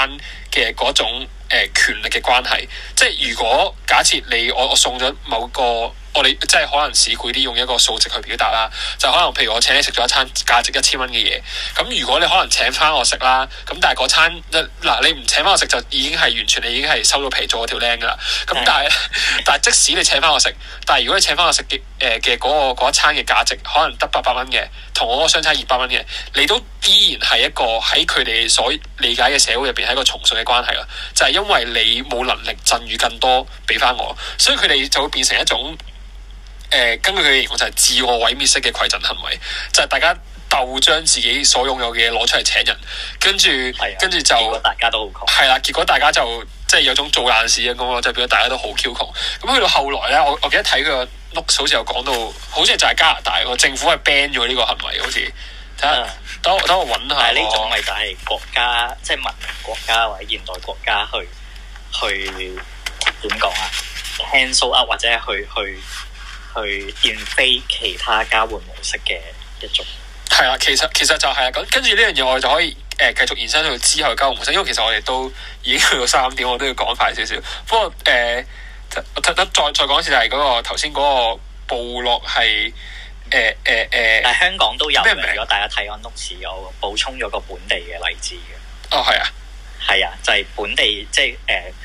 嘅嗰種誒、呃、權力嘅關係。即係如果假設你我我送咗某個我哋即係可能市儈啲用一個數值去表達啦，就可能譬如我請你食咗一餐價值一千蚊嘅嘢，咁如果你可能請翻我食啦，咁但係嗰餐嗱、呃、你唔請翻我食就已經係完全你已經係收到皮做條靚噶啦。咁但係、嗯、 但係即使你請翻我食，但係如果你請翻我食嘅誒嘅嗰個一餐嘅價值可能得八百蚊嘅。同我相差二百蚊嘅，你都依然係一個喺佢哋所理解嘅社會入邊，係一個從屬嘅關係啦。就係、是、因為你冇能力贈與更多俾翻我，所以佢哋就會變成一種、呃、根據佢嘅我就係自我毀滅式嘅饋贈行為，就係、是、大家鬥將自己所擁有嘅嘢攞出嚟請人，跟住的跟住就大家都好窮，係啦。結果大家就即係有種做難事咁咯，就變咗大家都好窮。咁去到後來咧，我我記得睇佢個。好似又講到，好似就係加拿大個政府係 ban 咗呢個行為，好似睇下，等、嗯、等我揾下我。呢種咪就係國家，即係文明國家或者現代國家去去點講啊？handso up 或者去去去顛飛其他交換模式嘅一種。係啊，其實其實就係、是、啊，咁跟住呢樣嘢我哋就可以誒、呃、繼續延伸到之後交換模式，因為其實我哋都已經去到三點，我都要講快少少。不過誒。呃得得再再講一次就係嗰個頭先嗰個部落係誒誒誒，欸欸、但香港都有，如果大家睇《安屋史》有補充咗個本地嘅例子嘅。哦，係啊，係啊，就係本地即係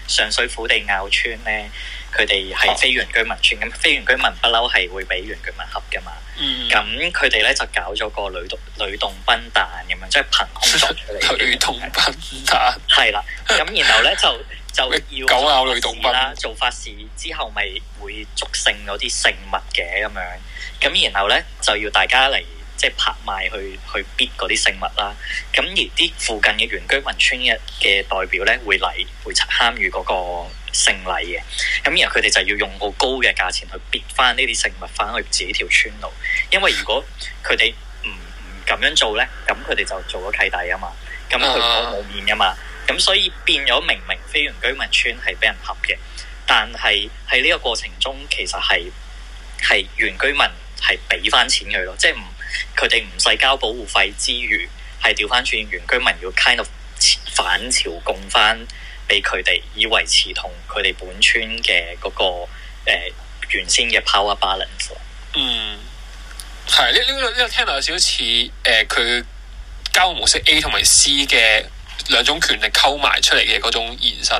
誒上水虎地坳村咧，佢哋係非原居民村，咁非原居民不嬲係會俾原居民合噶嘛。咁佢哋咧就搞咗個呂洞呂洞賓誕咁樣，即係憑空作出嚟。呂洞賓誕。係啦，咁然後咧就。就要搞鬧雷動物，啦，做法事之後咪會捉剩嗰啲聖物嘅咁樣。咁然後咧就要大家嚟即係拍賣去去 bid 嗰啲聖物啦。咁而啲附近嘅原居民村嘅嘅代表咧會嚟會參與嗰個聖禮嘅。咁然後佢哋就要用好高嘅價錢去 bid 翻呢啲聖物翻去自己條村度，因為如果佢哋唔唔咁樣做咧，咁佢哋就做咗契弟啊嘛，咁佢好冇面啊嘛。啊咁所以變咗，明明非原居民村係俾人合嘅，但係喺呢個過程中，其實係係原居民係俾翻錢佢咯，即係唔佢哋唔使交保護費之餘係調翻轉原居民要 kind of 反朝貢翻俾佢哋，以維持同佢哋本村嘅嗰個誒、呃、原先嘅 power balance。嗯，係呢呢個呢個聽落有少似誒佢交互模式 A 同埋 C 嘅。兩種權力溝埋出嚟嘅嗰種延伸，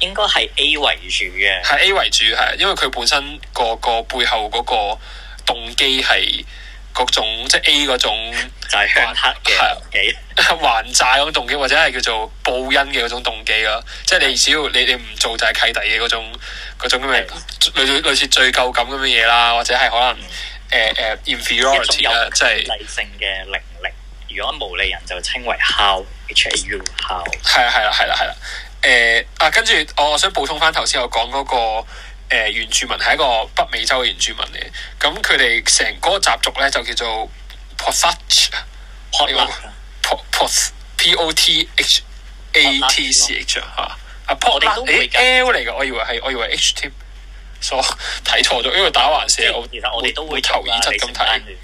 應該係 A 為主嘅，係 A 為主係，因為佢本身個個背後嗰個動機係嗰種即係 A 嗰種就係還黑嘅還債嗰種動機，或者係叫做報恩嘅嗰種動機啦。即係 你只要你你唔做就係契弟嘅嗰種嗰種咁嘅，是的 類似類似罪疚感咁嘅嘢啦，或者係可能誒誒，inferiority 一種有即係理性嘅靈力，是 如果無理人就稱為孝。H、A、U How？係啊係啦係啦係啦，誒啊跟住，嗯、我想補充翻頭先我講嗰個誒原住民係一個北美洲嘅原住民嚟嘅，咁佢哋成個習俗咧就叫做 Potch，potch，potch，P O T H A T C H 吓，sch, 啊,啊 pot，誒 L 嚟嘅，我以為係，我以為 H 添，所睇錯咗，因為打橫寫，我哋都會投二七咁睇。持人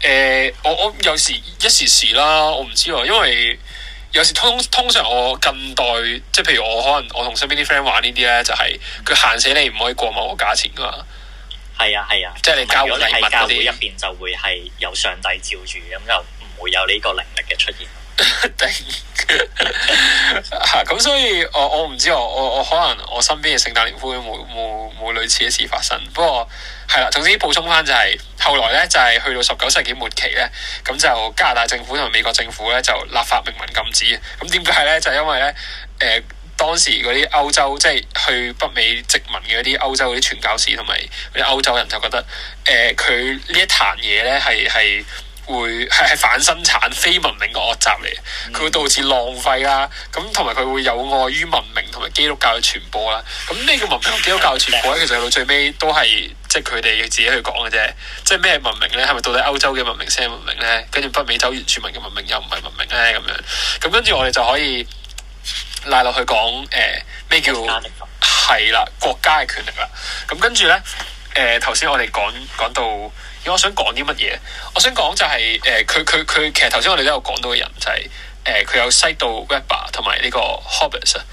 誒、呃、我我有時一時時啦，我唔知，因為有時通通常我近代，即係譬如我可能我同身邊啲 friend 玩呢啲咧，就係佢限死你唔可以過某個價錢噶嘛。係啊，係啊，即係你交禮物嗰啲一邊就會係由上帝照住，咁、嗯、些就唔會有呢個靈力嘅出現。 定咁了， 啊、所以我我唔知我我我可能我身邊嘅聖誕年會冇冇冇類似嘅事發生。不過係啦，總之補充翻就係、是、後來咧，就係去到十九世紀末期咧，咁就加拿大政府同美國政府咧就立法明文禁止。咁點解咧？就係、是、因為咧，誒、呃、當時嗰啲歐洲即係、就是、去北美殖民嘅嗰啲歐洲嗰啲傳教士同埋嗰啲歐洲人就覺得誒，佢呢一壇嘢咧係係。會係係反生產、非文明嘅惡習嚟，佢、嗯、會導致浪費啦。咁同埋佢會有礙於文明同埋基督教嘅傳播啦。咁咩、嗯、叫文明、基督教嘅傳播咧，嗯、其實到最尾都係即係佢哋自己去講嘅啫。即係咩文明咧？係咪到底歐洲嘅文明先係文明咧？跟住北美洲原住民嘅文明又唔係文明咧？咁樣咁跟住我哋就可以拉落去講誒咩叫係啦、嗯、國家嘅權力啦。咁跟住咧誒頭先我哋講講到。.我想講啲乜嘢？我想講就係、是、誒，佢佢佢，其實頭先我哋都有講到嘅人，就係、是、誒，佢、呃、有西道 Webber 同埋呢個 Hobbes 啊，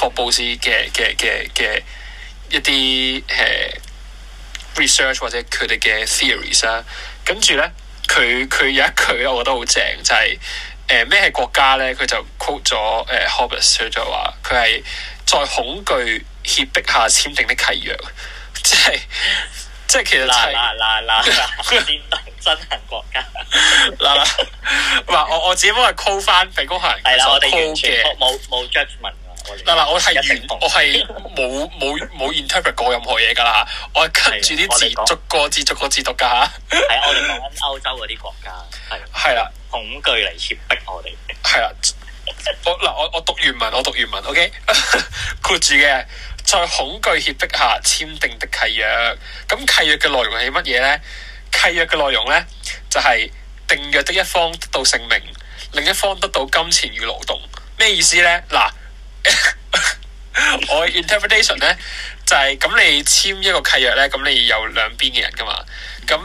霍布斯嘅嘅嘅嘅一啲誒、呃、research 或者佢哋嘅 theories 啦、啊。跟住咧，佢佢有一句我覺得好正，就係誒咩係國家咧？佢就 quote 咗誒、呃、Hobbes 佢就話，佢係在恐懼脅迫，迫下簽訂的契約，即、就、係、是。 即係其實嗱嗱嗱嗱，先 真行國家。嗱 嗱、 啊，我我只不過 call 翻，係 啦，我哋完全冇冇 judgment 啊。嗱嗱， 我係 完，我係冇冇冇 interpret 過任何嘢噶 啦。我係跟住啲字逐個字逐個字讀噶。係 我哋講緊歐洲嗰啲國家。係係啦，恐懼嚟脅迫我哋。係 啦，我嗱我我讀原文，我讀原文，OK，括 住嘅。在恐懼脅迫下簽訂的契約，咁契約嘅內容係乜嘢呢？契約嘅內容呢，就係訂約的一方得到性命，另一方得到金錢與勞動。咩意思呢？嗱， 我 interpretation 呢，就係、是、咁，你簽一個契約呢，咁你有兩邊嘅人㗎嘛？咁誒、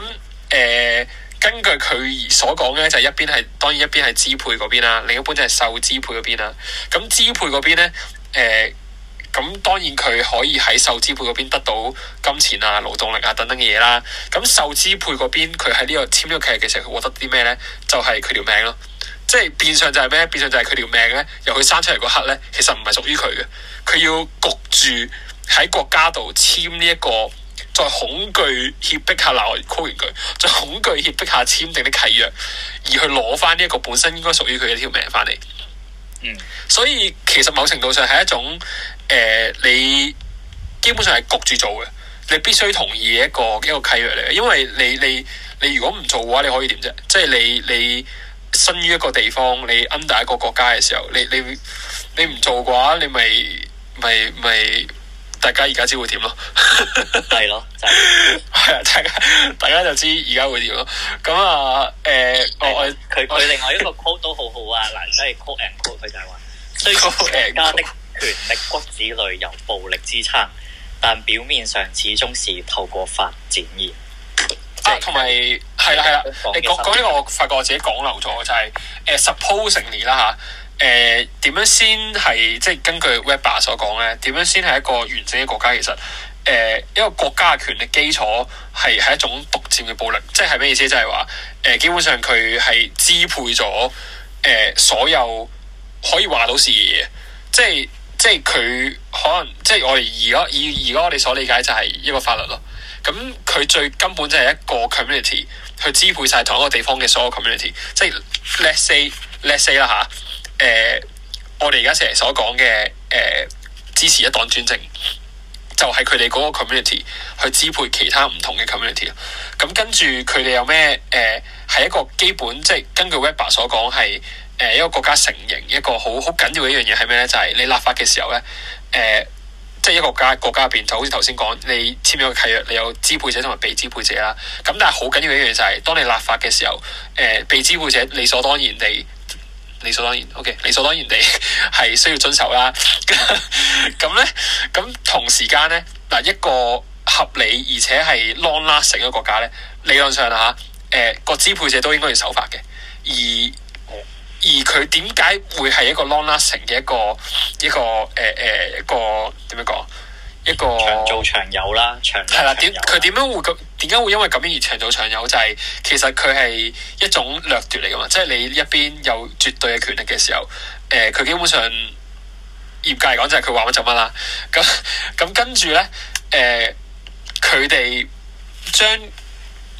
呃，根據佢所講呢，就是、一邊係當然一邊係支配嗰邊啦，另一邊就係受支配嗰邊啦。咁支配嗰邊呢，呃咁當然佢可以喺受支配嗰邊得到金錢啊、勞動力啊等等嘅嘢啦。咁受支配嗰邊，佢喺呢個簽呢個契約嘅時候，佢獲得啲咩咧？就係佢條命咯。即係變相就係咩？變相就係佢條命咧，由佢生出嚟嗰刻咧，其實唔係屬於佢嘅。佢要焗住喺國家度簽呢一個，在恐懼脅迫，迫下鬧括完佢，在恐懼脅迫，迫下簽訂啲契約，而去攞翻呢一個本身應該屬於佢嘅條命翻嚟。嗯，所以其實某程度上係一種。誒、呃，你基本上係焗住做嘅，你必須同意一個一個契約嚟嘅，因為你你你如果唔做嘅話，你可以點啫？即係你你身於一個地方，你 under 一個國家嘅時候，你你你唔做嘅話，你咪咪咪，大家而家知會點咯？係咯，係啊，大家大家就知而家會點咯。咁、呃、啊，誒、哎，我我佢佢另外一個 quote 都好好啊，嗱，即係 quote and quote 佢就係話：雖是家的。權力骨子裏有暴力支撐，但表面上始終是透過發展而。啊，同埋係啦係啦，你講講呢個，我發覺我自己講漏咗就係 supposedly 啦吓，誒、uh, 點、uh, 樣先係即係根據 Weber 所講咧？點樣先係一個完整嘅國家？其實誒，uh, 因為國家嘅權力基礎係係一種獨佔嘅暴力，即係咩意思？就係話誒，uh, 基本上佢係支配咗誒、uh, 所有可以話到事嘅嘢，即係。即係佢可能，即係我哋而家以而家我哋所理解就係一個法律咯。咁佢最根本就係一個 community 去支配晒同一個地方嘅所有 community、啊。即係 let’s say let’s say 啦吓，誒，我哋而家成日所講嘅誒支持一黨專政，就係佢哋嗰個 community 去支配其他唔同嘅 community、啊。咁跟住佢哋有咩誒係一個基本，即係根據 Webber 所講係。誒一個國家成形一個好好緊要嘅一樣嘢係咩咧？就係、是、你立法嘅時候咧，誒、呃，即、就、係、是、一個家國家入邊，就好似頭先講，你簽咗個契約，你有支配者同埋被支配者啦。咁但係好緊要嘅一樣就係、是，當你立法嘅時候，誒、呃，被支配者理所當然地，理所當然，O K，理所當然地係、OK, 需要遵守啦。咁 咧，咁同時間咧，嗱一個合理而且係 long lasting 嘅國家咧，理論上吓，誒、呃、個支配者都應該要守法嘅，而。而佢點解會係一個 long lasting 嘅一個一個誒誒一個點樣講？一個、呃、一個、一個長做長有啦，長係啦。點佢點樣會咁？點解會因為咁樣而長做長有？就係其實佢係一種掠奪嚟噶嘛。即係你一邊有絕對嘅權力嘅時候，誒佢基本上業界嚟講就係佢話乜就乜啦。咁咁跟住咧，誒佢哋將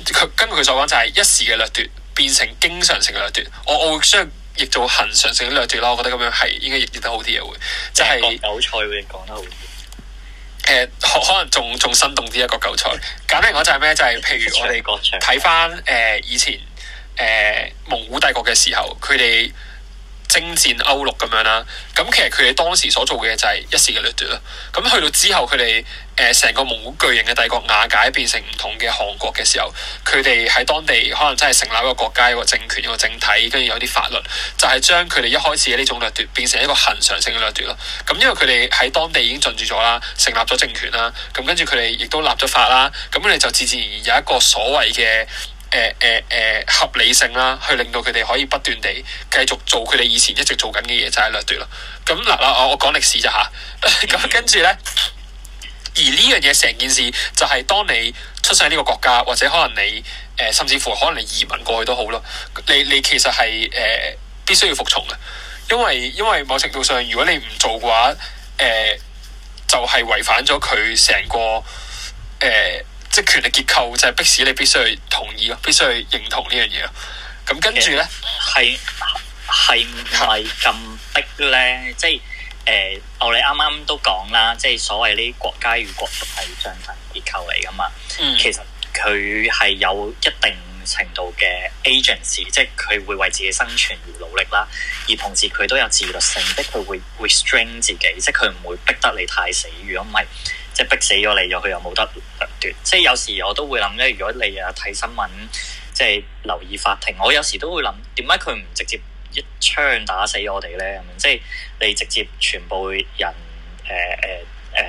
佢根據佢所講就係一時嘅掠奪變成經常性嘅掠奪。我我會需要。亦做恆常性啲耐住啦，我覺得咁樣係應該亦跌得好啲嘅會，即係。一個韭菜會講得好啲。誒、呃，可能仲仲生動啲一個韭菜，簡單嚟講 就係咩？就係、是、譬如我哋睇翻誒以前誒、呃、蒙古帝國嘅時候，佢哋。征戰歐陸咁樣啦，咁其實佢哋當時所做嘅就係一時嘅掠奪咯。咁去到之後，佢哋誒成個蒙古巨型嘅帝國瓦解，變成唔同嘅汗國嘅時候，佢哋喺當地可能真係成立一個國家、一個政權、一個政體，跟住有啲法律，就係將佢哋一開始嘅呢種掠奪變成一個恒常性嘅掠奪咯。咁因為佢哋喺當地已經進駐咗啦，成立咗政權啦，咁跟住佢哋亦都立咗法啦，咁佢哋就自自然然有一個所謂嘅。誒誒誒，合理性啦，去令到佢哋可以不斷地繼續做佢哋以前一直做緊嘅嘢，就係、是、掠奪咯。咁嗱啦，我我講歷史咋吓，咁、啊、 跟住咧，而呢樣嘢成件事就係當你出生喺呢個國家，或者可能你誒、呃，甚至乎可能你移民過去都好咯。你你其實係誒、呃，必須要服從嘅，因為因為某程度上，如果你唔做嘅話，誒、呃，就係、是、違反咗佢成個誒。呃即係權力結構就係迫使你必須去同意咯，必須去認同呢樣嘢。咁跟住咧，係係唔係咁逼咧？即係誒，我哋啱啱都講啦，即係所謂呢國家與國族係相對結構嚟噶嘛。嗯、其實佢係有一定程度嘅 agency，即係佢會為自己生存而努力啦。而同時佢都有自律性的，佢會 restrain 自己，即係佢唔會逼得你太死。如果唔係，即係逼死咗你，又佢又冇得奪，即係有時我都會諗，咧。如果你啊，睇新聞，即係留意法庭，我有時都會諗點解佢唔直接一槍打死我哋咧？咁樣即係你直接全部人誒誒誒誒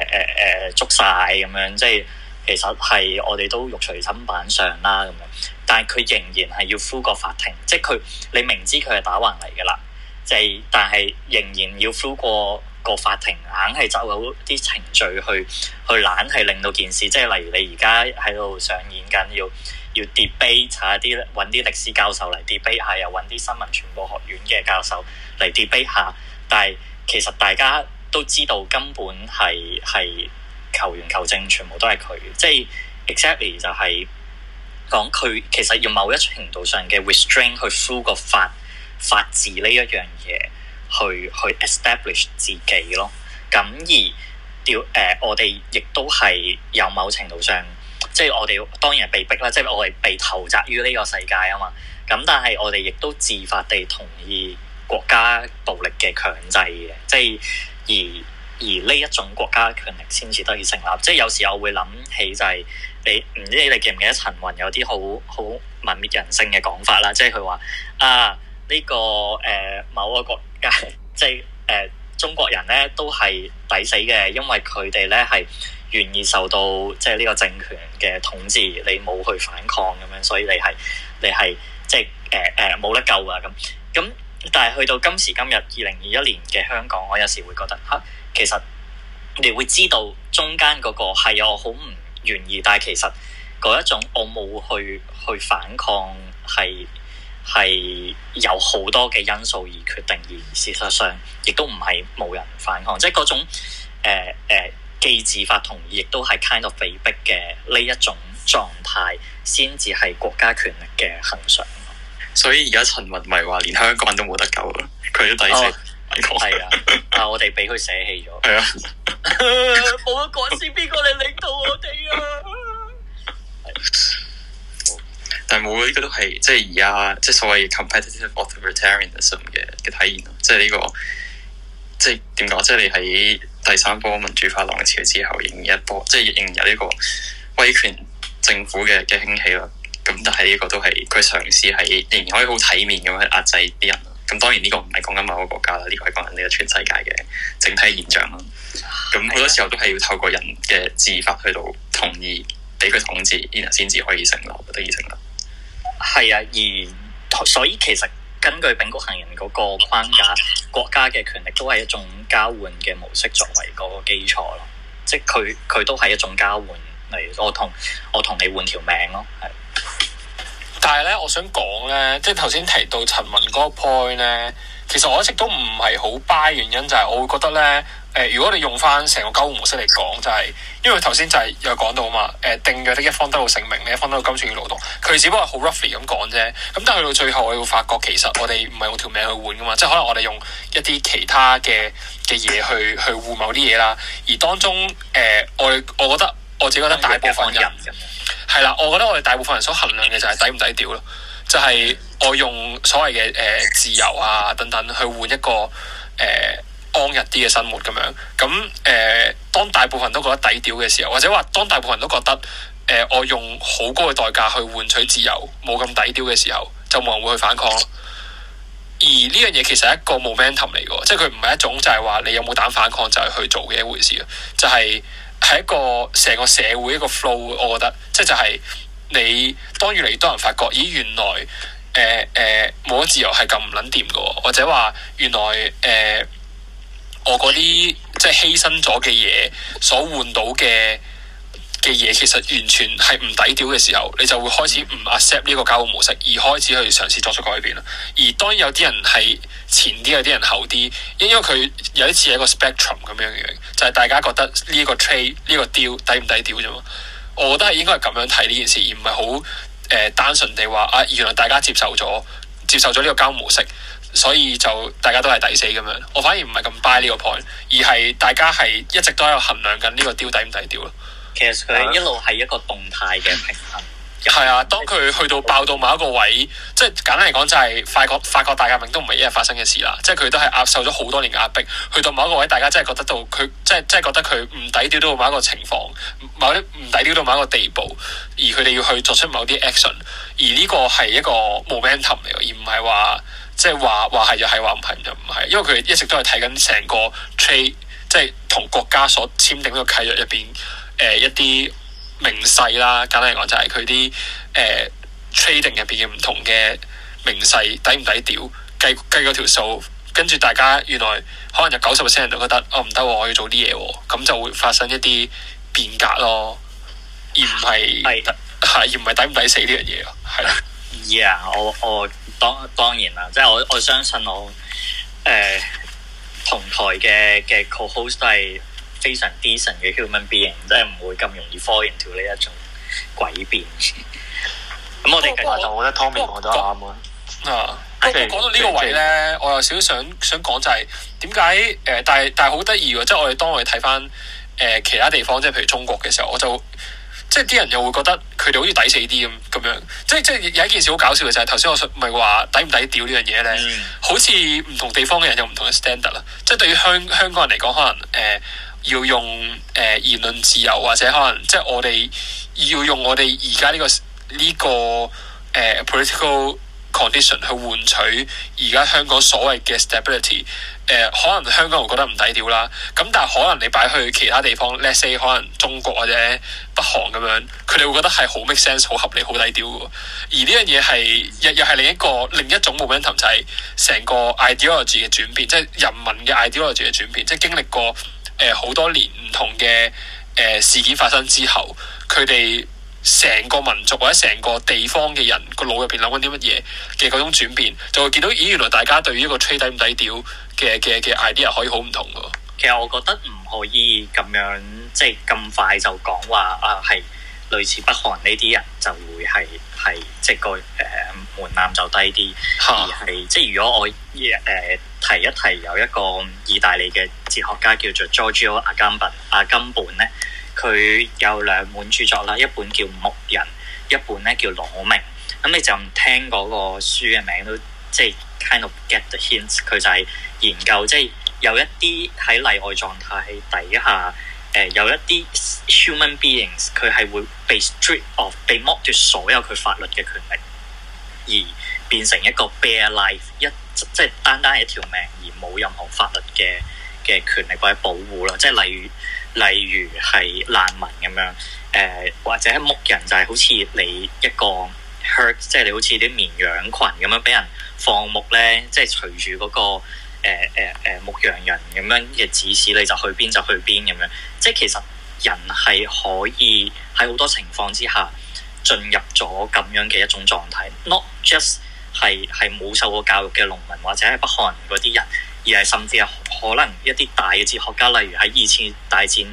誒捉晒，咁樣，即係其實係我哋都肉隨心板上啦咁樣。但係佢仍然係要呼 h 法庭，即係佢你明知佢係打橫嚟噶啦，就係但係仍然要呼 h 個法庭硬係走嗰啲程序去，去懶係令到件事，即係例如你而家喺度上演緊要要 debate 查啲揾啲歷史教授嚟 debate 下，又揾啲新聞傳播學院嘅教授嚟 debate 下。但係其實大家都知道，根本係係求源求證，全部都係佢。即係 exactly 就係、是、講佢其實要某一程度上嘅 restraint 去 f 敷個法法治呢一樣嘢。去去 establish 自己咯，咁而調誒、呃、我哋亦都係有某程度上，即係我哋當然係被逼啦，即係我哋被投擲於呢個世界啊嘛。咁但係我哋亦都自發地同意國家暴力嘅強制嘅，即係而而呢一種國家權力先至得以成立。即係有時候我會諗起就係、是、你唔知你哋記唔記得陳雲有啲好好泯滅人性嘅講法啦，即係佢話啊呢個誒某一個。呃即係誒，中國人咧都係抵死嘅，因為佢哋咧係願意受到即係呢個政權嘅統治，你冇去反抗咁樣，所以你係你係即係誒誒冇得救噶咁。咁但係去到今時今日二零二一年嘅香港，我有時會覺得嚇、啊，其實你會知道中間嗰個係我好唔願意。但係其實嗰一種我冇去去反抗係。係有好多嘅因素而決定，而事實上亦都唔係冇人反抗，即係嗰種誒誒機智法同意亦都係 kind of 被迫嘅呢一種狀態，先至係國家權力嘅行上。所以而家陳雲咪話，連香港人都冇得救佢都抵死抵抗。係、哦、 啊，但係我哋俾佢捨棄咗。係是啊，冇咗嗰時，邊個嚟領導我哋啊？但係冇呢個都係即係而家即係所謂 competitive authoritarianism 嘅嘅體現咯。即係呢個即係點講？即係你喺第三波民主化浪潮之後，仍然一波，即係仍然有呢個威權政府嘅嘅興起咯。咁但係呢個都係佢嘗試喺仍然可以好體面咁去壓制啲人。咁當然呢個唔係講緊某個國家啦，呢個係講緊呢個全世界嘅整體現象啦。咁好多時候都係要透過人嘅自發去到同意俾佢的統治，然後先至可以成立得以成立。係啊，而所以其實根據《丙谷行人》嗰個框架，國家嘅權力都係一種交換嘅模式作為嗰個基礎咯，即係佢佢都係一種交換，例如我同我同你換條命咯，係。但係咧，我想講咧，即係頭先提到陳文嗰個 point 咧，其實我一直都唔係好 buy 嘅原因就係我會覺得咧。誒、呃，如果你用翻成個交換模式嚟講，就係、是、因為頭先就係有講到嘛，誒、呃，定約的一方得到性命，另一方得到金錢嘅勞動，佢只不過好 roughly 咁講啫。咁但係去到最後，我會發覺其實我哋唔係用條命去換噶嘛，即係可能我哋用一啲其他嘅嘅嘢去去換某啲嘢啦。而當中，誒、呃，我我覺得我自己覺得大部分人係啦，我覺得我哋大部分人所衡量嘅就係抵唔抵調咯，就係、是、我用所謂嘅誒、呃、自由啊等等去換一個誒。呃安逸啲嘅生活咁樣咁誒、呃，當大部分人都覺得抵屌嘅時候，或者話當大部分人都覺得誒、呃，我用好高嘅代價去換取自由，冇咁抵屌嘅時候，就冇人會去反抗咯。而呢樣嘢其實係一個 momentum 嚟嘅，即係佢唔係一種就係話你有冇膽反抗就係去做嘅一回事就係、是、係一個成個社會一個 flow，我覺得即係就係、是、你當越嚟越多人發覺，咦，原來誒誒冇咗自由係咁唔撚掂㗎，或者話原來誒。呃我嗰啲即係犧牲咗嘅嘢，所換到嘅嘅嘢，其實完全係唔底調嘅時候，你就會開始唔 accept 呢個交換模式，而開始去嘗試作出改變啦。而當然有啲人係前啲，有啲人後啲，因為佢有一次係一個 spectrum 咁樣樣，就係、是、大家覺得呢個 trade 呢個 deal 底唔底調啫嘛。我覺得係應該係咁樣睇呢件事，而唔係好誒單純地話啊，原來大家接受咗接受咗呢個交換模式。所以就大家都係抵死咁樣，我反而唔係咁 buy 呢個 point，而係大家係一直都喺度衡量緊呢個丟底唔抵掉咯。其實佢係一路係一個動態嘅平衡。係啊、嗯嗯，當佢去到爆到某一個位，即係、嗯、簡單嚟講就係法國法國大革命都唔係一日發生嘅事啦。即係佢都係壓受咗好多年嘅壓迫。去到某一個位，大家真係覺得到佢即係即係覺得佢唔抵掉到某一個情況，某啲唔抵掉到某一個地步，而佢哋要去作出某啲 action，而呢個係一個 momentum 嚟，嘅，而唔係話。即係話話係就係話唔係就唔係，因為佢一直都係睇緊成個 trade，即係同國家所簽訂嗰個契約入邊，誒、呃、一啲名勢啦，簡單嚟講就係佢啲誒、呃、trading 入邊嘅唔同嘅名勢，抵唔抵屌？計計嗰條數，跟住大家原來可能有九十 percent 人都覺得哦，唔得喎，我要做啲嘢喎，咁就會發生一啲變革咯，而唔係係而唔係抵唔抵死呢樣嘢啊，係啦。yeah，我我當當然啦，即係我我相信我誒、呃、同台嘅嘅 co-host 都係非常 decent 嘅 human being，即係唔會咁容易 fall into 呢一種詭辯。咁 我哋繼續就覺得 Tommy 講得啱啊！不過 Okay,、嗯啊、講到呢個位咧，000, 000. 我有少少想想講就係點解誒？但係但係好得意喎！即、就、係、是、我哋當我哋睇翻誒其他地方，即係譬如中國嘅時候，我就。即係啲人又會覺得佢哋好似抵死啲咁咁樣，即係即係有一件事好搞笑嘅就係頭先我咪係話抵唔抵屌呢樣嘢咧，mm. 好似唔同地方嘅人有唔同嘅 standard 啦。即係對於香香港人嚟講，可能誒、呃、要用誒、呃、言論自由或者可能即係我哋要用我哋而家呢個呢、這個誒 political。呃 polit Condition 去換取而家香港所謂嘅 stability，誒、呃、可能香港人覺得唔低調啦，咁但係可能你擺去其他地方，let's say 可能中國或者北韓咁樣，佢哋會覺得係好 make sense，好合理，好低調嘅。而呢樣嘢係又又係另一個另一種 momentum 就係成個 ideology 嘅轉變，即係人民嘅 ideology 嘅轉變，即係經歷過誒好、呃、多年唔同嘅誒、呃、事件發生之後，佢哋，成個民族或者成個地方嘅人個腦入邊諗緊啲乜嘢嘅嗰種轉變，就會見到咦，原來大家對於一個吹 r 底唔底屌嘅嘅嘅 idea 可以好唔同喎。其實我覺得唔可以咁樣，即係咁快就講話啊，係類似北韓呢啲人就會係係即係個誒門檻就低啲， 而係即係如果我誒提一提有一個意大利嘅哲學家叫做 Giorgio Agamben 阿甘本咧。佢有兩本著作啦，一本叫《木人》，一本咧叫《裸命》。咁你就聽嗰個書嘅名都即係 kind of get the hints。佢就係研究即係、就是、有一啲喺例外狀態底下，誒、呃、有一啲 human beings，佢係會被 stripped of 被剝奪所有佢法律嘅權利，而變成一個 bare life，一即係、就是、單單係一條命而冇任何法律嘅嘅權利或者保護啦。即係例如。例如係難民咁樣，誒或者牧人就係好似你一個 herd，即係你好似啲綿羊群咁樣俾人放牧咧，即係隨住嗰個誒誒誒牧羊人咁樣嘅指示，你就去邊就去邊咁樣。即係其實人係可以喺好多情況之下進入咗咁樣嘅一種狀態，not just 係係冇受過教育嘅農民或者係北韓嗰啲人。而係甚至係可能一啲大嘅哲學家，例如喺二次大戰誒、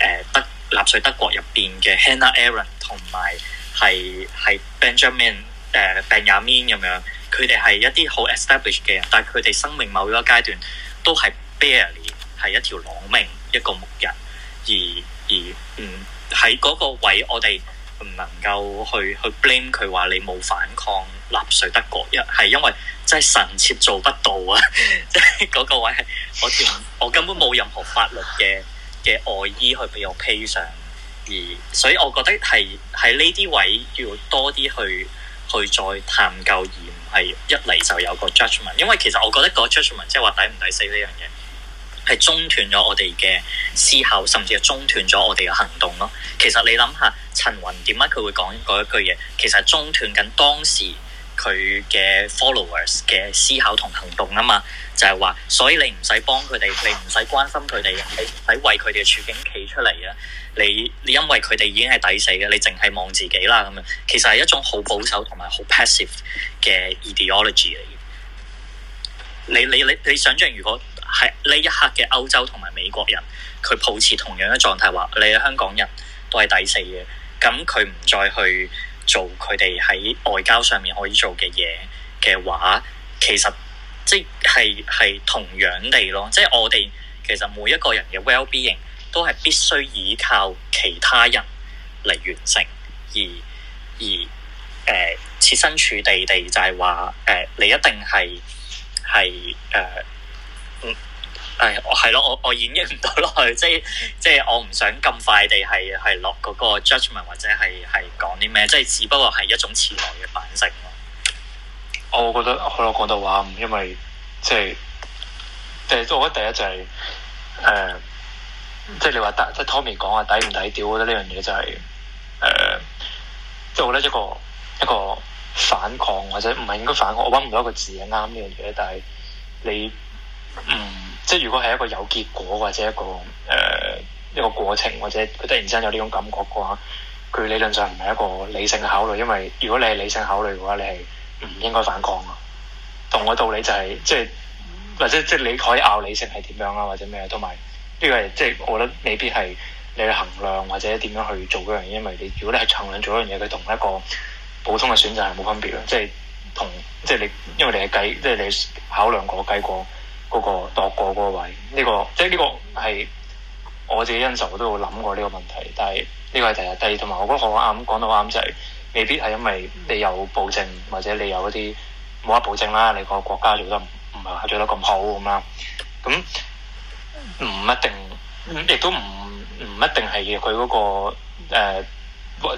呃、德納粹德國入邊嘅 Hannah Arendt 同埋係係 Benjamin 誒、呃、Benjamin 咁樣，佢哋係一啲好 establish 嘅人，但係佢哋生命某一個階段都係 barely 係一條朗命，一個牧人，而而唔喺嗰位，我哋唔能夠去去 blame 佢話你冇反抗。納粹德國一係因為真係臣妾做不到啊！即係嗰個位係我,我根本冇任何法律嘅嘅外衣去俾我披上，而所以我覺得係喺呢啲位要多啲去去再探究而，而唔係一嚟就有個 judgment 因為其實我覺得個 judgment 即係話抵唔抵死呢樣嘢，係中斷咗我哋嘅思考，甚至係中斷咗我哋嘅行動咯。其實你諗下，陳雲點解佢會講嗰一句嘢？其實係中斷緊當時。佢嘅 followers 嘅思考同行動啊嘛，就係話，所以你唔使幫佢哋，你唔使關心佢哋，你唔使為佢哋嘅處境企出嚟啊！你你因為佢哋已經係抵死嘅，你淨係望自己啦咁啊！其實係一種好保守同埋好 passive 嘅 ideology 嚟嘅。你你你你想象如果係呢一刻嘅歐洲同埋美國人，佢抱持同樣嘅狀態，話你係香港人都係抵死嘅，咁佢唔再去。做佢哋喺外交上面可以做嘅嘢嘅話，其實即係係同樣地咯，即係我哋其實每一個人嘅 well being 都係必須倚靠其他人嚟完成，而而誒設身處地地就係話誒你一定係係誒。係，我係咯，我我演繹唔到落去，即係即係我唔想咁快地係係落嗰個 judgement 或者係係講啲咩，即係只不過係一種遲來嘅反省咯。我我覺得可樂講到話，因為即係，即，即我覺得第一就係、是、誒、呃，即係你話即係 Tommy 講啊，抵唔抵屌？我覺得呢樣嘢就係、是、誒、呃，即係我覺得一個一個反抗或者唔係應該反抗，我搵唔到一個字係啱呢樣嘢，但係你唔。嗯即係如果係一個有結果或者一個誒、呃、一個過程，或者佢突然之間有呢種感覺嘅話，佢理論上唔係一個理性嘅考慮，因為如果你係理性考慮嘅話，你係唔應該反抗咯。同我道理就係、是、即係或者即係你可以拗理性係點樣啊，或者咩？同埋呢個係、就是、即係我覺得未必係你去衡量或者點樣去做嗰樣嘢，因為你如果你係衡量做嗰樣嘢，佢同一個普通嘅選擇係冇分別咯。即係同即係你因為你係計即係你考量過計過。嗰、那個度過嗰位，呢、這個即係呢個係我自己因受，我都會諗過呢個問題。但係呢個係第一，第二同埋我覺得我啱講得啱，就係未必係因為你有保證，或者你有一啲冇得保證啦。你個國家做得唔係話做得咁好咁啦。咁唔一定，亦都唔唔一定係佢嗰個、呃、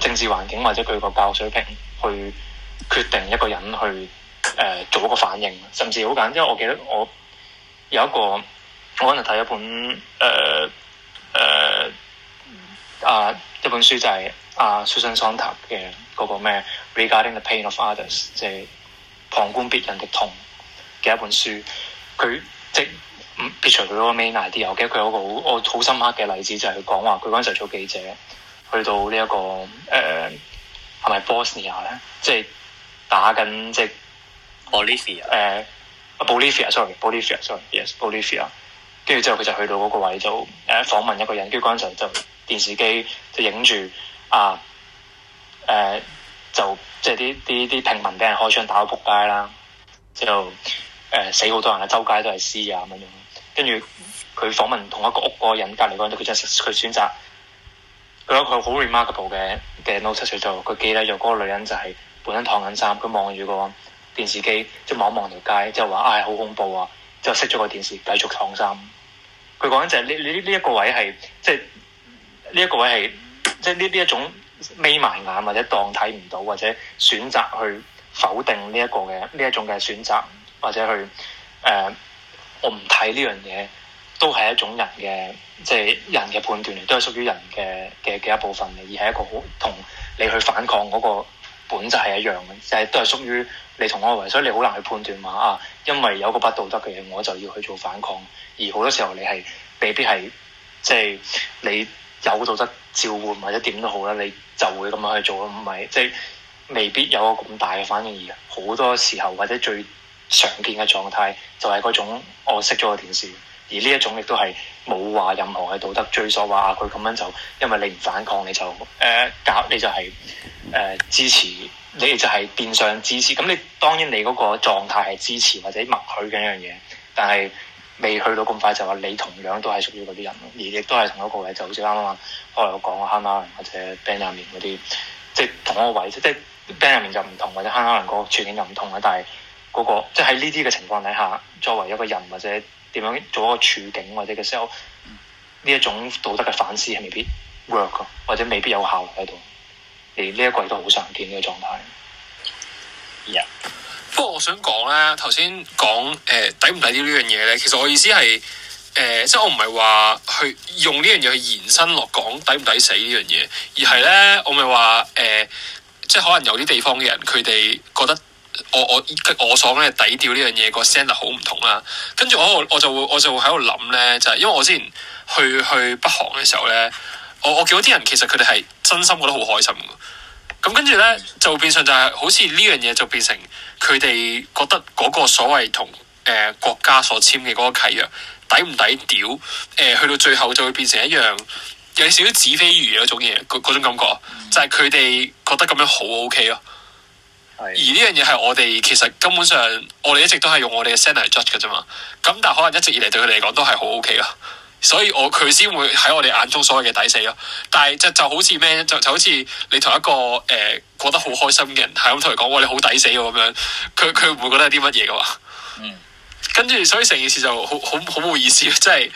政治環境或者佢個教育水平去決定一個人去誒、呃、做一個反應，甚至好簡單，因為我記得我。有一個我可能睇一本誒誒、呃呃、啊一本書就係、是、啊 Susan Sontag 嘅嗰個咩 Regarding the Pain of Others 即係、就是、旁觀別人嘅痛嘅一本書，佢即撇除佢嗰個 main idea。我記得佢有個好我好深刻嘅例子就係佢講話佢嗰陣時做記者去到、這個呃、是是呢一個誒係咪 Bosnia 咧？即、就、係、是、打緊即係奧地利誒。就是 Ah, Bolivia sorry Bolivia sorry yes Bolivia，跟住之後佢就去到嗰個位就誒訪問一個人，跟住嗰陣就電視機就影住啊誒、呃、就即係啲啲啲平民俾人開槍打到仆街啦，之後誒死好多人啊，周街都係屍啊咁樣，跟住佢訪問同一個屋嗰個人隔籬嗰人，佢就佢選擇佢有一個好 remarkable 嘅嘅 notebook 就佢記得有嗰個女人就係本身燙緊衫，佢望住個。電視機即望望條街，即話唉，好、哎、恐怖啊！之後就熄咗個電視，繼續創新。佢講緊就係、是、呢？呢呢一個位係即呢一個位係即呢呢一種眯埋眼，或者當睇唔到，或者選擇去否定呢一個嘅呢一種嘅選擇，或者去誒、呃、我唔睇呢樣嘢，都係一種人嘅即、就是、人嘅判斷嚟，都係屬於人嘅嘅嘅一部分嚟，而係一個好同你去反抗嗰個本質係一樣嘅，即、就、係、是、都係屬於。你同我為，所以你好難去判斷話啊，因為有個不道德嘅嘢，我就要去做反抗。而好多時候你，你係未必係即係你有道德召喚或者點都好啦，你就會咁樣去做咯，唔係即係未必有個咁大嘅反應。而好多時候或者最常見嘅狀態就係、係、嗰種我熄咗個電視，而呢一種亦都係。冇話任何嘅道德追索，話啊佢咁樣就因為你唔反抗，你就誒搞、呃，你就係、是、誒、呃、支持，你哋就係變相支持。咁你當然你嗰個狀態係支持或者默許嘅一樣嘢，但係未去到咁快就話、是、你同樣都係屬於嗰啲人，而亦都係同一個位就好似啱啱可能我講嘅黑馬人或者 Benjamin 嗰啲，即係同一個位，即係 Benjamin 就唔、就是同，就是、同，或者黑馬人個處境就唔同啊，但係。嗰個即係喺呢啲嘅情況底下，作為一個人或者點樣做一個處境或者嘅時候，呢一種道德嘅反思係未必 work 嘅，或者未必有效喺度。你呢一個都好常見嘅狀態。Yeah. 不過我想講咧，頭先講誒抵唔抵啲呢樣嘢咧，其實我意思係誒、呃，即係我唔係話去用呢樣嘢去延伸落講抵唔抵死呢樣嘢，而係咧我咪話誒，即係可能有啲地方嘅人佢哋覺得。我我我所嘅抵屌呢樣嘢個聲好唔同啦，跟住我我就會我就會喺度諗咧，就係、是、因為我之前去去北韓嘅時候咧，我我見到啲人其實佢哋係真心覺得好開心嘅，咁跟住咧就變相就係、是、好似呢樣嘢就變成佢哋覺得嗰個所謂同誒國家所簽嘅嗰個契約抵唔抵屌？誒，去到最後就會變成一樣有少少紙飛魚嘅嗰種嘢，嗰種感覺，就係佢哋覺得咁樣好 ok 咯。而呢樣嘢係我哋其實根本上，我哋一直都係用我哋嘅 centre 嚟 judge 嘅啫嘛。咁但係可能一直以嚟對佢嚟講都係好 OK 咯。所以我佢先會喺我哋眼中所謂嘅抵死咯。但係就就好似咩，就就好似你同一個誒、呃、過得好開心嘅人係咁同佢講，喂你好抵死喎咁樣，佢佢會唔會覺得有啲乜嘢嘅話？嗯。跟住，所以成件事就好好好冇意思，即係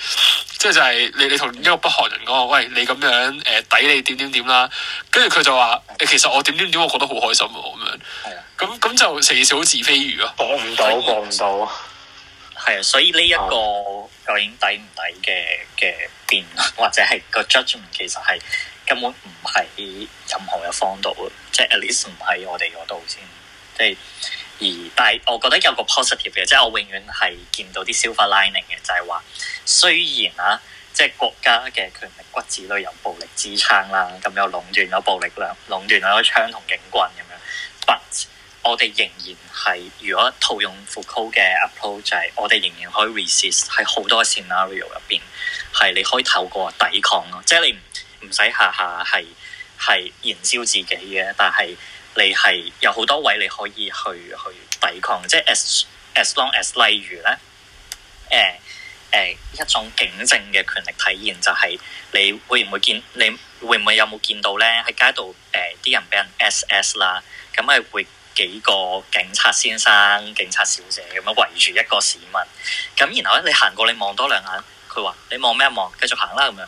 即係就係你你同一個北韓人講話，喂你咁樣誒、呃、抵你點點點啦，跟住佢就話、欸、其實我點點點，我覺得好開心咁樣。係啊的，咁咁就成件事好自非魚啊，講唔到，講唔到。係啊，所以呢一個究竟抵唔抵嘅嘅辯，或者係個 judgement 其實係根本唔喺任何一方度，即係 at least 唔喺我哋嗰度先，即係。而但係我覺得有個 positive 嘅，即係我永遠係見到啲 silver lining 嘅，就係、是、話雖然啊，即係國家嘅權力骨子裡有暴力支撐啦，咁、啊、又壟斷咗暴力量，壟斷咗槍同警棍咁樣，But 我哋仍然係如果套用 Foucault 嘅 approach，就係我哋仍然可以 resist 喺好多 scenario 入邊，係你可以透過抵抗咯，即係你唔唔使下下係係燃燒自己嘅，但係。你係有好多位你可以去去抵抗，即係 as as long as 例如咧，誒、呃、誒一種警政嘅權力體現就係你會唔會見？你會唔會有冇見到咧？喺街度誒啲人俾人 S S 啦，咁、嗯、係會幾個警察先生、警察小姐咁樣圍住一個市民。咁、嗯、然後咧，你行過，你望多兩眼，佢話你望咩望？繼續行啦咁樣。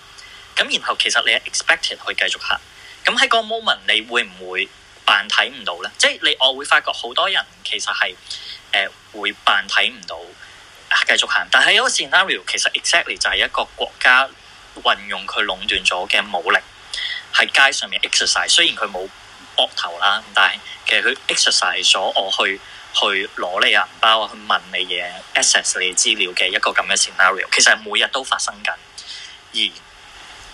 咁、嗯、然後其實你 expected 去繼續行。咁、嗯、喺個 moment，你會唔會？扮睇唔到咧，即係你。我會發覺好多人其實係誒、呃、會扮睇唔到，啊、繼續行。但係一個 scenario 其實 exactly 就係一個國家運用佢壟斷咗嘅武力喺街上面 exercise。雖然佢冇膊頭啦，但係其實佢 exercise 咗我去去攞你嘅銀包，去問你嘢，access 你資料嘅一個咁嘅 scenario。其實係每日都發生緊。而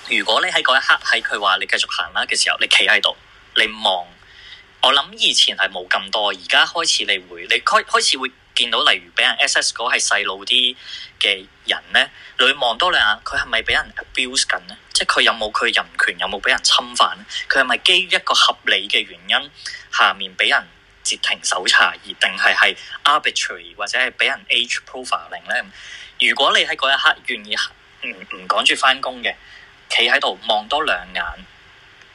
如果你喺嗰一刻喺佢話你繼續行啦嘅時候，你企喺度，你望。我諗以前係冇咁多，而家開始你會，你開開始會見到例如俾人 S.S. 嗰係細路啲嘅人咧，你望多兩眼，佢係咪俾人 abuse 緊咧？即係佢有冇佢人權，有冇俾人侵犯咧？佢係咪基於一個合理嘅原因下面俾人截停搜查，而定係係 arbitrary 或者係俾人 age profiling 咧？如果你喺嗰一刻願意唔唔、嗯嗯、趕住返工嘅，企喺度望多兩眼。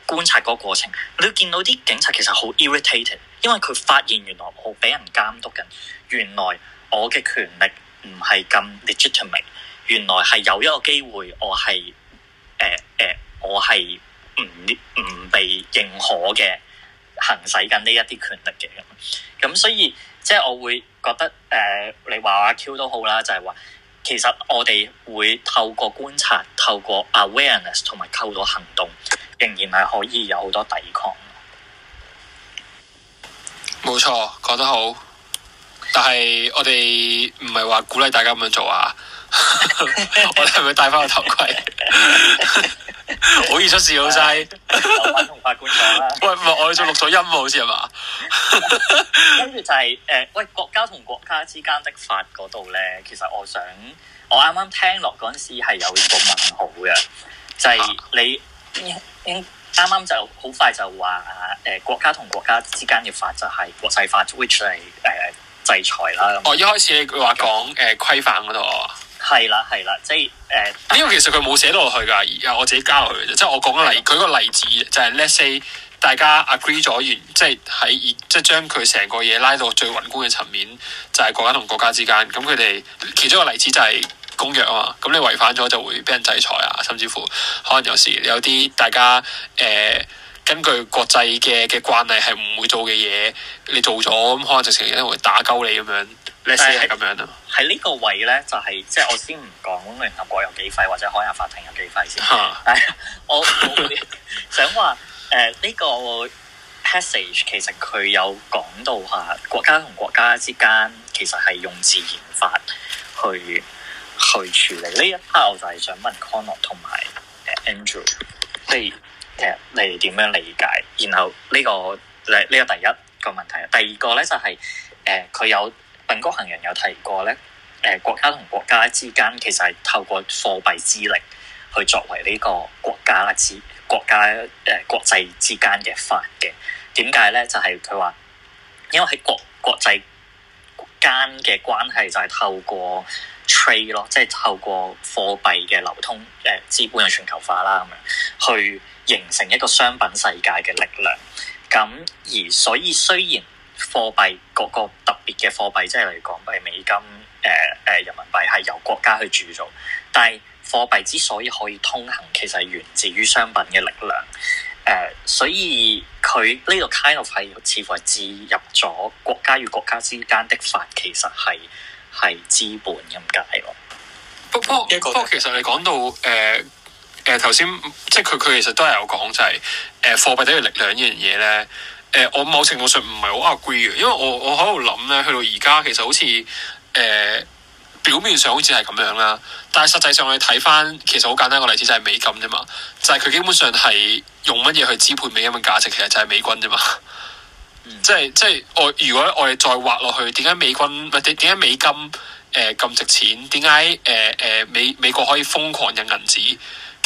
觀察嗰個過程，你會見到啲警察其實好 irritated，因為佢發現原來我俾人監督緊，原來我嘅權力唔係咁 legitimate，原來係有一個機會我係誒誒，我係唔唔被認可嘅行使緊呢一啲權力嘅咁。咁、嗯、所以即係我會覺得誒、呃，你話阿 Q 都好啦，就係、是、話其實我哋會透過觀察，透過 awareness 同埋溝到行動。仍然係可以有好多抵抗，冇錯，講得好。但係我哋唔係話鼓勵大家咁樣做啊。 我哋係咪戴翻個頭盔？ 好易出事，老細。 法官同法官講啦。喂，唔係我哋仲錄咗音啊，好似係嘛？跟 住、嗯、就係、是、誒、呃，喂，國家同國家之間的法嗰度咧，其實我想我啱啱聽落嗰陣時係有一個問號嘅，就係、是、你。啊啱啱就好快就話啊，誒國家同國家之間嘅法就係國際法 which 制裁啦。嗯、哦，一開始佢話講誒規範嗰度，係啦係啦，即係誒。呢、就是 uh, 個其實佢冇寫落去㗎，而係我自己加落去。即、就、係、是、我講個例，的舉個例子就係、是、let's say 大家 agree 咗完，即係喺即，即將佢成個嘢拉到最雲端嘅層面，就係、是、國家同國家之間。咁佢哋其中一個例子就係、是。公約啊嘛，咁你違反咗就會俾人制裁啊，甚至乎可能有時有啲大家誒、呃、根據國際嘅嘅慣例係唔會做嘅嘢，你做咗咁、呃、可能就成日都會打鳩你咁樣，係咁樣咯。喺呢是個位咧、就係，就係即係我先唔講，聯合國有幾費或者海牙法庭有幾費先。嚇，我想話誒呢個 passage 其實佢有講到嚇國家同國家之間其實係用自然法去。去處理呢一 part，我就係想問 Colin 同埋 Andrew，即係其實你哋點樣理解？然後呢、這個呢呢、這個第一個問題，第二個咧就係誒佢有《貧窮行人》有提過咧，誒、呃、國家同國家之間其實係透過貨幣之力去作為呢個國家之國家誒、呃、國際之間嘅法嘅。點解咧？就係佢話，因為喺國國際。間嘅關係就係透過 trade 咯，即係透過貨幣嘅流通，誒資本嘅全球化啦，咁樣去形成一個商品世界嘅力量。咁而所以雖然貨幣各個特別嘅貨幣，即係例如港幣、美金、誒、呃、誒人民幣，係由國家去鑄造，但係貨幣之所以可以通行，其實係源自於商品嘅力量。誒，uh, 所以佢呢個 kind of 係似乎係置入咗國家與國家之間的法，其實係係資本咁解喎。不過，不過其實你講到誒誒頭先，即係佢佢其實都係有講就係、是、誒、呃、貨幣等於力量呢樣嘢咧。誒、呃，我某程度上唔係好 agree 嘅，因為我我喺度諗咧，去到而家其實好似誒。呃表面上好似係咁樣啦，但係實際上我哋睇返，其實好簡單個例子就係美金啫嘛，就係、是、佢基本上係用乜嘢去支配美金嘅價值，其實就係美軍啫嘛。即係即係我如果我哋再畫落去，點解美軍唔係點解美金誒咁、呃、值錢？點解誒誒美美國可以瘋狂印銀紙？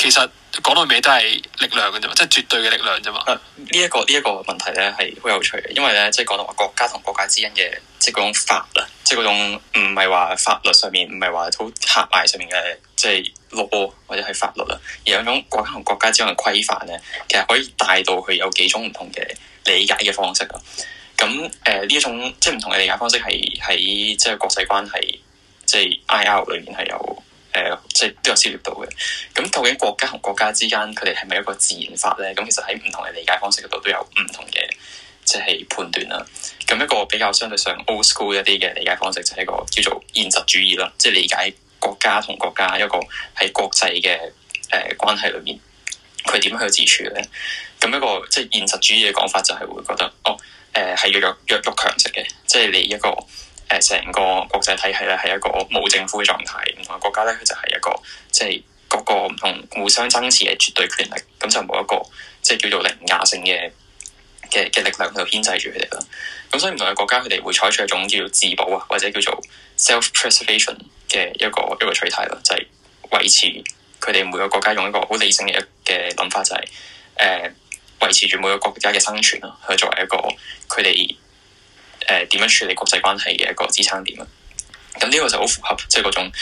其實講到尾都係力量嘅啫嘛，即係絕對嘅力量啫嘛。呢一、啊這個呢一、這個問題咧係好有趣嘅，因為咧即係講到話國家同國家之間嘅即係嗰種法律，即係嗰種唔係話法律上面，唔係話好狹隘上面嘅即係 law 或者係法律啦，而有嗰種國家同國家之間嘅規範咧，其實可以帶到佢有幾種唔同嘅理解嘅方式啊。咁誒呢一種即係唔同嘅理解方式係喺即係國際關係即係 I L 裏面係有。誒，即係都有涉獵到嘅。咁究竟國家同國家之間，佢哋係咪一個自然法咧？咁其實喺唔同嘅理解方式嗰度都有唔同嘅，即係判斷啦。咁一個比較相對上 old school 一啲嘅理解方式，就係、是、一個叫做現實主義啦。即係理解國家同國家一個喺國際嘅誒關係裏面，佢點樣去自處咧？咁一個即係現實主義嘅講法，就係會覺得，哦，誒係弱弱弱肉強食嘅，即係你一個。誒，成個國際體系咧係一個冇政府嘅狀態，唔同國家咧佢就係一個即係、就是、各個唔同互相爭持嘅絕對權力，咁就冇一個即係、就是、叫做凌駕性嘅嘅嘅力量喺度牽制住佢哋咯。咁所以唔同嘅國家佢哋會採取一種叫做自保啊，或者叫做 self preservation 嘅一個一個取態咯，就係、是、維持佢哋每個國家用一個好理性嘅一嘅諗法，就係、是、誒、呃、維持住每個國家嘅生存咯，佢作為一個佢哋。誒點樣處理國際關係嘅一個支撐點啦？咁呢個就好符合即係嗰種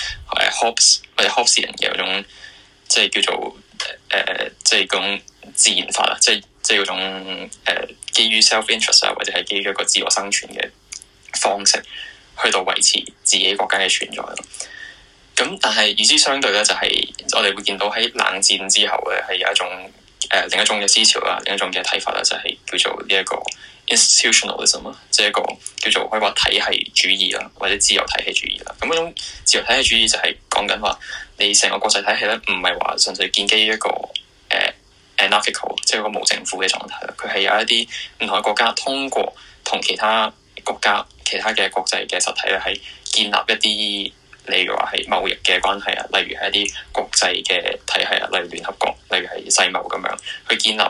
Hobbes 或者 Hobbes 人嘅嗰種即係叫做誒誒即係嗰種自然法啦，即係即係嗰種、呃、基於 self-interest 啊，interest, 或者係基於一個自我生存嘅方式去到維持自己國家嘅存在咯。咁但係與之相對咧，就係、是、我哋會見到喺冷戰之後咧，係有一種誒另一種嘅思潮啦，另一種嘅睇法啦，就係、是、叫做呢、這、一個。institutionalism 啊，Inst ism，即係一個叫做可以話體系主義啦，或者自由體系主義啦。咁嗰種自由體系主義就係講緊話，你成個國際體系咧，唔係話純粹建基於一個誒、uh，anarchical，即係個冇政府嘅狀態。佢係有一啲唔同嘅國家通過同其他國家、其他嘅國際嘅實體咧，係建立一啲，例如話係貿易嘅關係啊，例如係一啲國際嘅體系啊，例如聯合國，例如係世貿咁樣去建立。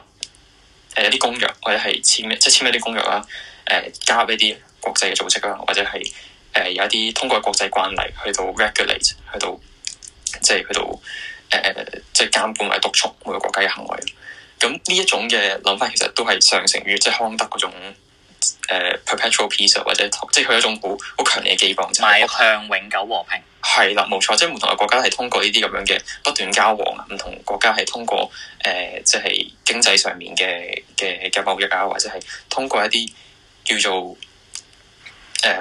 誒、一啲公約，或者係簽，即簽一即係簽一啲公約啦。誒、呃、加入一啲國際嘅組織啦，或者係誒、呃、有一啲通過國際慣例去到 regulate，去到即係去到誒、呃、即係監管或者督促每個國家嘅行為。咁呢一種嘅諗法其實都係上承於即係康德嗰種。誒、uh，perpetual peace 或者即係佢一種好好強烈嘅期望啫，邁是我向永久和平。係啦，冇錯，即係唔同嘅國家係通過呢啲咁樣嘅不斷交往啊，唔同國家係通過誒，即、呃、係、就是、經濟上面嘅嘅嘅貿易啊，或者係通過一啲叫做誒，即、呃、係、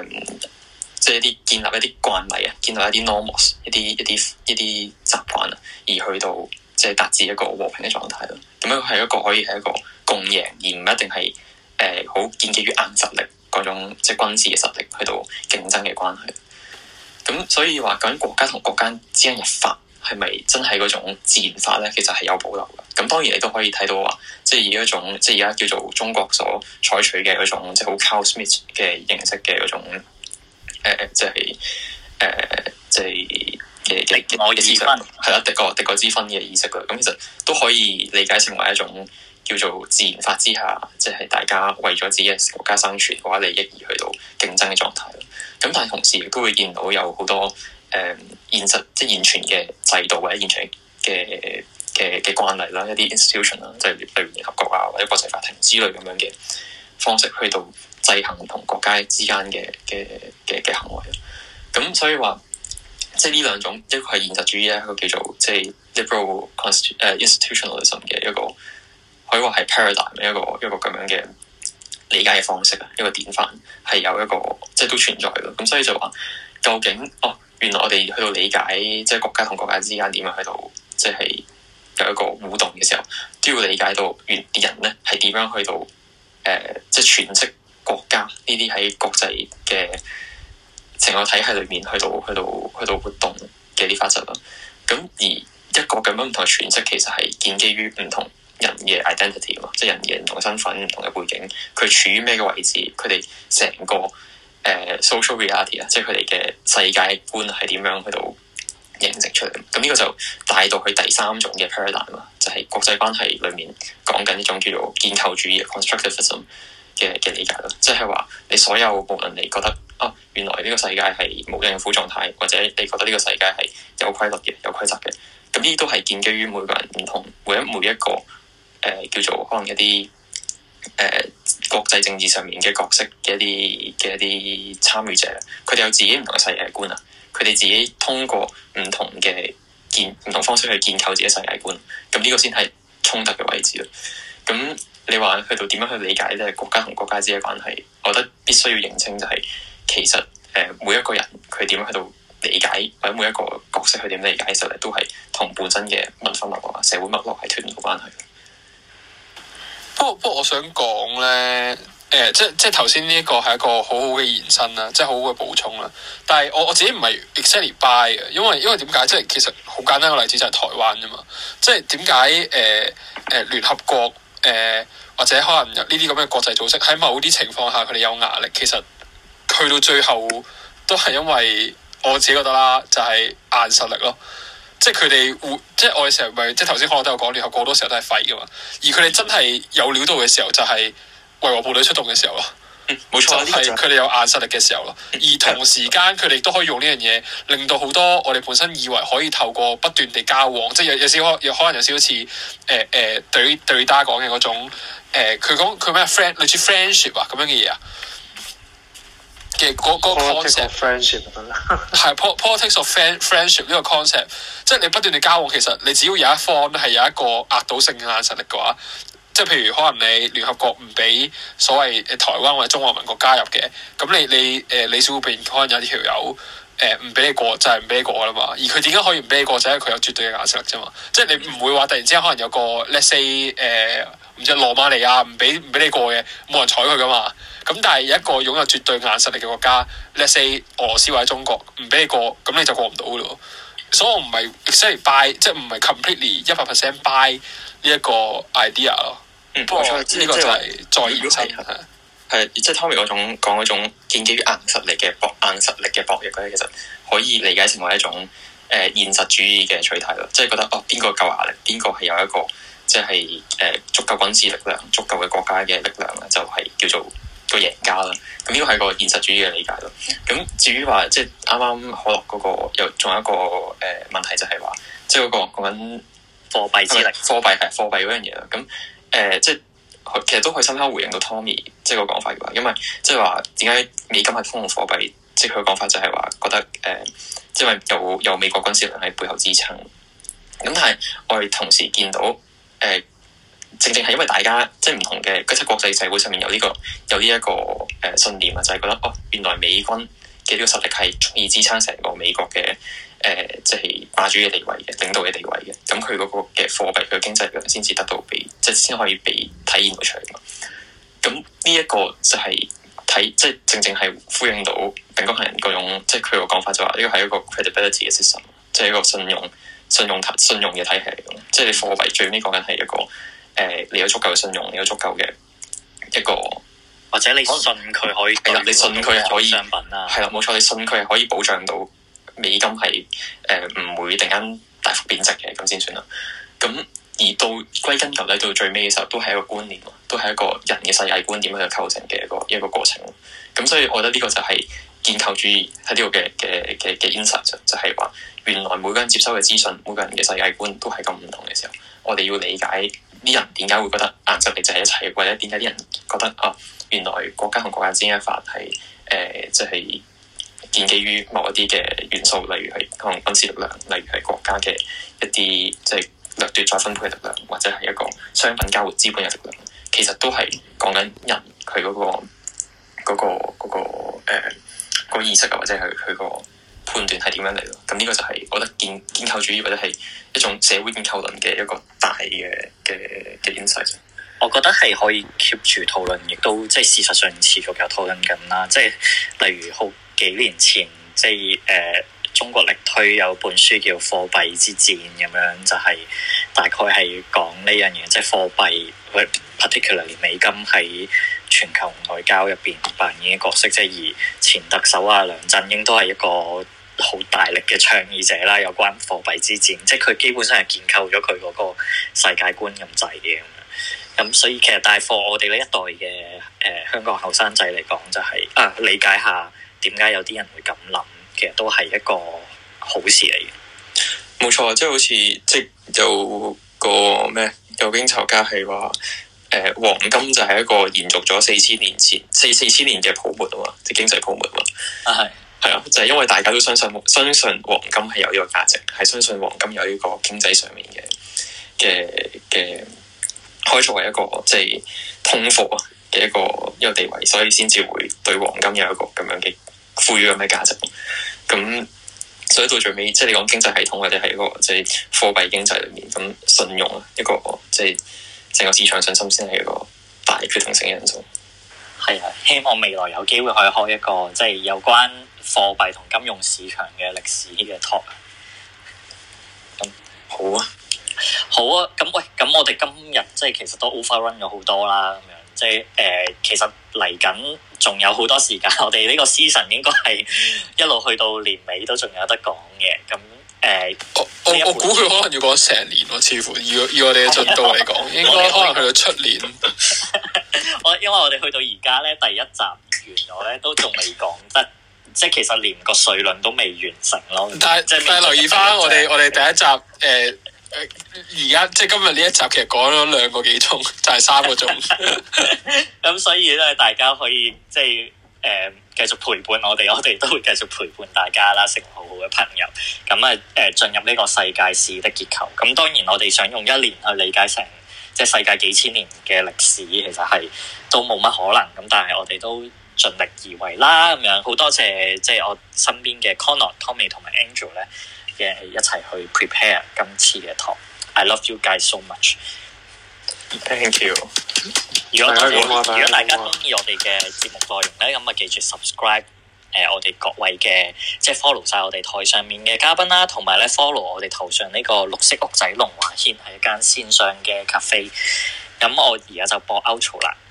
就是、一啲建立一啲慣例啊，建立一啲 norms，一啲一啲一啲習慣啊，而去到即係達至一個和平嘅狀態咯。咁樣係一個可以係一個共贏，而唔一定係。誒好、呃、建基於硬實力嗰種即係軍事嘅實力去到競爭嘅關係，咁所以話究竟國家同國家之間嘅法係咪真係嗰種自然法咧？其實係有保留嘅。咁當然你都可以睇到話，即係以一種即係而家叫做中國所採取嘅嗰種即係好 Carl Schmitt 嘅認識嘅嗰種誒，即係誒，即係嘅嘅意識分係啦，敵國敵國之分嘅意識嘅。咁其實都可以理解成為一種。叫做自然法之下，即係大家為咗自己嘅國家生存嘅話利益而去到競爭嘅狀態。咁但係同時亦都會見到有好多誒、嗯、現實即係現存嘅制度或者現存嘅嘅嘅慣例啦，一啲 institution 啦，即係例如聯合國啊或者國際法庭之類咁樣嘅方式去到制衡同國家之間嘅嘅嘅嘅行為。咁所以話，即係呢兩種，一個係現實主義，一個叫做即係 liberal constitu 誒 institutionalism 嘅一個。佢話係 paradigm 一個一個咁樣嘅理解嘅方式啊，一個典範係有一個即係都存在嘅。咁所以就話究竟哦，原來我哋去到理解即係國家同國家之間點樣去到，即係有一個互動嘅時候，都要理解到原啲人咧係點樣去到誒、呃，即係詮釋國家呢啲喺國際嘅整個體系裏面去到去到去到活動嘅啲法則啦。咁而一個咁樣唔同嘅詮釋，其實係建基於唔同。人嘅 identity 嘛，即係人嘅唔同身份、唔同嘅背景，佢處於咩嘅位置，佢哋成個誒、呃、social reality 啊，即係佢哋嘅世界觀係點樣去到形成出嚟，咁呢個就帶到去第三種嘅 paradigm 啦，就係國際關係裏面講緊呢種叫做建構主義 （constructivism） 嘅嘅理解咯，即係話你所有無論你覺得啊，原來呢個世界係無政府狀態，或者你覺得呢個世界係有規律嘅、有規則嘅，咁呢啲都係建基於每個人唔同每一每一個。誒、呃、叫做可能一啲誒、呃、國際政治上面嘅角色嘅一啲嘅一啲參與者，佢哋有自己唔同嘅世界觀啊。佢哋自己通過唔同嘅建唔同方式去建構自己世界觀，咁呢個先係衝突嘅位置啦。咁你話去到點樣去理解咧？國家同國家之間關係，我覺得必須要認清就係、是、其實誒、呃、每一個人佢點樣去到理解，或者每一個角色佢點理解，其實都係同本身嘅文化脈絡、社會脈絡係脫唔到關係。不過不過我想講咧，誒、呃、即即頭先呢一個係一個好好嘅延伸啦，即係好好嘅補充啦。但係我我自己唔係 excited by 嘅，因為因為點解？即係其實好簡單嘅例子就係台灣啫嘛。即係點解誒誒聯合國誒、呃、或者可能有呢啲咁嘅國際組織喺某啲情況下佢哋有壓力，其實去到最後都係因為我自己覺得啦，就係硬實力咯。即係佢哋會，即係我哋成日咪即係頭先可能都有講，然後好多時候都係廢噶嘛。而佢哋真係有料到嘅時候，就係維和部隊出動嘅時候咯，冇錯、嗯，錯就係佢哋有硬實力嘅時候咯。嗯、而同時間，佢哋都可以用呢樣嘢，令到好多我哋本身以為可以透過不斷地交往，即係有有時可有可能有時好似誒誒對對大家講嘅嗰種誒，佢講佢咩 friend 類似 friendship 啊咁樣嘅嘢啊。嘅嗰、那個 concept 係 politics of friend ship 呢個 concept，即係你不斷地交往，其實你只要有一方係有一個壓倒性嘅硬實力嘅話，即係譬如可能你聯合國唔俾所謂台灣或者中華民國加入嘅，咁你你誒、呃、你小片可能有條友誒唔俾你過，就係唔俾你過啦嘛。而佢點解可以唔俾你過？就係、是、佢有絕對嘅硬實力啫、呃、嘛。即係你唔會話突然之間可能有個 let's say 誒唔知羅馬尼亞唔俾唔俾你過嘅，冇人睬佢噶嘛。咁但係有一個擁有絕對硬實力嘅國家，例如 俄羅斯或者中國，唔俾你過，咁你就過唔到咯。所、so, 以我唔係即係 buy 即係唔係 completely 一百 percent buy 呢一個 idea 咯。嗯，冇錯，呢個就係再現實即係 Tommy 嗰種講嗰種建基於硬實力嘅博硬實力嘅博弈咧，其實可以理解成為一種誒、呃、現實主義嘅取態咯，即係覺得哦邊個夠牙力，邊個係有一個即係誒足夠軍事力量、足夠嘅國家嘅力量咧，就係、是、叫做。叫做個贏家啦，咁呢個係個現實主義嘅理解咯。咁至於話即係啱啱可樂嗰、那個又仲有一個誒問題就係、是、話，即係嗰個講緊貨幣之力，貨幣係貨幣嗰樣嘢啦。咁誒即係其實都可以深刻回應到 Tommy 即係個講法嘅話，因為即係話點解美金係通用貨幣？即係佢講法就係話覺得誒，因、呃、為、就是、有有美國軍事團喺背後支撐。咁但係我哋同時見到誒。呃正正係因為大家即係唔同嘅，嗰啲國際社會上面有呢、這個有呢一個誒信念啊，就係、是、覺得哦，原來美軍嘅呢個實力係足以支撐成個美國嘅誒、呃，即係霸主嘅地位嘅領導嘅地位嘅。咁佢嗰個嘅貨幣佢經濟先至得到被即係先可以被體現到出嚟咁呢一個就係睇即係正正係呼應到餅乾人嗰種即係佢個講法、就是，就話呢個係一個 credibility 嘅 system 即係一個信用信用信用嘅體系嚟嘅。即係你貨幣最尾講緊係一個。誒、呃，你有足夠嘅信用，你有足夠嘅一個，或者你信佢可以，係啦，你信佢係可以商品啊，係啦，冇錯，你信佢係可以保障到美金係誒唔會突然間大幅貶值嘅，咁先算啦。咁而到歸根究底到最尾嘅時候，都係一個觀念，都係一個人嘅世界觀點去構成嘅一個一個過程咯。咁所以我覺得呢個就係、是。建構主義喺呢個嘅嘅嘅嘅 insight 就就係話，原來每個人接收嘅資訊，每個人嘅世界觀都係咁唔同嘅時候，我哋要理解啲人點解會覺得硬實力就係一齊，或者點解啲人覺得啊，原來國家同國家之間嘅法係誒，即、呃、係、就是、建基於某一啲嘅元素，例如係可能軍事力量，例如係國家嘅一啲即係掠奪再分配嘅力量，或者係一個商品交換資本嘅力量，其實都係講緊人佢嗰、嗰個、嗰個、嗰個誒。呃個意識啊，或者係佢個判斷係點樣嚟咯？咁呢個就係、是、我覺得建建構主義或者係一種社會建構論嘅一個大嘅嘅嘅因素。我覺得係可以 keep 住討論，亦都即係事實上持續有討論緊啦。即係例如好幾年前，即係誒。呃中國力推有本書叫《貨幣之戰》咁樣，就係、是、大概係講呢樣嘢，即、就、係、是、貨幣，particularly 美金喺全球外交入邊扮演嘅角色，即、就、係、是、而前特首啊梁振英都係一個好大力嘅倡議者啦，有關貨幣之戰，即係佢基本上係建構咗佢嗰個世界觀咁滯嘅。咁所以其實但係貨我哋呢一代嘅誒、呃、香港後生仔嚟講，就係啊理解下點解有啲人會咁諗。其實都係一個好事嚟嘅，冇錯，即係好似即係有個咩，有經濟學家係話，誒，黃金就係一個延續咗四千年前、四四千年嘅泡沫啊嘛，即係經濟泡沫啊嘛，啊係，係啊，就係因為大家都相信相信黃金係有呢個價值，係相信黃金有呢個經濟上面嘅嘅嘅，可以作為一個即係通貨啊嘅一個一個地位，所以先至會對黃金有一個咁樣嘅。賦予咁咩價值，咁所以到最尾，即係你講經濟系統或者係一個即係貨幣經濟裏面，咁信用啊一個即係整個市場信心先係一個大決定性嘅因素。係啊，希望未來有機會可以開一個即係、就是、有關貨幣同金融市場嘅歷史嘅、這個、talk。咁好啊，好啊，咁、啊、喂，咁我哋今日即係其實都 overrun 咗好多啦，咁樣即係誒、呃，其實。嚟緊仲有好多時間，我哋呢個 season 應該係一路去到年尾都仲有得講嘅。咁誒、呃，我我我估佢可能要講成年喎，似乎以以我哋嘅進度嚟講， 應該可能去到出年。我 因為我哋去到而家咧，第一集完咗咧，都仲未講得，即係其實連個水輪都未完成咯。但係但係留意返我哋我哋第一集誒。而家、呃、即係今日呢一集，其實講咗兩個幾鐘，就係、是、三個鐘。咁、 嗯、所以咧，大家可以即係誒繼續陪伴我哋，我哋都會繼續陪伴大家啦，成好好嘅朋友。咁啊誒，進入呢個世界史的結構。咁、嗯、當然，我哋想用一年去理解成即係世界幾千年嘅歷史，其實係都冇乜可能。咁、嗯、但係我哋都盡力而為啦。咁樣好多謝，即係我身邊嘅 Connor、Tommy 同埋 Angel 咧。嘅一齊去 prepare 今次嘅堂。I love you guys so much。Thank you。如果大家如果大家中意我哋嘅節目內容咧，咁啊 記住 subscribe 誒我哋各位嘅，即係 follow 晒我哋台上面嘅嘉賓啦，同埋咧 follow 我哋頭上呢個綠色屋仔，龍華軒係一間線上嘅 cafe。咁我而家就播 outro 啦。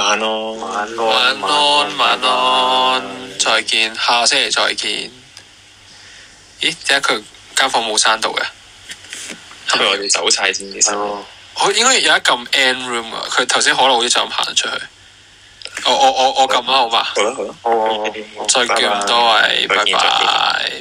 晚安，晚安，晚安，晚安，再見，下星期再見。咦，點解佢間房冇閂到嘅？因為要走晒先至先。我、喔、佢應該有一撳 end room 啊，佢頭先可能好似就咁行出去。我我我我撳啦，好嘛？好啦好啦，好，再見，多謝，拜拜。